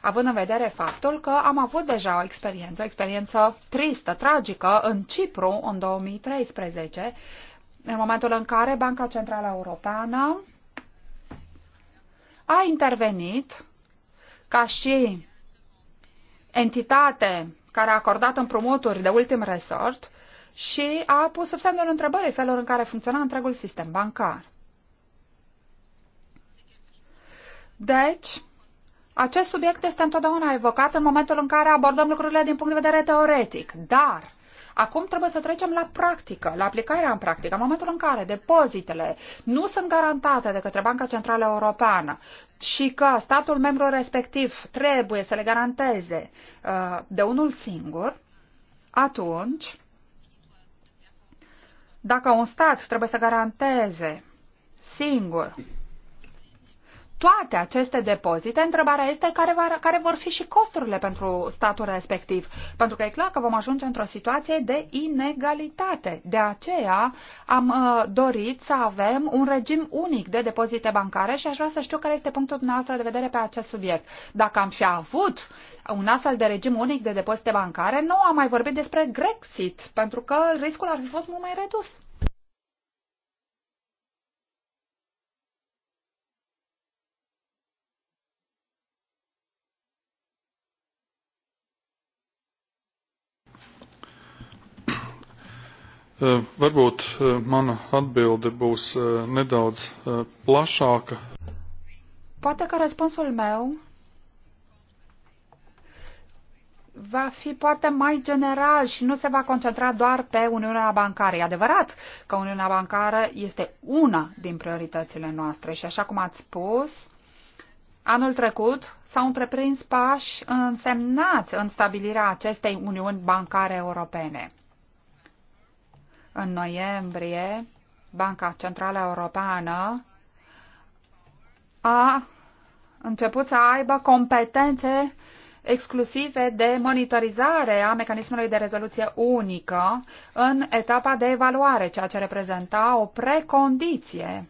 având în vedere faptul că am avut deja o experiență, o experiență tristă, tragică, în Cipru în 2013, în momentul în care Banca Centrală Europeană a intervenit ca și entitate care a acordat împrumuturi de ultim resort și a pus sub semnul întrebării felul în care funcționa întregul sistem bancar. Deci, acest subiect este întotdeauna evocat în momentul în care abordăm lucrurile din punct de vedere teoretic, dar Acum trebuie să trecem la practică, la aplicarea în practică. În momentul în care depozitele nu sunt garantate de către Banca Centrală Europeană și că statul membru respectiv trebuie să le garanteze uh, de unul singur, atunci dacă un stat trebuie să garanteze singur toate aceste depozite, întrebarea este care, va, care vor fi și costurile pentru statul respectiv. Pentru că e clar că vom ajunge într-o situație de inegalitate. De aceea am uh, dorit să avem un regim unic de depozite bancare și aș vrea să știu care este punctul dumneavoastră de vedere pe acest subiect. Dacă am fi avut un astfel de regim unic de depozite bancare, nu am mai vorbit despre Grexit, pentru că riscul ar fi fost mult mai redus. Eh, varbūt eh, mana atbilde būs eh, nedaudz plašāka. Poate că răspunsul meu va fi poate mai general și nu se va concentra doar pe Uniunea Bancară. E adevărat că Uniunea Bancară este una din prioritățile noastre și așa cum ați spus, Anul trecut s-au întreprins pași însemnați în stabilirea acestei Uniuni Bancare Europene. În noiembrie, Banca Centrală Europeană a început să aibă competențe exclusive de monitorizare a mecanismului de rezoluție unică în etapa de evaluare, ceea ce reprezenta o precondiție.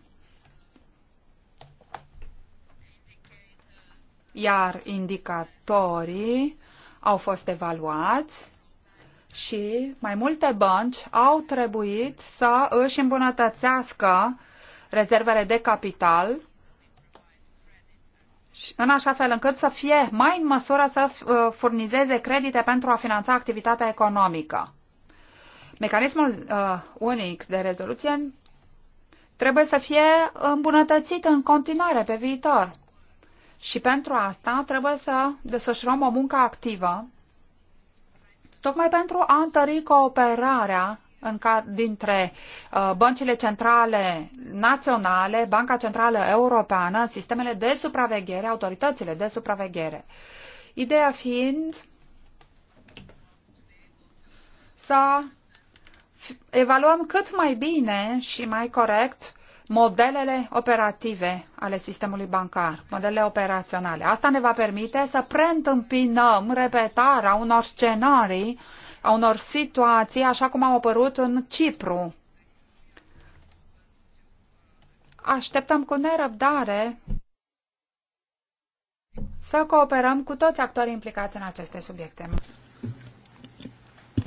Iar indicatorii au fost evaluați și mai multe bănci au trebuit să își îmbunătățească rezervele de capital în așa fel încât să fie mai în măsură să uh, furnizeze credite pentru a finanța activitatea economică. Mecanismul uh, unic de rezoluție trebuie să fie îmbunătățit în continuare pe viitor. Și pentru asta trebuie să desfășurăm o muncă activă tocmai pentru a întări cooperarea în ca, dintre uh, băncile centrale naționale, Banca Centrală Europeană, sistemele de supraveghere, autoritățile de supraveghere. Ideea fiind să evaluăm cât mai bine și mai corect modelele operative ale sistemului bancar, modelele operaționale. Asta ne va permite să preîntâmpinăm repetarea unor scenarii, a unor situații, așa cum au apărut în Cipru. Așteptăm cu nerăbdare să cooperăm cu toți actorii implicați în aceste subiecte.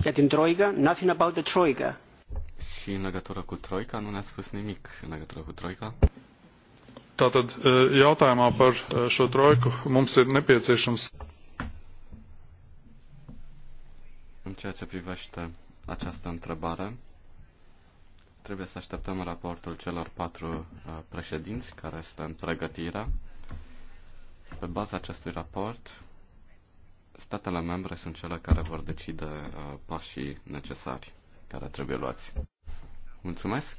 Ja, den nothing about the Troika. Și în legătură cu Troica, nu ne-a spus nimic în legătură cu Troica? Tātad jautājumā par šo trojku mums ir nepieciešams. În ceea ce privește această întrebare, trebuie să așteptăm raportul celor patru președinți care este în pregătire. Pe baza acestui raport, statele membre sunt cele care vor decide pașii necesari care trebuie luați. Mulțumesc!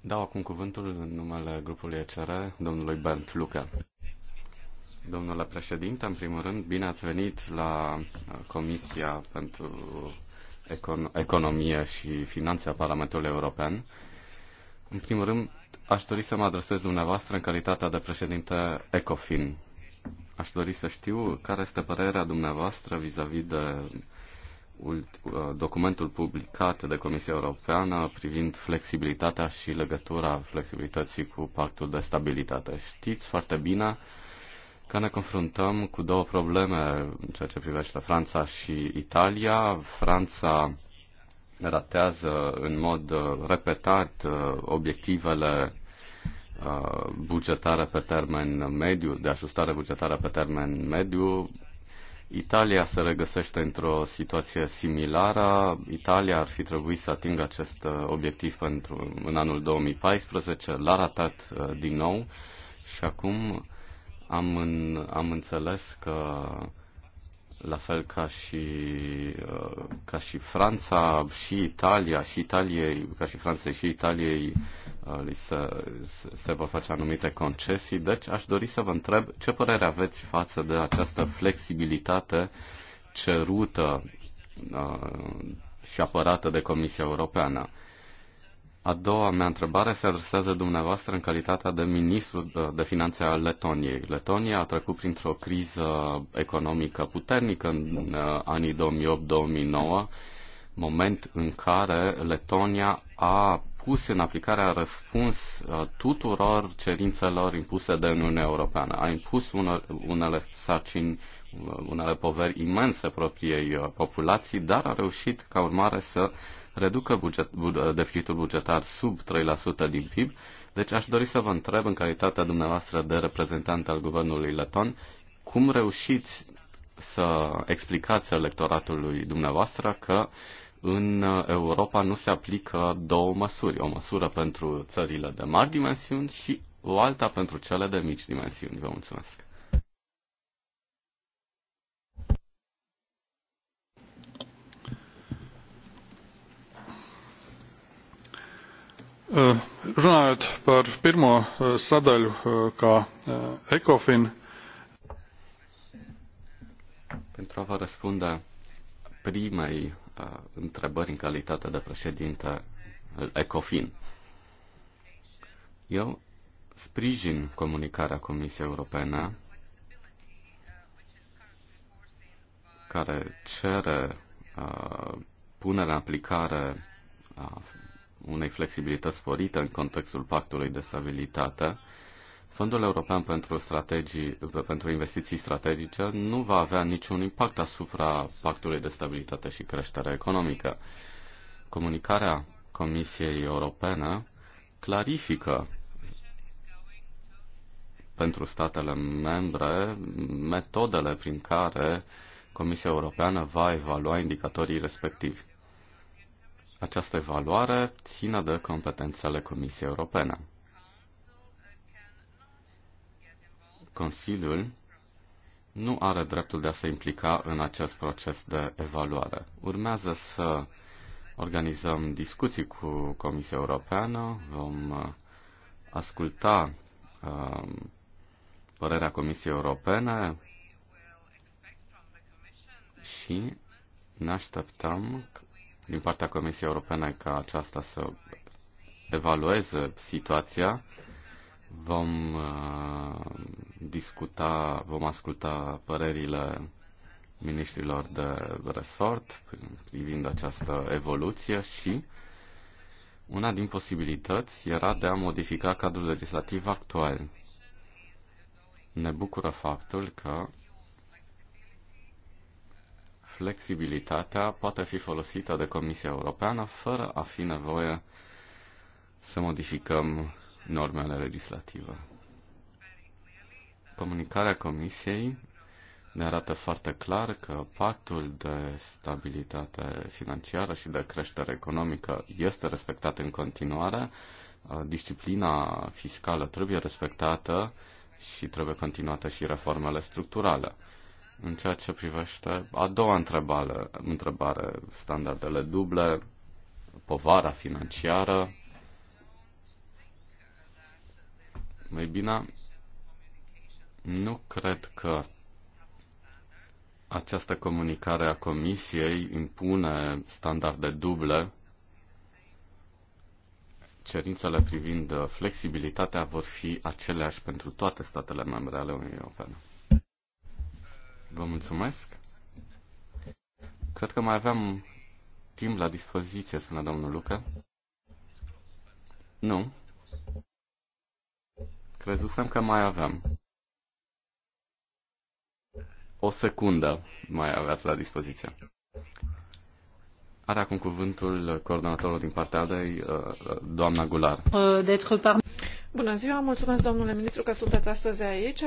Dau acum cuvântul în numele grupului ECR, domnului Bernd Luca. Domnule președinte, în primul rând, bine ați venit la uh, Comisia pentru Econ- Economie și Finanțe a Parlamentului European. În primul rând, aș dori să mă adresez dumneavoastră în calitatea de președinte ECOFIN. Aș dori să știu care este părerea dumneavoastră vis-a-vis -vis de Uh, documentul publicat de Comisia Europeană privind flexibilitatea și legătura flexibilității cu pactul de stabilitate. Știți foarte bine că ne confruntăm cu două probleme în ceea ce privește Franța și Italia. Franța ratează în mod uh, repetat uh, obiectivele bugetare pe termen mediu, de ajustare bugetară pe termen mediu, Italia se regăsește într-o situație similară. Italia ar fi trebuit să atingă acest uh, obiectiv pentru, în anul 2014, l-a ratat uh, din nou și acum am, în, am înțeles că la fel ca și, uh, ca și Franța și Italia, și Italiei, ca și Franței și Italiei uh, li se, se vor face anumite concesii. Deci aș dori să vă întreb ce părere aveți față de această flexibilitate cerută uh, și apărată de Comisia Europeană. A doua mea întrebare se adresează dumneavoastră în calitatea de ministru de finanțe al Letoniei. Letonia a trecut printr-o criză economică puternică în uh, anii 2008-2009, moment în care Letonia a pus în aplicare, a răspuns uh, tuturor cerințelor impuse de Uniunea Europeană. A impus unele sarcini, uh, unele poveri imense propriei populații, dar a reușit ca urmare să reducă buget, deficitul bugetar sub 3% din PIB. Deci aș dori să vă întreb, în calitatea dumneavoastră de reprezentant al guvernului leton, cum reușiți să explicați electoratului dumneavoastră că în Europa nu se aplică două măsuri. O măsură pentru țările de mari dimensiuni și o alta pentru cele de mici dimensiuni. Vă mulțumesc. Runājot par pirmo sadaļu, kā ECOFIN. Pentru a vă răspunde primei întrebări în calitate de președinte ECOFIN. Eu sprijin comunicarea Comisiei Europene care cere uh, punerea în aplicare a unei flexibilități sporite în contextul pactului de stabilitate, Fondul European pentru, strategii, pentru Investiții Strategice nu va avea niciun impact asupra Pactului de Stabilitate și Creștere Economică. Comunicarea Comisiei Europene clarifică pentru statele membre metodele prin care Comisia Europeană va evalua indicatorii respectivi. Această evaluare ține de competențele Comisiei Europene. Consiliul nu are dreptul de a se implica în acest proces de evaluare. Urmează să organizăm discuții cu Comisia Europeană, vom uh, asculta uh, părerea Comisiei Europene și ne așteptăm din partea Comisiei Europene ca aceasta să evalueze situația. Vom uh, discuta, vom asculta părerile ministrilor de resort privind această evoluție și una din posibilități era de a modifica cadrul legislativ actual. Ne bucură faptul că flexibilitatea poate fi folosită de Comisia Europeană fără a fi nevoie să modificăm normele legislative. Comunicarea Comisiei ne arată foarte clar că pactul de stabilitate financiară și de creștere economică este respectat în continuare, disciplina fiscală trebuie respectată și trebuie continuată și reformele structurale în ceea ce privește a doua întrebare, întrebare standardele duble, povara financiară. Mai bine, nu cred că această comunicare a Comisiei impune standarde duble. Cerințele privind flexibilitatea vor fi aceleași pentru toate statele membre ale Uniunii Europene. Vă mulțumesc. Cred că mai aveam timp la dispoziție, spune domnul Luca. Nu. Crezusem că mai aveam. O secundă mai aveați la dispoziție. Are acum cuvântul coordonatorul din partea ADEI, uh, doamna Gular. Uh, Bună ziua, mulțumesc domnule ministru că sunteți astăzi aici.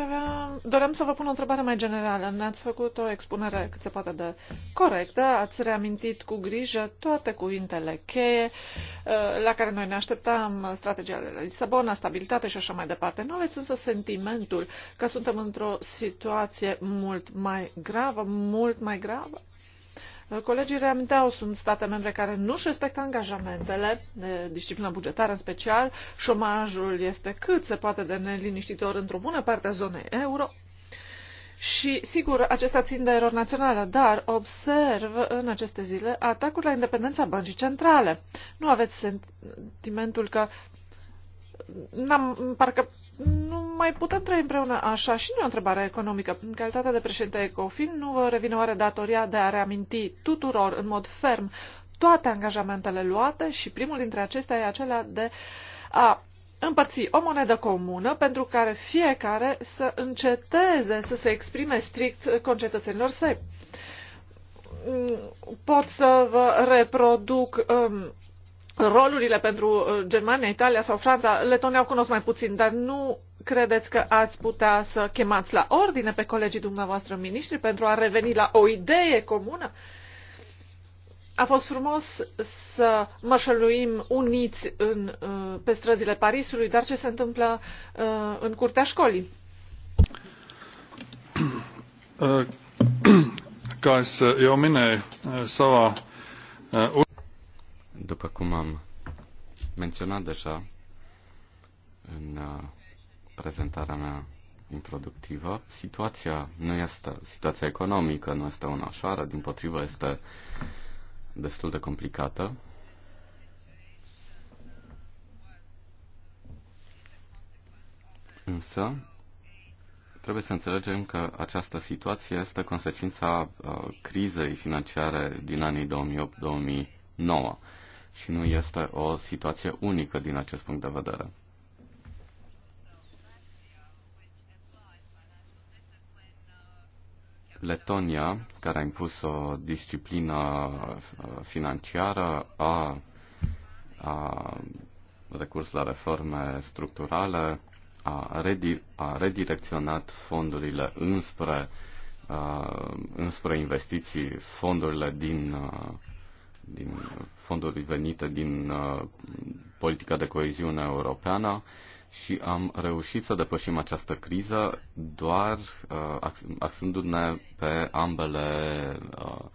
doream să vă pun o întrebare mai generală. Ne-ați făcut o expunere cât se poate de corectă, ați reamintit cu grijă toate cuvintele cheie uh, la care noi ne așteptam, strategia de la Lisabona, stabilitate și așa mai departe. Nu aveți însă sentimentul că suntem într-o situație mult mai gravă, mult mai gravă? Colegii reaminteau, sunt state membre care nu-și respectă angajamentele, disciplina bugetară în special, șomajul este cât se poate de neliniștitor într-o bună parte a zonei euro, și, sigur, acesta țin de erori națională, dar observ în aceste zile atacuri la independența băncii centrale. Nu aveți sentimentul că n-am, parcă nu mai putem trăi împreună așa și nu e o întrebare economică. În calitate de președinte Ecofin, nu vă revine oare datoria de a reaminti tuturor în mod ferm toate angajamentele luate și primul dintre acestea e acela de a împărți o monedă comună pentru care fiecare să înceteze să se exprime strict concetățenilor săi. Mm, pot să vă reproduc um, rolurile pentru uh, Germania, Italia sau Franța, Letonia o cunosc mai puțin, dar nu credeți că ați putea să chemați la ordine pe colegii dumneavoastră miniștri pentru a reveni la o idee comună? A fost frumos să mășăluim uniți în, uh, pe străzile Parisului, dar ce se întâmplă uh, în curtea școlii? Ca să eu mine sau după cum am menționat deja în uh, prezentarea mea introductivă, situația nu este, situația economică nu este una ușoară, din potrivă este destul de complicată. Însă, trebuie să înțelegem că această situație este consecința uh, crizei financiare din anii 2008-2009 și nu este o situație unică din acest punct de vedere. Letonia, care a impus o disciplină uh, financiară, a, a recurs la reforme structurale, a, redi, a redirecționat fondurile înspre, a, uh, înspre investiții, fondurile din, a, uh, din fonduri venite din uh, politica de coeziune europeană și am reușit să depășim această criză doar uh, axându-ne pe ambele uh,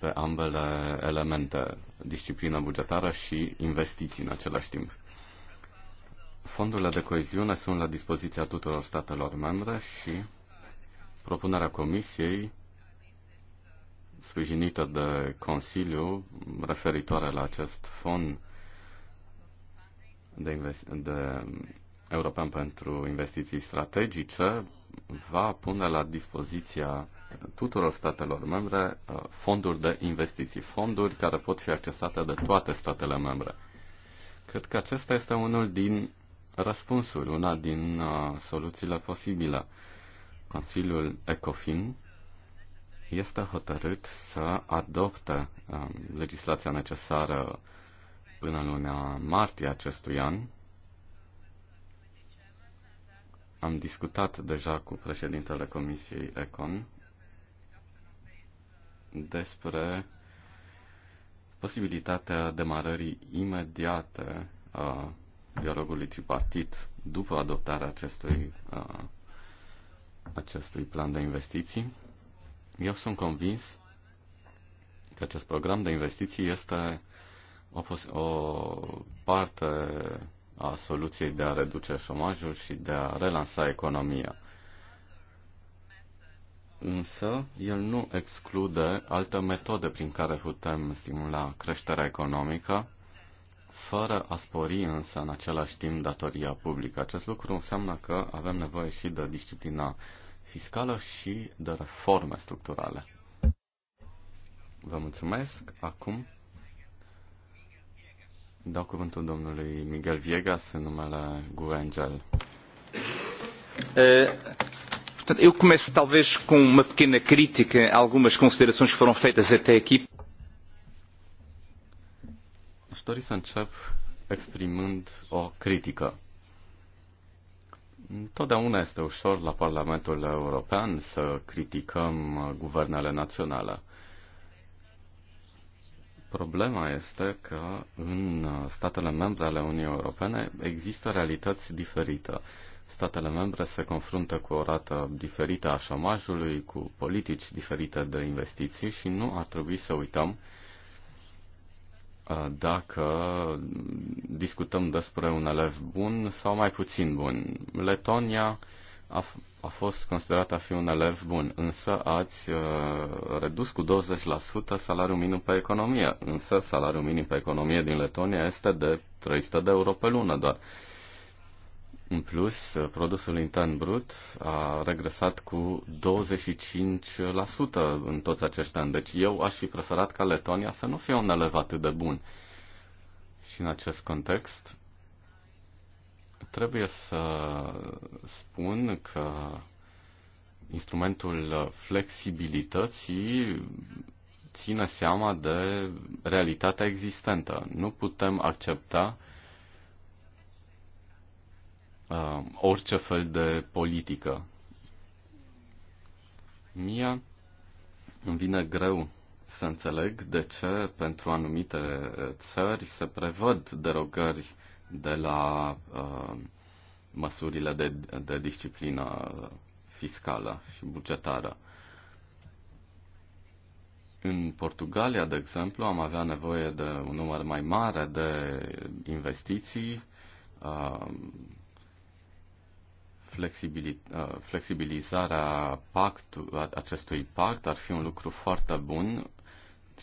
pe ambele elemente, disciplina bugetară și investiții în același timp. Fondurile de coeziune sunt la dispoziția tuturor statelor membre și propunerea Comisiei sprijinită de Consiliu referitoare la acest fond de, de european pentru investiții strategice va pune la dispoziția tuturor statelor membre uh, fonduri de investiții, fonduri care pot fi accesate de toate statele membre. Cred că acesta este unul din răspunsuri, una din uh, soluțiile posibile. Consiliul ECOFIN este hotărât să adopte um, legislația necesară până în luna martie acestui an. Am discutat deja cu președintele Comisiei Econ despre posibilitatea demarării imediate a dialogului tripartit după adoptarea acestui, a, uh, acestui plan de investiții. Eu sunt convins că acest program de investiții este o, o parte a soluției de a reduce șomajul și de a relansa economia. Însă, el nu exclude alte metode prin care putem stimula creșterea economică, fără a spori însă în același timp datoria publică. Acest lucru înseamnă că avem nevoie și de disciplina fiscală și de reforme structurale. Vă mulțumesc. Acum dau cuvântul domnului Miguel Viegas în numele Guengel. Eh, eu começo talvez com uma pequena crítica a algumas considerações que foram feitas até aqui. Aș dori să încep exprimând o critică. Totdeauna este ușor la Parlamentul European să criticăm guvernele naționale. Problema este că în statele membre ale Uniunii Europene există realități diferite. Statele membre se confruntă cu o rată diferită a șomajului, cu politici diferite de investiții și nu ar trebui să uităm uh, Uh, dacă discutăm despre un elev bun sau mai puțin bun. Letonia a, a fost considerată a fi un elev bun, însă ați uh, redus cu 20% salariul minim pe economie, însă salariul minim pe economie din Letonia este de 300 de euro pe lună doar. Uh, în plus, produsul intern brut a regresat cu 25% în toți acești ani. Deci eu aș fi preferat ca Letonia să nu fie un elev atât de bun. Și în acest context, trebuie să spun că instrumentul flexibilității ține seama de realitatea existentă. Nu putem accepta uh, orice fel de politică. Mie îmi vine greu să înțeleg de ce pentru anumite uh, țări se prevăd derogări de la uh, măsurile de, de disciplină fiscală și bugetară. În Portugalia, de exemplu, am avea nevoie de un număr mai mare de investiții, um, Uh, flexibilizarea pactu, acestui pact ar fi un lucru foarte bun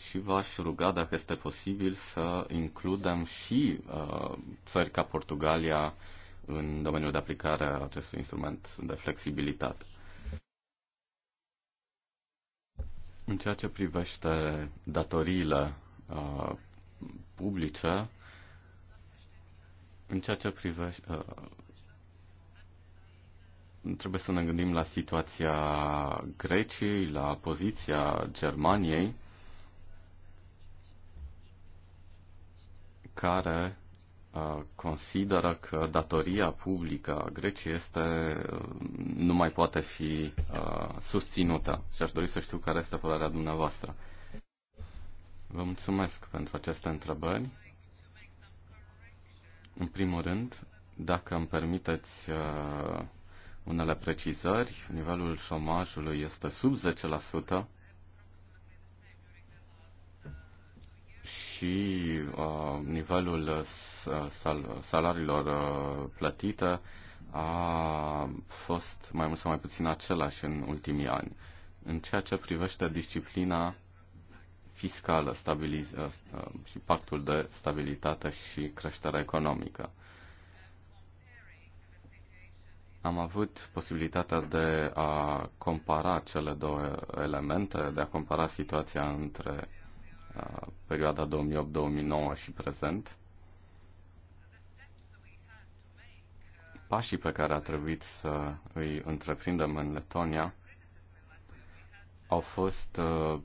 și v-aș ruga dacă este posibil să includem și uh, țări ca Portugalia în domeniul de aplicare a acestui instrument de flexibilitate. În ceea ce privește datoriile uh, publice, în ceea ce privește, uh, trebuie să ne gândim la situația Greciei, la poziția Germaniei, care uh, consideră că datoria publică a Greciei este, uh, nu mai poate fi uh, susținută. Și aș dori să știu care este părerea dumneavoastră. Vă mulțumesc pentru aceste întrebări. În primul rând, dacă îmi permiteți unele precizări. Nivelul șomajului este sub 10% și uh, nivelul uh, sal- salariilor uh, plătite a fost mai mult sau mai puțin același în ultimii ani. În ceea ce privește disciplina fiscală stabiliz- uh, uh, și pactul de stabilitate și creștere economică. Am avut posibilitatea de a compara cele două elemente, de a compara situația între uh, perioada 2008-2009 și prezent. Pașii pe care a trebuit să îi întreprindem în Letonia au fost uh,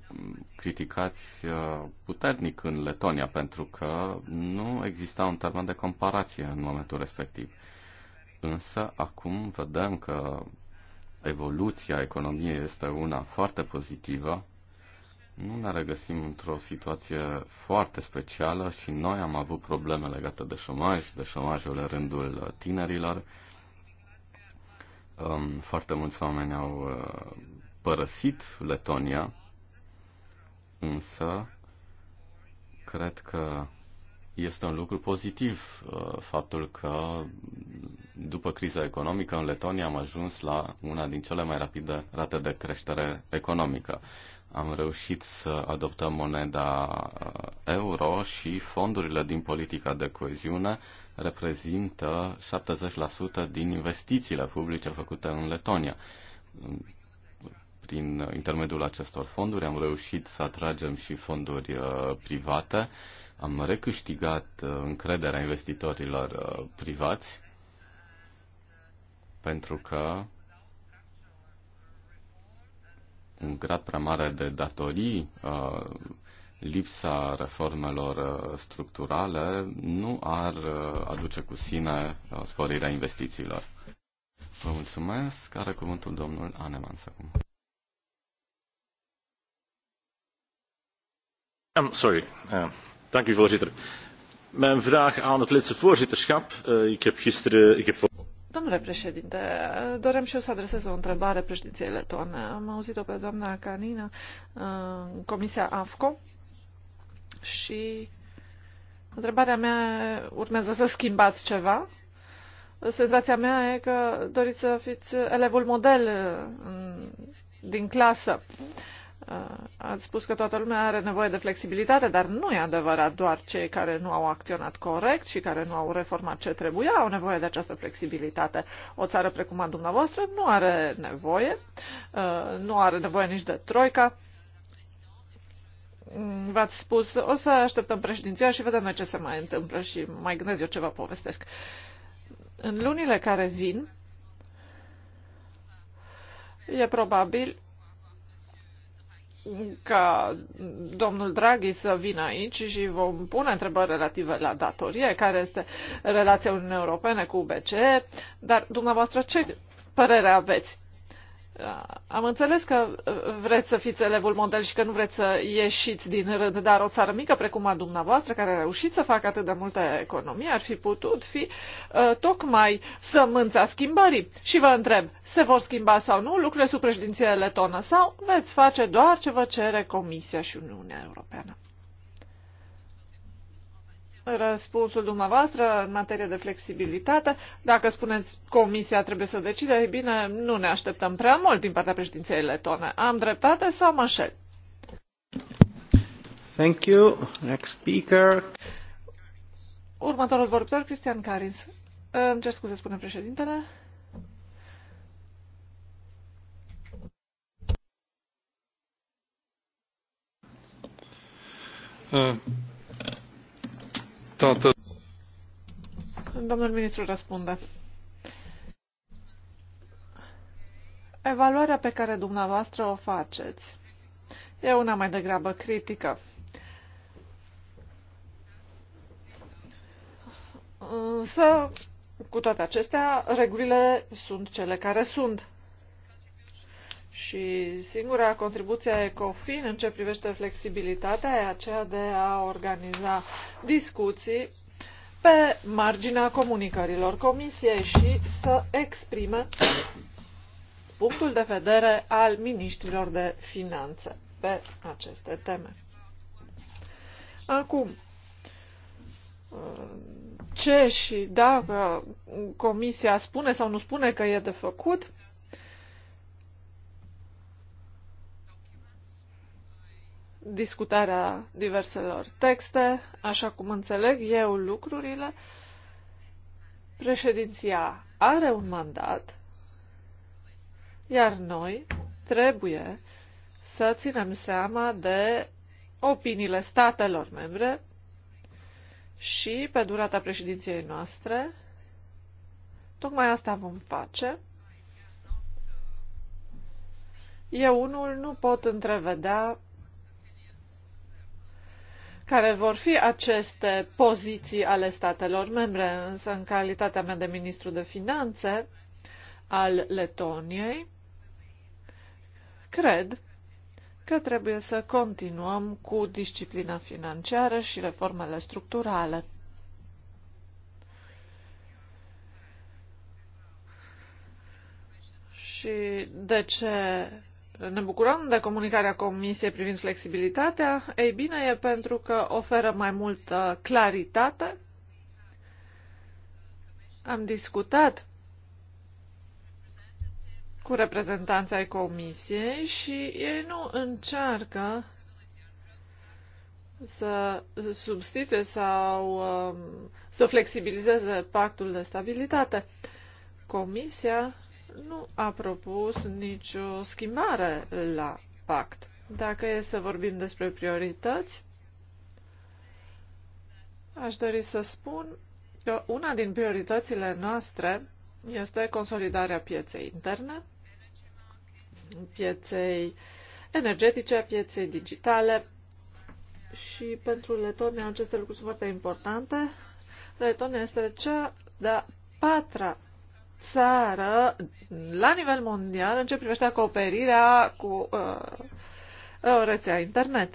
criticați uh, puternic în Letonia pentru că nu exista un termen de comparație în momentul respectiv. Însă acum vedem că evoluția economiei este una foarte pozitivă. Nu ne regăsim într-o situație foarte specială și noi am avut probleme legate de șomaj, de șomajul în rândul tinerilor. Foarte mulți oameni au uh, părăsit Letonia, însă cred că este un lucru pozitiv uh, faptul că după criza economică în Letonia am ajuns la una din cele mai rapide rate de creștere economică. Am reușit să adoptăm moneda uh, euro și fondurile din politica de coeziune reprezintă 70% din investițiile publice făcute în Letonia. Prin intermediul acestor fonduri am reușit să atragem și fonduri uh, private am recâștigat uh, încrederea investitorilor uh, privați pentru că un grad prea mare de datorii, uh, lipsa reformelor structurale nu ar aduce cu sine sporirea investițiilor. Vă mulțumesc. Are cuvântul domnul Anemans acum. I'm um, sorry. Uh voorzitter mijn vraag aan het litouwse voorzitterschap eh, ik heb gisteren ik heb Domnule președinte, eh, doream și eu să adresez o întrebare președinției letone. Am auzit-o pe doamna kanina eh, în Comisia AFCO și întrebarea mea urmează să schimbați ceva. Senzația mea e că doriți să fiți elevul model din clasă. Uh, ați spus că toată lumea are nevoie de flexibilitate, dar nu e adevărat. Doar cei care nu au acționat corect și care nu au reformat ce trebuia au nevoie de această flexibilitate. O țară precum a dumneavoastră nu are nevoie, uh, nu are nevoie nici de troica. Mm, V-ați spus, o să așteptăm președinția și vedem ce se mai întâmplă și mai gândesc eu ce vă povestesc. În lunile care vin, e probabil ca domnul Draghi să vină aici și vom pune întrebări relative la datorie, care este relația Uniunii Europene cu BCE, dar dumneavoastră ce părere aveți? Am înțeles că uh, vreți să fiți elevul model și că nu vreți să ieșiți din rând, dar o țară mică precum a dumneavoastră, care a reușit să facă atât de multă economie ar fi putut fi uh, tocmai sămânța schimbării. Și vă întreb, se vor schimba sau nu lucrurile sub președinție letonă sau veți face doar ce vă cere Comisia și Uniunea Europeană? răspunsul dumneavoastră în materie de flexibilitate. Dacă spuneți comisia trebuie să decide, e bine, nu ne așteptăm prea mult din partea președinției letone. Am dreptate sau mă înșel? Thank you. Next speaker. Următorul vorbitor, Cristian Carins. Îmi cer scuze, spune președintele. Uh toată. Domnul ministru răspunde. Evaluarea pe care dumneavoastră o faceți e una mai degrabă critică. Însă, cu toate acestea, regulile sunt cele care sunt. Și singura contribuție a ECOFIN în ce privește flexibilitatea e aceea de a organiza discuții pe marginea comunicărilor Comisiei și să exprime punctul de vedere al ministrilor de finanțe pe aceste teme. Acum, ce și dacă Comisia spune sau nu spune că e de făcut, discutarea diverselor texte, așa cum înțeleg eu lucrurile. Președinția are un mandat, iar noi trebuie să ținem seama de opiniile statelor membre și pe durata președinției noastre. Tocmai asta vom face. Eu unul nu pot întrevedea care vor fi aceste poziții ale statelor membre, însă în calitatea mea de ministru de finanțe al Letoniei, cred că trebuie să continuăm cu disciplina financiară și reformele structurale. Și de ce ne bucurăm de comunicarea Comisiei privind flexibilitatea. Ei bine, e pentru că oferă mai multă claritate. Am discutat cu reprezentanța ai Comisiei și ei nu încearcă să substituie sau um, să flexibilizeze pactul de stabilitate. Comisia nu a propus nicio schimbare la pact. Dacă e să vorbim despre priorități, aș dori să spun că una din prioritățile noastre este consolidarea pieței interne, pieței energetice, pieței digitale și pentru Letonia aceste lucruri sunt foarte importante. Letonia este cea de-a patra țară la nivel mondial în ce privește acoperirea cu uh, uh, rețea internet.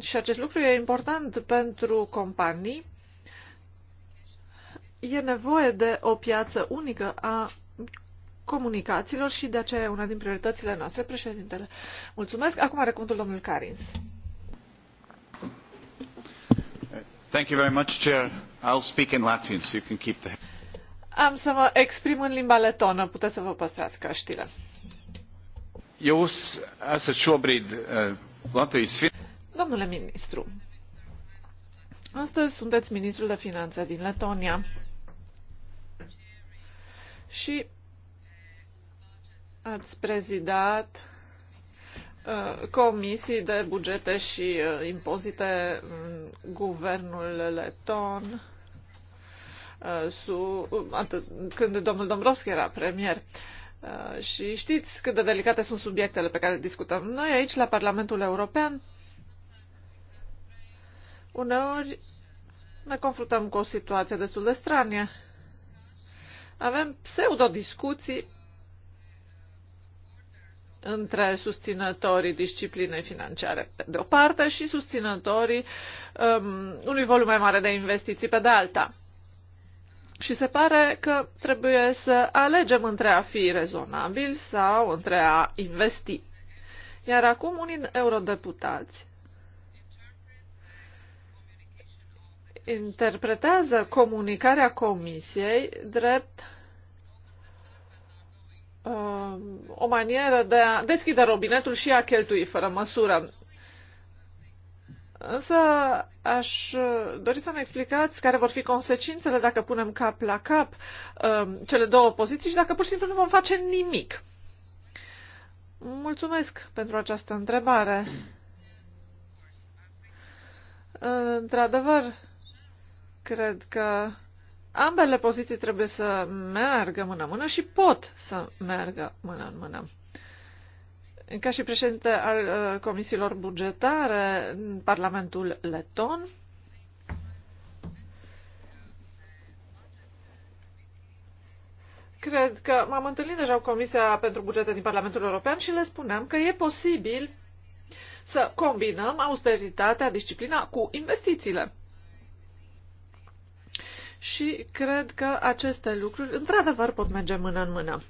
Și acest lucru e important pentru companii. E nevoie de o piață unică a comunicațiilor și de aceea e una din prioritățile noastre, președintele. Mulțumesc. Acum are cuvântul domnul Carins. Thank you very much, Chair. I'll speak in Latvian, so you can keep the... Am să mă exprim în limba letonă. Puteți să vă păstrați căștile. Eu esmu šobrīd Latvijas Domnule ministru, astăzi sunteți ministrul de finanțe din Letonia și ați prezidat uh, comisii de bugete și uh, impozite în guvernul leton Uh, su, atât, când domnul Dombrovski era premier. Uh, și știți cât de delicate sunt subiectele pe care le discutăm. Noi aici, la Parlamentul European, uneori ne confruntăm cu o situație destul de stranie. Avem pseudo-discuții între susținătorii disciplinei financiare pe de o parte și susținătorii um, unui volum mai mare de investiții pe de alta. Și se pare că trebuie să alegem între a fi rezonabil sau între a investi. Iar acum unii eurodeputați interpretează comunicarea Comisiei drept um, o manieră de a deschide robinetul și a cheltui fără măsură. Însă aș dori să ne explicați care vor fi consecințele dacă punem cap la cap um, cele două poziții și dacă pur și simplu nu vom face nimic. Mulțumesc pentru această întrebare. Într-adevăr, cred că ambele poziții trebuie să meargă mână-mână și pot să meargă mână-în-mână. mână mână mână ca și președinte al uh, comisiilor bugetare în Parlamentul Leton, Cred că m-am întâlnit deja cu Comisia pentru Bugete din Parlamentul European și le spuneam că e posibil să combinăm austeritatea, disciplina cu investițiile. Și cred că aceste lucruri, într-adevăr, pot merge mână în mână.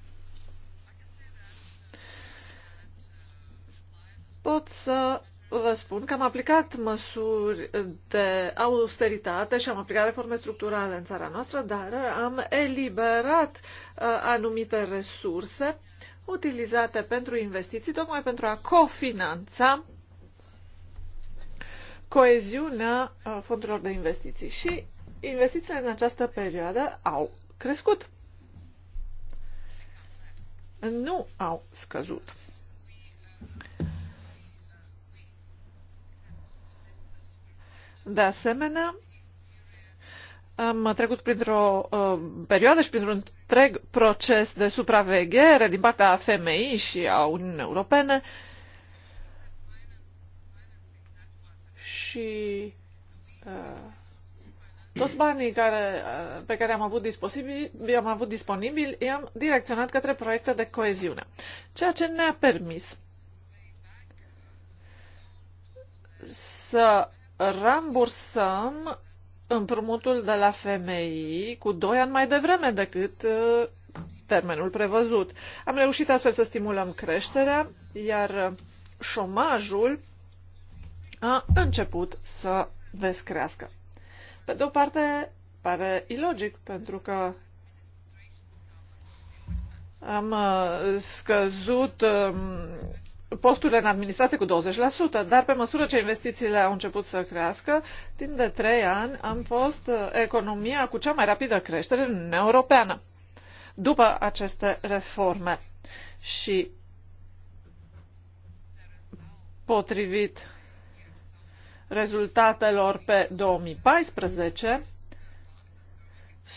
pot să vă spun că am aplicat măsuri de austeritate și am aplicat reforme structurale în țara noastră, dar am eliberat uh, anumite resurse utilizate pentru investiții, tocmai pentru a cofinanța coeziunea uh, fondurilor de investiții. Și investițiile în această perioadă au crescut. Nu au scăzut. De asemenea, am trecut printr-o uh, perioadă și printr-un întreg proces de supraveghere din partea FMI și a Uniunii Europene și uh, toți banii care, uh, pe care am avut, am avut disponibil i-am direcționat către proiecte de coeziune, ceea ce ne-a permis să rambursăm împrumutul de la FMI cu doi ani mai devreme decât uh, termenul prevăzut. Am reușit astfel să stimulăm creșterea, iar șomajul a început să descrească. Pe de o parte, pare ilogic, pentru că am uh, scăzut um, posturile în administrație cu 20%, dar pe măsură ce investițiile au început să crească, timp de trei ani am fost uh, economia cu cea mai rapidă creștere în Uniunea Europeană după aceste reforme. Și potrivit rezultatelor pe 2014,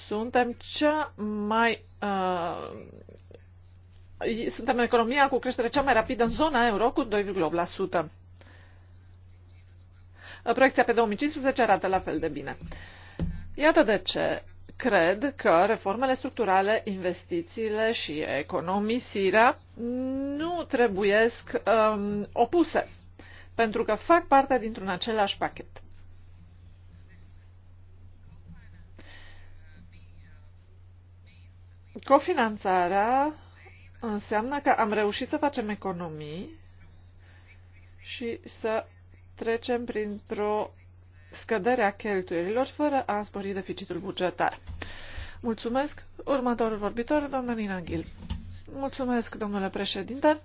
suntem cea mai uh, suntem economia cu creștere cea mai rapidă în zona euro, cu 2,8%. Proiecția pe 2015 arată la fel de bine. Iată de ce cred că reformele structurale, investițiile și economisirea nu trebuiesc um, opuse, pentru că fac parte dintr-un același pachet. Cofinanțarea Înseamnă că am reușit să facem economii și să trecem printr-o scădere a cheltuielilor fără a spori deficitul bugetar. Mulțumesc. Următorul vorbitor, doamna Nina Ghil. Mulțumesc, domnule președinte.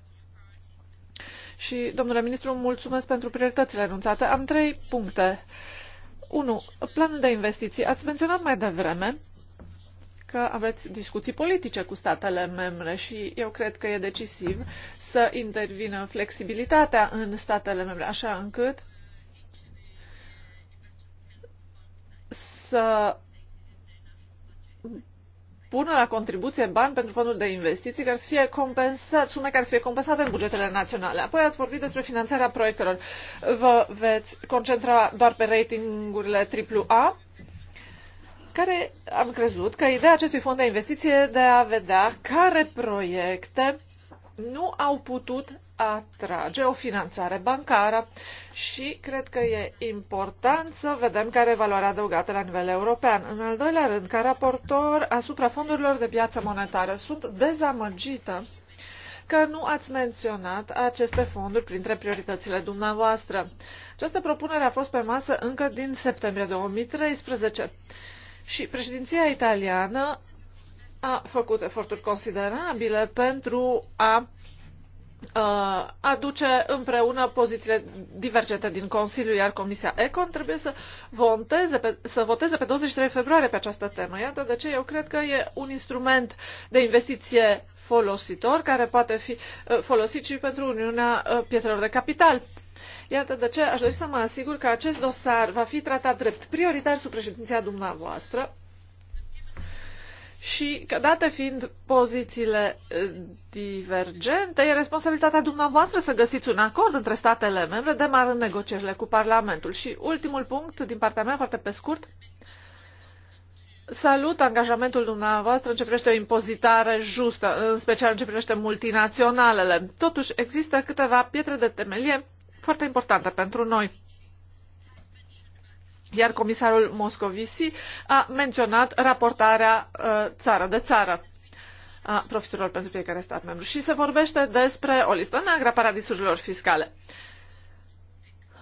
Și, domnule ministru, mulțumesc pentru prioritățile anunțate. Am trei puncte. 1. Planul de investiții. Ați menționat mai devreme că aveți discuții politice cu statele membre și eu cred că e decisiv să intervină flexibilitatea în statele membre, așa încât să pună la contribuție bani pentru fondul de investiții care să fie compensate, sume care să fie compensate în bugetele naționale. Apoi ați vorbit despre finanțarea proiectelor. Vă veți concentra doar pe ratingurile AAA care am crezut că ideea acestui fond de investiție de a vedea care proiecte nu au putut atrage o finanțare bancară și cred că e important să vedem care e valoarea adăugată la nivel european. În al doilea rând, ca raportor asupra fondurilor de piață monetară, sunt dezamăgită că nu ați menționat aceste fonduri printre prioritățile dumneavoastră. Această propunere a fost pe masă încă din septembrie 2013. Și președinția italiană a făcut eforturi considerabile pentru a aduce împreună pozițiile divergente din Consiliu, iar Comisia Econ trebuie să voteze, pe, să voteze pe 23 februarie pe această temă. Iată de ce eu cred că e un instrument de investiție folositor care poate fi uh, folosit și pentru Uniunea uh, Pietrelor de Capital. Iată de ce aș dori să mă asigur că acest dosar va fi tratat drept prioritar sub președinția dumneavoastră și că date fiind pozițiile uh, divergente, e responsabilitatea dumneavoastră să găsiți un acord între statele membre, demarând negocierile cu Parlamentul. Și ultimul punct din partea mea, foarte pe scurt, Salut angajamentul dumneavoastră în ce privește o impozitare justă, în special în ce privește multinaționalele. Totuși, există câteva pietre de temelie foarte importante pentru noi. Iar comisarul Moscovici a menționat raportarea uh, țară de țară a profiturilor pentru fiecare stat membru și se vorbește despre o listă neagră a paradisurilor fiscale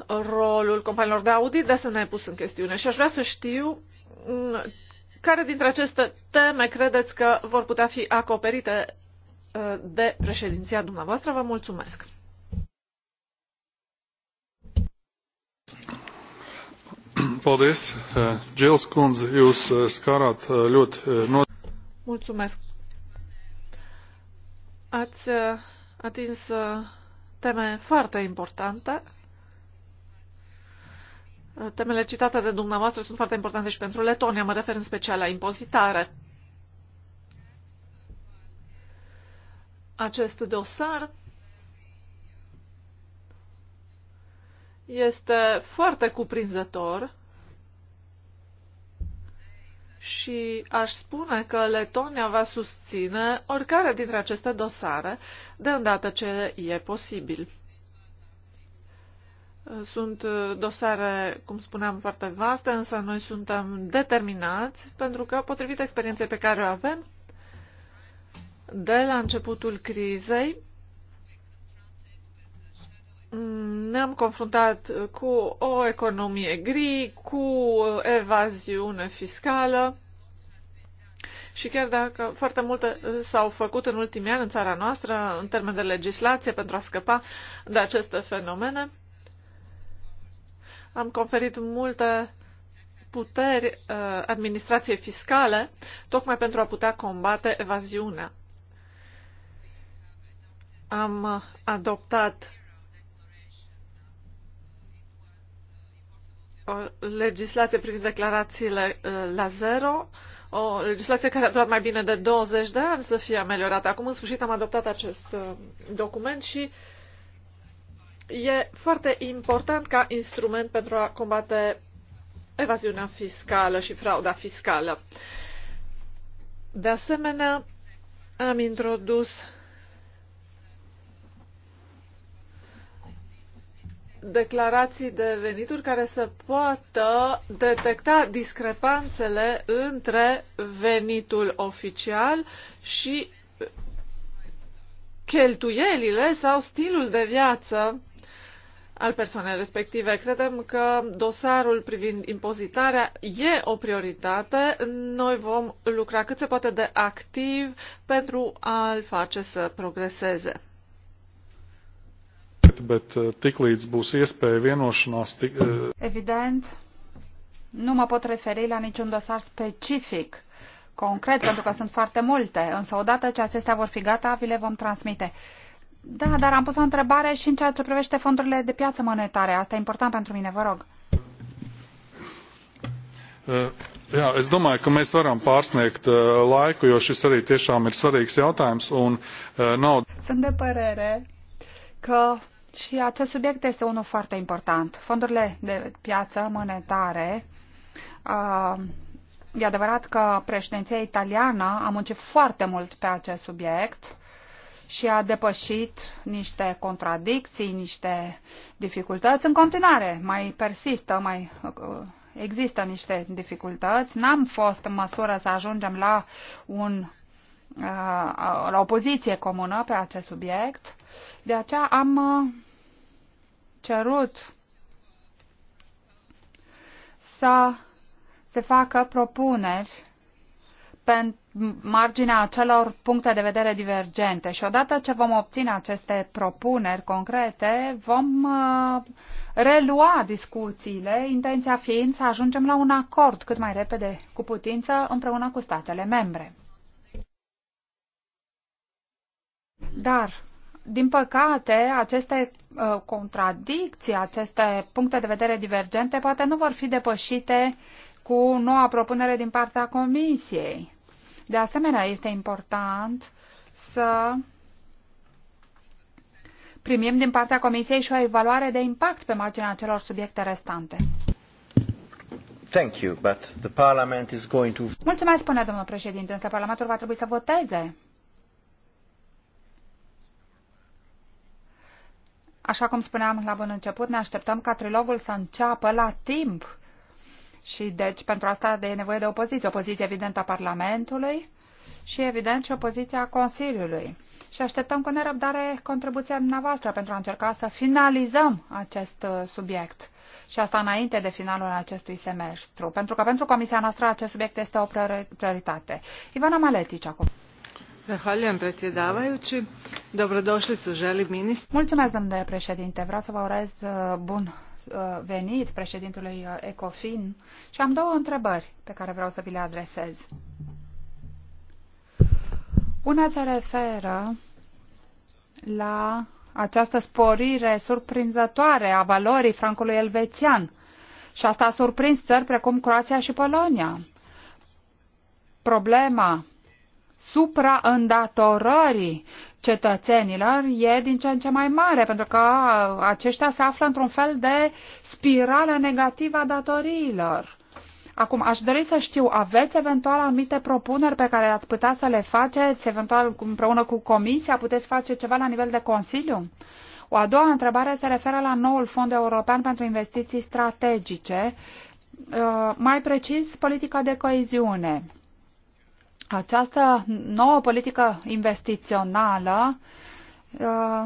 rolul companiilor de audit de asemenea e pus în chestiune și aș vrea să știu care dintre aceste teme credeți că vor putea fi acoperite uh, de președinția dumneavoastră? Vă mulțumesc! Paldies, uh, jūs uh, ļoti no... Mulțumesc. Ați atins teme foarte importante Temele citate de dumneavoastră sunt foarte importante și pentru Letonia, mă refer în special la impozitare. Acest dosar este foarte cuprinzător și aș spune că Letonia va susține oricare dintre aceste dosare de îndată ce e posibil. Sunt uh, dosare, cum spuneam, foarte vaste, însă noi suntem determinați pentru că, potrivit experienței pe care o avem, de la începutul crizei, mm, ne-am confruntat cu o economie gri, cu evaziune fiscală și chiar dacă foarte multe s-au făcut în ultimii ani în țara noastră în termen de legislație pentru a scăpa de aceste fenomene, am conferit multe puteri uh, administrației fiscale, tocmai pentru a putea combate evaziunea. Am uh, adoptat o legislație privind declarațiile uh, la zero, o legislație care a durat mai bine de 20 de ani să fie ameliorată. Acum, în sfârșit, am adoptat acest uh, document și uh, E foarte important ca instrument pentru a combate evaziunea fiscală și frauda fiscală. De asemenea, am introdus declarații de venituri care să poată detecta discrepanțele între venitul oficial și cheltuielile sau stilul de viață al persoanei respective. Credem că dosarul privind impozitarea e o prioritate. Noi vom lucra cât se poate de activ pentru a-l face să progreseze. Bet eh, būs iespēja vienošanās... Eh, Evident, nu mă pot referi la niciun dosar specific concret, pentru că sunt foarte multe, însă odată ce acestea vor fi gata, vi le vom transmite. Da, dar am pus o întrebare și în ceea ce privește fondurile de piață monetare. Asta e important pentru mine, vă rog. Eh, jā, es domāju, ka mēs varam pārsniegt eh, laiku, jo šis arī tiešām ir svarīgs jautājums un eh, nav. Sunt de părere că și acest subiect este unul foarte important. Fondurile de piață monetare uh, E adevărat că președinția italiană a muncit foarte mult pe acest subiect și a depășit niște contradicții, niște dificultăți. În continuare, mai persistă, mai uh, există niște dificultăți. N-am fost în măsură să ajungem la, un, uh, la o poziție comună pe acest subiect. De aceea am uh, cerut să se facă propuneri pentru marginea acelor puncte de vedere divergente și odată ce vom obține aceste propuneri concrete, vom uh, relua discuțiile, intenția fiind să ajungem la un acord cât mai repede cu putință împreună cu statele membre. Dar, din păcate, aceste uh, contradicții, aceste puncte de vedere divergente poate nu vor fi depășite cu noua propunere din partea Comisiei de asemenea, este important să primim din partea Comisiei și o evaluare de impact pe marginea celor subiecte restante. Thank you, but the Parliament is going to... Mulțumesc, spune domnul președinte, însă Parlamentul va trebui să voteze. Așa cum spuneam la bun început, ne așteptăm ca trilogul să înceapă la timp și deci pentru asta e nevoie de opoziție. Opoziție evidentă a Parlamentului și evident și opoziția Consiliului. Și așteptăm cu nerăbdare contribuția dumneavoastră pentru a încerca să finalizăm acest uh, subiect. Și asta înainte de finalul acestui semestru. Pentru că pentru comisia noastră acest subiect este o prioritate. Ivana Maletici acum. Zahvaljujem predsjedavajući. Dobrodošli su želi ministri. Mulțumesc, domnule președinte. Vreau să vă urez uh, bun Uh, venit președintelui uh, Ecofin și am două întrebări pe care vreau să vi le adresez. Una se referă la această sporire surprinzătoare a valorii francului elvețian și asta a surprins țări precum Croația și Polonia. Problema supraîndatorării cetățenilor e din ce în ce mai mare, pentru că aceștia se află într-un fel de spirală negativă a datoriilor. Acum, aș dori să știu, aveți eventual anumite propuneri pe care ați putea să le faceți, eventual împreună cu Comisia, puteți face ceva la nivel de Consiliu? O a doua întrebare se referă la noul Fond European pentru Investiții Strategice, uh, mai precis politica de coeziune această nouă politică investițională, uh,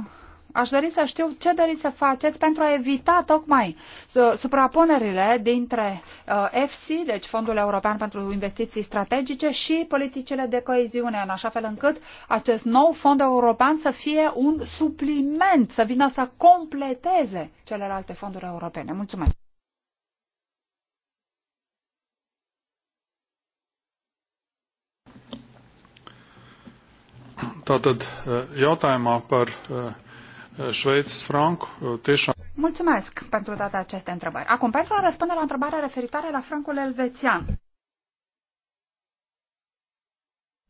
aș dori să știu ce doriți să faceți pentru a evita tocmai uh, suprapunerile dintre EFSI, uh, deci Fondul European pentru Investiții Strategice, și politicile de coeziune, în așa fel încât acest nou fond european să fie un supliment, să vină să completeze celelalte fonduri europene. Mulțumesc! Tātad jautājumā par Šveicis franku tiešām. Mulțumesc pentru toate aceste întrebări. Acum, pentru a răspunde la întrebarea referitoare la francul elvețian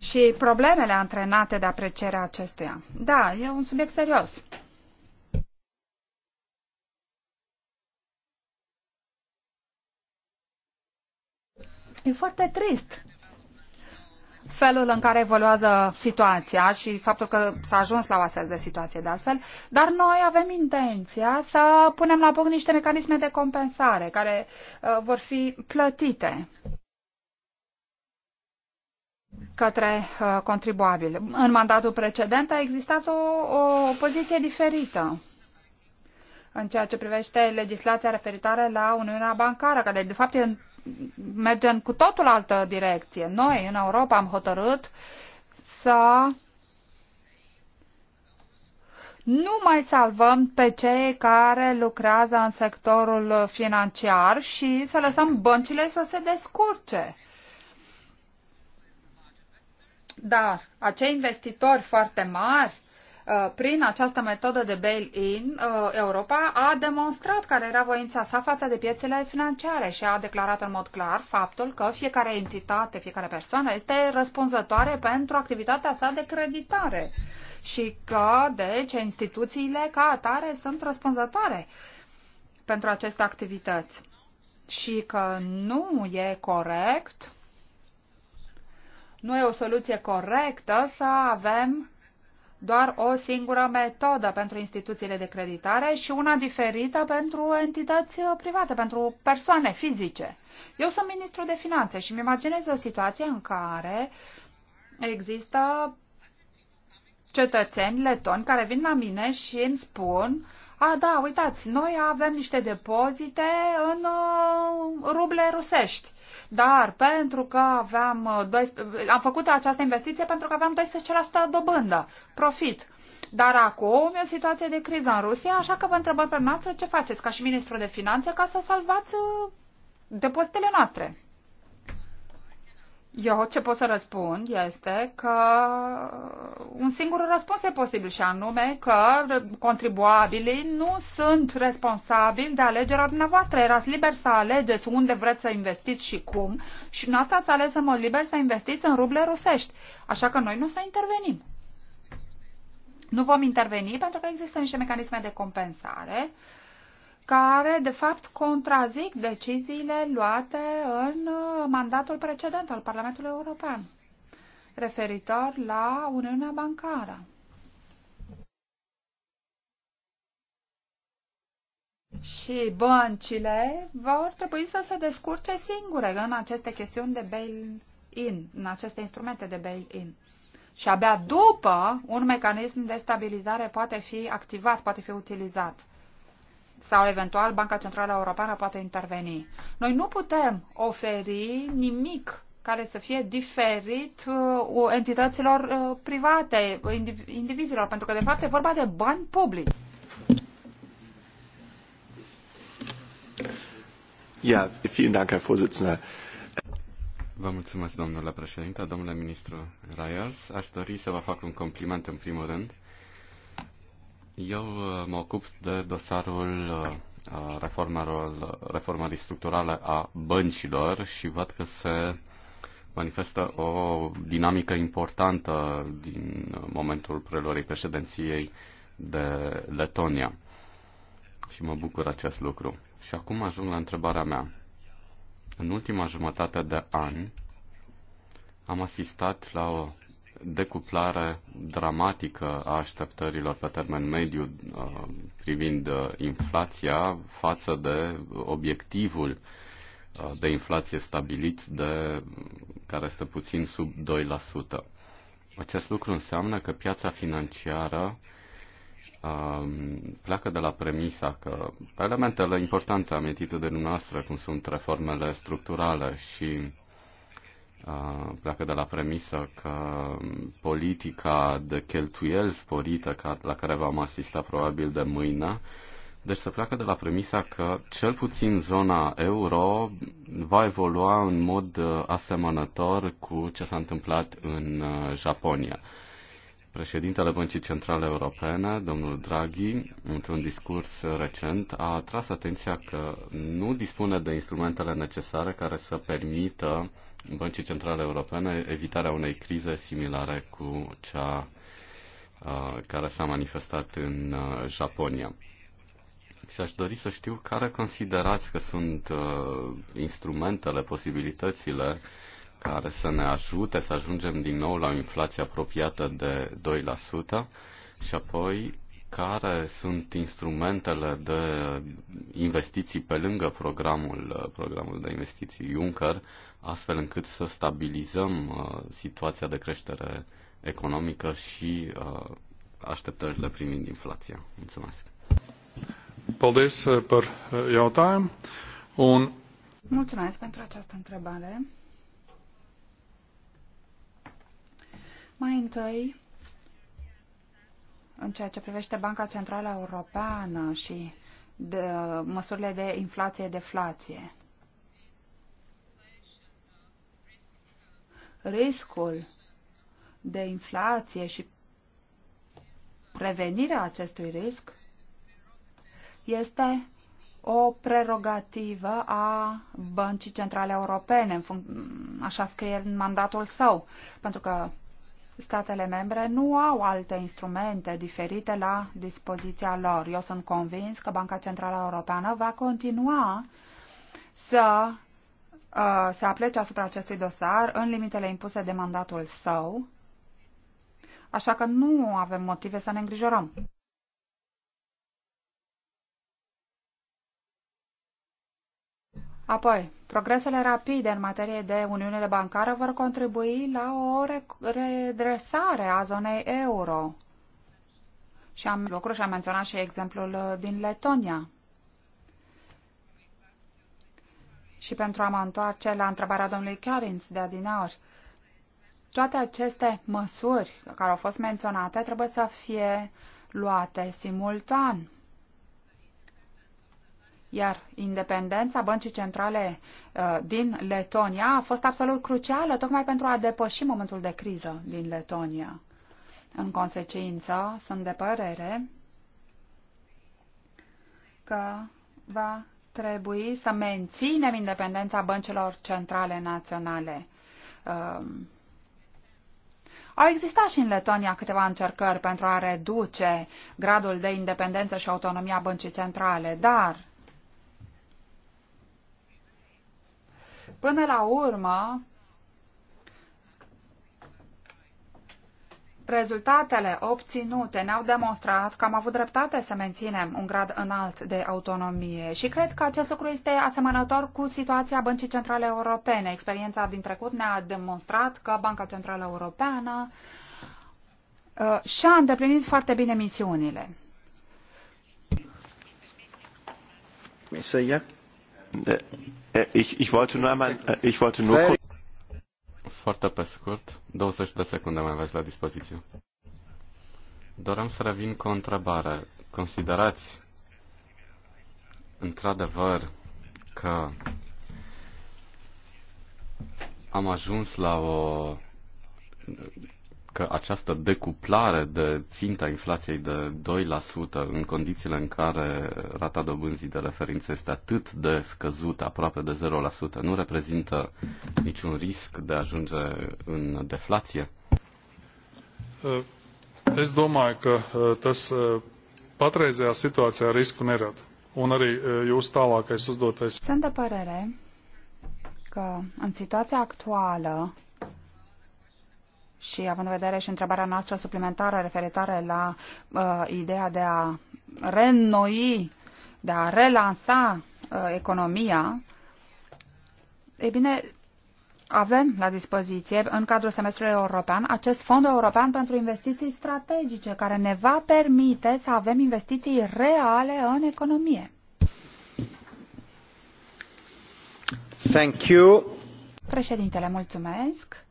și problemele antrenate de aprecierea acestuia. Da, e un subiect serios. E foarte trist felul în care evoluează situația și faptul că s-a ajuns la o astfel de situație de altfel, dar noi avem intenția să punem la punct niște mecanisme de compensare care uh, vor fi plătite către uh, contribuabili. În mandatul precedent a existat o, o poziție diferită în ceea ce privește legislația referitoare la Uniunea Bancară, care de fapt e mergem cu totul altă direcție. Noi, în Europa, am hotărât să nu mai salvăm pe cei care lucrează în sectorul financiar și să lăsăm băncile să se descurce. Dar acei investitori foarte mari Uh, prin această metodă de bail-in, uh, Europa a demonstrat care era voința sa față de piețele financiare și a declarat în mod clar faptul că fiecare entitate, fiecare persoană este răspunzătoare pentru activitatea sa de creditare și că, deci, instituțiile ca atare sunt răspunzătoare pentru aceste activități și că nu e corect, nu e o soluție corectă să avem doar o singură metodă pentru instituțiile de creditare și una diferită pentru entități uh, private, pentru persoane fizice. Eu sunt ministru de finanțe și îmi imaginez o situație în care există cetățeni letoni care vin la mine și îmi spun a, da, uitați, noi avem niște depozite în uh, ruble rusești. Dar pentru că aveam 12, uh, am făcut această investiție pentru că aveam 12% dobândă, profit. Dar acum e o situație de criză în Rusia, așa că vă întrebăm pe noastră ce faceți ca și ministru de finanțe ca să salvați uh, depozitele noastre. Eu ce pot să răspund este că un singur răspuns e posibil și anume că contribuabilii nu sunt responsabili de alegerea dumneavoastră. Erați liber să alegeți unde vreți să investiți și cum și dumneavoastră ați ales în mod liber să investiți în ruble rusești. Așa că noi nu să intervenim. Nu vom interveni pentru că există niște mecanisme de compensare uh, care, de fapt, contrazic deciziile luate în uh, mandatul precedent al Parlamentului European referitor la Uniunea Bancară. Și băncile vor trebui să se descurce singure în aceste chestiuni de bail-in, în aceste instrumente de bail-in. Și abia după un mecanism de stabilizare poate fi activat, poate fi utilizat sau eventual Banca Centrală Europeană poate interveni. Noi nu putem oferi nimic care să fie diferit uh, entităților uh, private, indiv- indivizilor, pentru că de fapt e vorba de bani publici. Ja, vielen Dank, Herr Vorsitzender. Vă mulțumesc, domnule președinte, domnule ministru Raios. Aș dori să vă fac un compliment în primul rând eu uh, mă ocup de dosarul uh, uh, reformelor, reformării structurale a băncilor și văd că se manifestă o dinamică importantă din momentul preluării președinției de Letonia. Și mă bucur acest lucru. Și acum ajung la întrebarea mea. În ultima jumătate de an am asistat la o decuplare dramatică a așteptărilor pe termen mediu uh, privind uh, inflația față de obiectivul uh, de inflație stabilit de care este puțin sub 2%. Acest lucru înseamnă că piața financiară um, pleacă de la premisa că elementele importante amintite de dumneavoastră, cum sunt reformele structurale și pleacă de la premisă că politica de cheltuieli sporită la care vom asista probabil de mâine, deci să pleacă de la premisa că cel puțin zona euro va evolua în mod uh, asemănător cu ce s-a întâmplat în uh, Japonia. Președintele Băncii Centrale Europene, domnul Draghi, într-un discurs recent, a atras atenția că nu dispune de instrumentele necesare care să permită Băncii Centrale Europene evitarea unei crize similare cu cea uh, care s-a manifestat în uh, Japonia. Și aș dori să știu care considerați că sunt uh, instrumentele, posibilitățile care să ne ajute să ajungem din nou la o inflație apropiată de 2% și apoi care sunt instrumentele de investiții pe lângă programul, programul de investiții Juncker, astfel încât să stabilizăm uh, situația de creștere economică și uh, așteptările privind inflația. Mulțumesc. Uh, Mulțumesc pentru această întrebare. Mai întâi, în ceea ce privește Banca Centrală Europeană și de măsurile de inflație-deflație. Riscul de inflație și prevenirea acestui risc este o prerogativă a Băncii Centrale Europene, așa scrie în mandatul său, pentru că statele membre nu au alte instrumente diferite la dispoziția lor. Eu sunt convins că Banca Centrală Europeană va continua să uh, se aplece asupra acestui dosar în limitele impuse de mandatul său, așa că nu avem motive să ne îngrijorăm. Apoi, progresele rapide în materie de uniune bancară vor contribui la o redresare a zonei euro. Și am lucru și am menționat și exemplul uh, din Letonia. Și pentru a mă întoarce la întrebarea domnului Carins de adinaori, toate aceste măsuri care au fost menționate trebuie să fie luate simultan. Iar independența băncii centrale uh, din Letonia a fost absolut crucială tocmai pentru a depăși momentul de criză din Letonia. În consecință, sunt de părere că va trebui să menținem independența băncilor centrale naționale. Uh, au existat și în Letonia câteva încercări pentru a reduce gradul de independență și autonomia băncii centrale, dar Până la urmă, Rezultatele obținute ne-au demonstrat că am avut dreptate să menținem un grad înalt de autonomie și cred că acest lucru este asemănător cu situația Băncii Centrale Europene. Experiența din trecut ne-a demonstrat că Banca Centrală Europeană uh, și-a îndeplinit foarte bine misiunile. se ia. Eh, eh, ich, wollte nur einmal, eh, ich wollte nur kurz... Foarte pe scurt, 20 de secunde mai aveți la dispoziție. Doream să revin cu o întrebare. Considerați într-adevăr că am ajuns la o că această decuplare de ținta inflației de 2% în condițiile în care rata dobânzii de referință este atât de scăzută, aproape de 0%, nu reprezintă niciun risc de a ajunge în deflație? Uh, este domāju, că uh, tas patrezea situația riscul nerad. Un arī jūs tālākais uzdotais. Sunt de părere că în situația actuală și având în vedere și întrebarea noastră suplimentară referitoare la uh, ideea de a reînnoi, de a relansa uh, economia, e bine, avem la dispoziție, în cadrul semestrului european, acest fond european pentru investiții strategice, care ne va permite să avem investiții reale în economie. Thank you. Președintele, mulțumesc.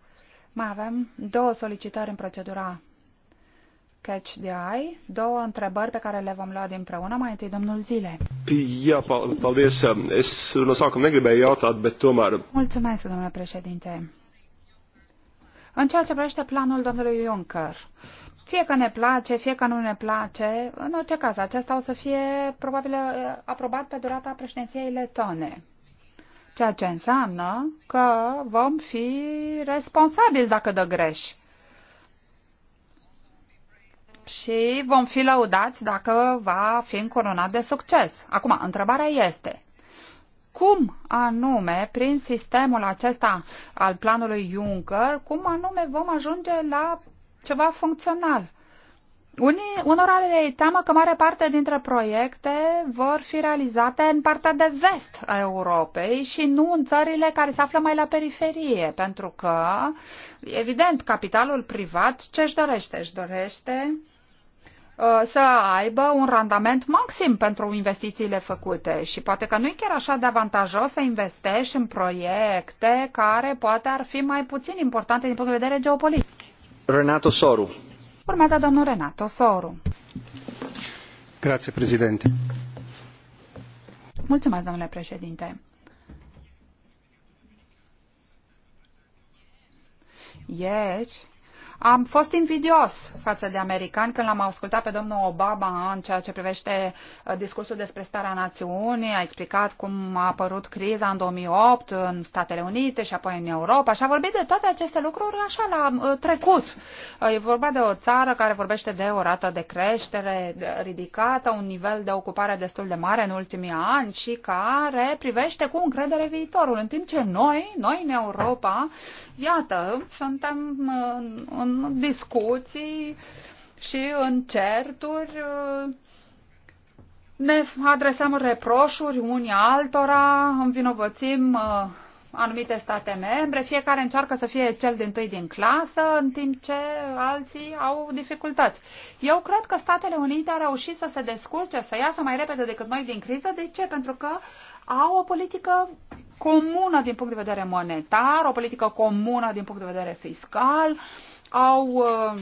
Mai avem două solicitări în procedura catch the eye, două întrebări pe care le vom lua preună, Mai întâi, domnul Zile. Ja, paldies. Es no sākuma negribēju jautāt, bet tomēr... Mulțumesc, domnule președinte. În ceea ce privește planul domnului Juncker, fie că ne place, fie că nu ne place, în orice caz, acesta o să fie probabil eh, aprobat pe durata președinției letone. Ceea ce înseamnă că vom fi responsabili dacă dă greș. Și vom fi lăudați dacă va fi încoronat de succes. Acum, întrebarea este, cum anume, prin sistemul acesta al planului Juncker, cum anume vom ajunge la ceva funcțional? Unii, unora le teamă că mare parte dintre proiecte vor fi realizate în partea de vest a Europei și nu în țările care se află mai la periferie, pentru că, evident, capitalul privat ce își dorește? Își dorește uh, să aibă un randament maxim pentru investițiile făcute și poate că nu e chiar așa de avantajos să investești în proiecte care poate ar fi mai puțin importante din punct de vedere geopolitic. Renato Soru. Urmează domnul Renato Soru. Grație, președinte. Mulțumesc, domnule președinte. Ieci, am fost invidios față de americani când l-am ascultat pe domnul Obama în ceea ce privește uh, discursul despre starea națiunii, a explicat cum a apărut criza în 2008 în Statele Unite și apoi în Europa și a vorbit de toate aceste lucruri așa la uh, trecut. Uh, e vorba de o țară care vorbește de o rată de creștere ridicată, un nivel de ocupare destul de mare în ultimii ani și care privește cu încredere viitorul, în timp ce noi, noi în Europa, iată, suntem în în discuții și în certuri ne adresăm reproșuri unii altora, învinovățim uh, anumite state membre, fiecare încearcă să fie cel din tâi din clasă, în timp ce alții au dificultăți. Eu cred că Statele Unite au reușit să se descurce, să iasă mai repede decât noi din criză. De ce? Pentru că au o politică comună din punct de vedere monetar, o politică comună din punct de vedere fiscal, au uh,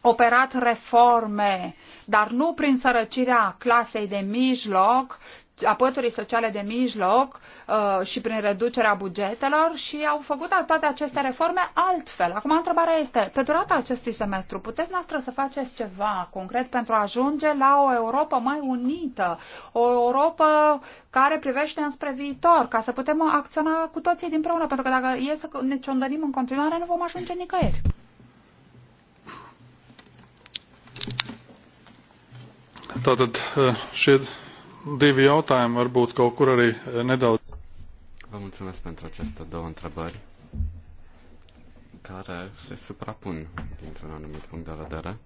operat reforme, dar nu prin sărăcirea clasei de mijloc a păturii sociale de mijloc uh, și prin reducerea bugetelor și au făcut toate aceste reforme altfel. Acum, întrebarea este, pe durata acestui semestru, puteți noastră să faceți ceva concret pentru a ajunge la o Europa mai unită, o Europa care privește înspre viitor, ca să putem acționa cu toții din împreună, pentru că dacă e să ne ciondărim în continuare, nu vom ajunge nicăieri. Tātad šie uh, divi jautājumi, varbūt kaut kur arī eh, nedaudz. Vă mulțumesc pentru aceste două întrebări care se suprapun dintr-un anumit punct de vedere.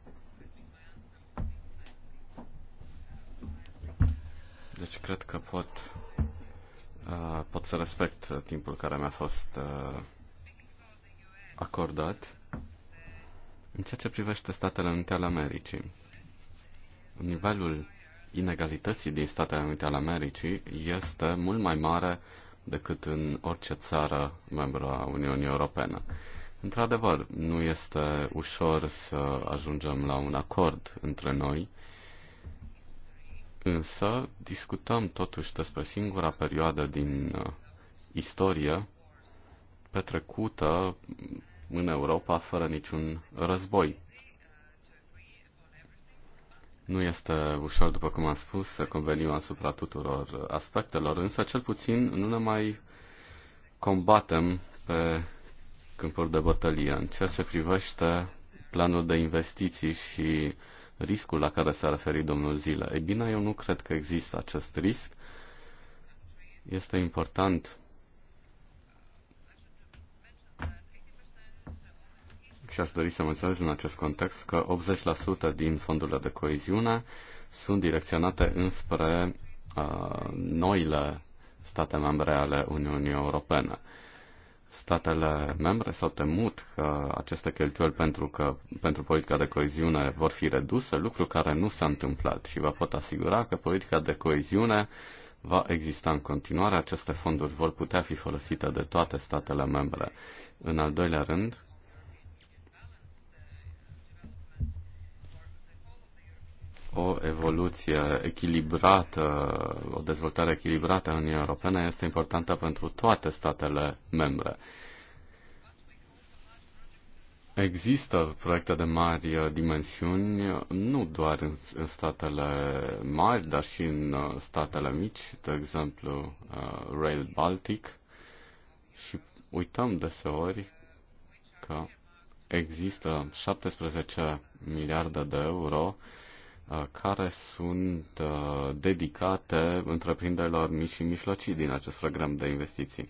Deci cred că pot, uh, pot să respect timpul care mi-a fost uh, acordat. În ceea ce privește Statele Unite ale Americii, nivelul inegalității din Statele Unite ale Americii este mult mai mare decât în orice țară membră a Uniunii Europene. Într-adevăr, nu este ușor să ajungem la un acord între noi, însă discutăm totuși despre singura perioadă din uh, istorie petrecută în Europa fără niciun război. Nu este ușor, după cum am spus, să convenim asupra tuturor aspectelor, însă cel puțin nu ne mai combatem pe câmpuri de bătălie. În ceea ce privește planul de investiții și riscul la care s-a referit domnul Zile, ei bine, eu nu cred că există acest risc. Este important Și aș dori să menționez în acest context că 80% din fondurile de coeziune sunt direcționate înspre uh, noile state membre ale Uniunii Europene. Statele membre s-au temut că aceste cheltuieli pentru, că, pentru politica de coeziune vor fi reduse, lucru care nu s-a întâmplat și vă pot asigura că politica de coeziune va exista în continuare. Aceste fonduri vor putea fi folosite de toate statele membre. În al doilea rând, o evoluție echilibrată, o dezvoltare echilibrată în Uniunea Europeană este importantă pentru toate statele membre. Există proiecte de mari dimensiuni, nu doar în, în statele mari, dar și în uh, statele mici, de exemplu uh, Rail Baltic. Și uităm deseori că există 17 miliarde de euro Uh, care sunt uh, dedicate întreprinderilor mici și mijlocii din acest program de investiții.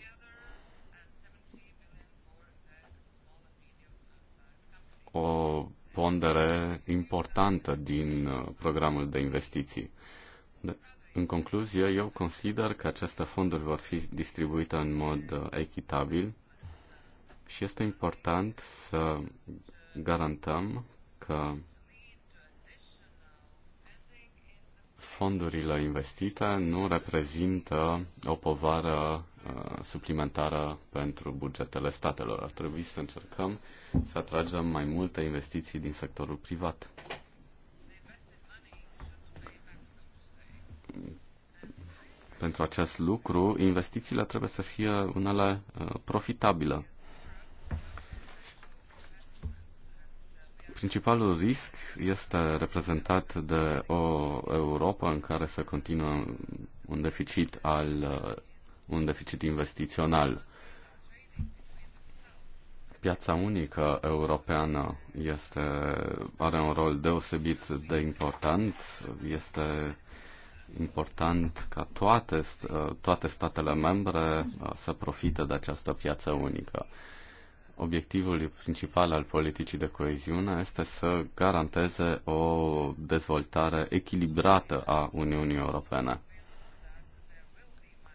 O pondere importantă din uh, programul de investiții. În concluzie, eu consider că aceste fonduri vor fi distribuite în mod echitabil și este important să garantăm că fondurile investite nu reprezintă o povară uh, suplimentară pentru bugetele statelor. Ar trebui să încercăm să atragem mai multe investiții din sectorul privat. Pentru acest lucru, investițiile trebuie să fie unele uh, profitabile. Principalul risc este reprezentat de o Europa în care se continuă un deficit al un deficit investițional. Piața unică europeană este, are un rol deosebit de important. Este important ca toate, toate statele membre să profite de această piață unică. Obiectivul principal al politicii de coeziune este să garanteze o dezvoltare echilibrată a Uniunii Europene.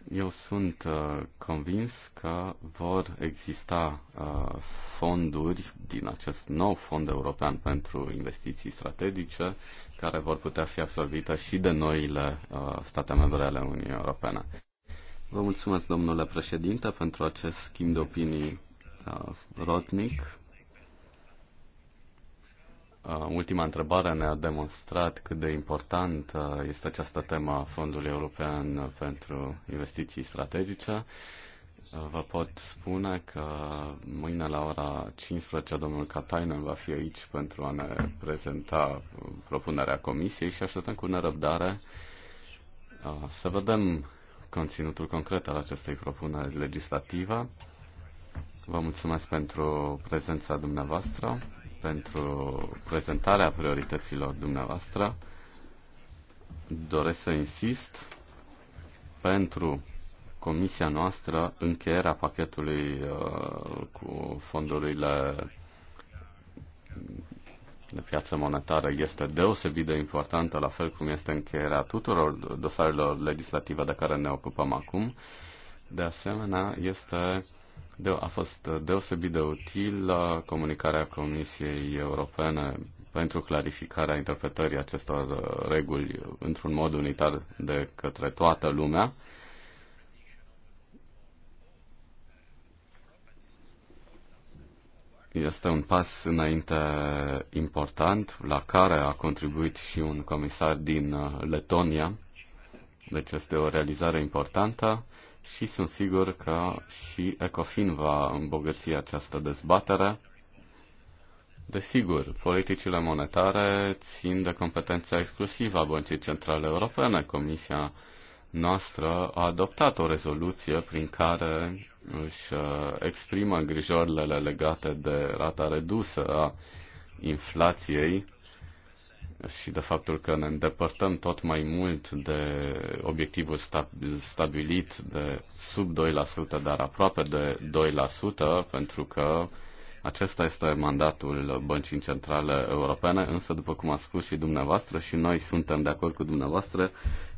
Eu sunt uh, convins că vor exista uh, fonduri din acest nou fond european pentru investiții strategice care vor putea fi absorbite și de noile uh, state membre ale Uniunii Europene. Vă mulțumesc, domnule președinte, pentru acest schimb de opinii Uh, Rotnik. Uh, ultima întrebare ne-a demonstrat cât de important este această temă a Fondului European pentru Investiții Strategice. Uh, vă pot spune că mâine la ora 15 domnul Katainen va fi aici pentru a ne prezenta propunerea comisiei și așteptăm cu nerăbdare să vedem conținutul concret al acestei propuneri legislative. Vă mulțumesc pentru prezența dumneavoastră, pentru prezentarea priorităților dumneavoastră. Doresc să insist pentru comisia noastră încheierea pachetului uh, cu fondurile de piață monetară este deosebit de importantă, la fel cum este încheierea tuturor dosarelor legislative de care ne ocupăm acum. De asemenea, este de- a fost deosebit de util la comunicarea Comisiei Europene pentru clarificarea interpretării acestor uh, reguli într-un mod unitar de către toată lumea. Este un pas înainte important la care a contribuit și un comisar din uh, Letonia, deci este o realizare importantă și sunt sigur că și Ecofin va îmbogăți această dezbatere. Desigur, politicile monetare țin de competența exclusivă a Băncii Centrale Europene. Comisia noastră a adoptat o rezoluție prin care își uh, exprimă îngrijorile legate de rata redusă a inflației și de faptul că ne îndepărtăm tot mai mult de obiectivul stabilit de sub 2%, dar aproape de 2%, pentru că acesta este mandatul Băncii Centrale Europene, însă, după cum a spus și dumneavoastră, și noi suntem de acord cu dumneavoastră,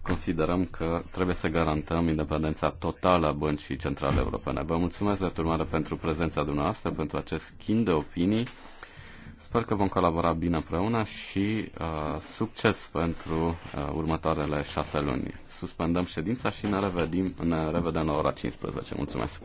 considerăm că trebuie să garantăm independența totală a Băncii Centrale Europene. Vă mulțumesc, de urmare, pentru prezența dumneavoastră, pentru acest schimb de opinii. Sper că vom colabora bine împreună și uh, succes pentru uh, următoarele șase luni. Suspendăm ședința și ne revedem, ne revedem la ora 15. Mulțumesc!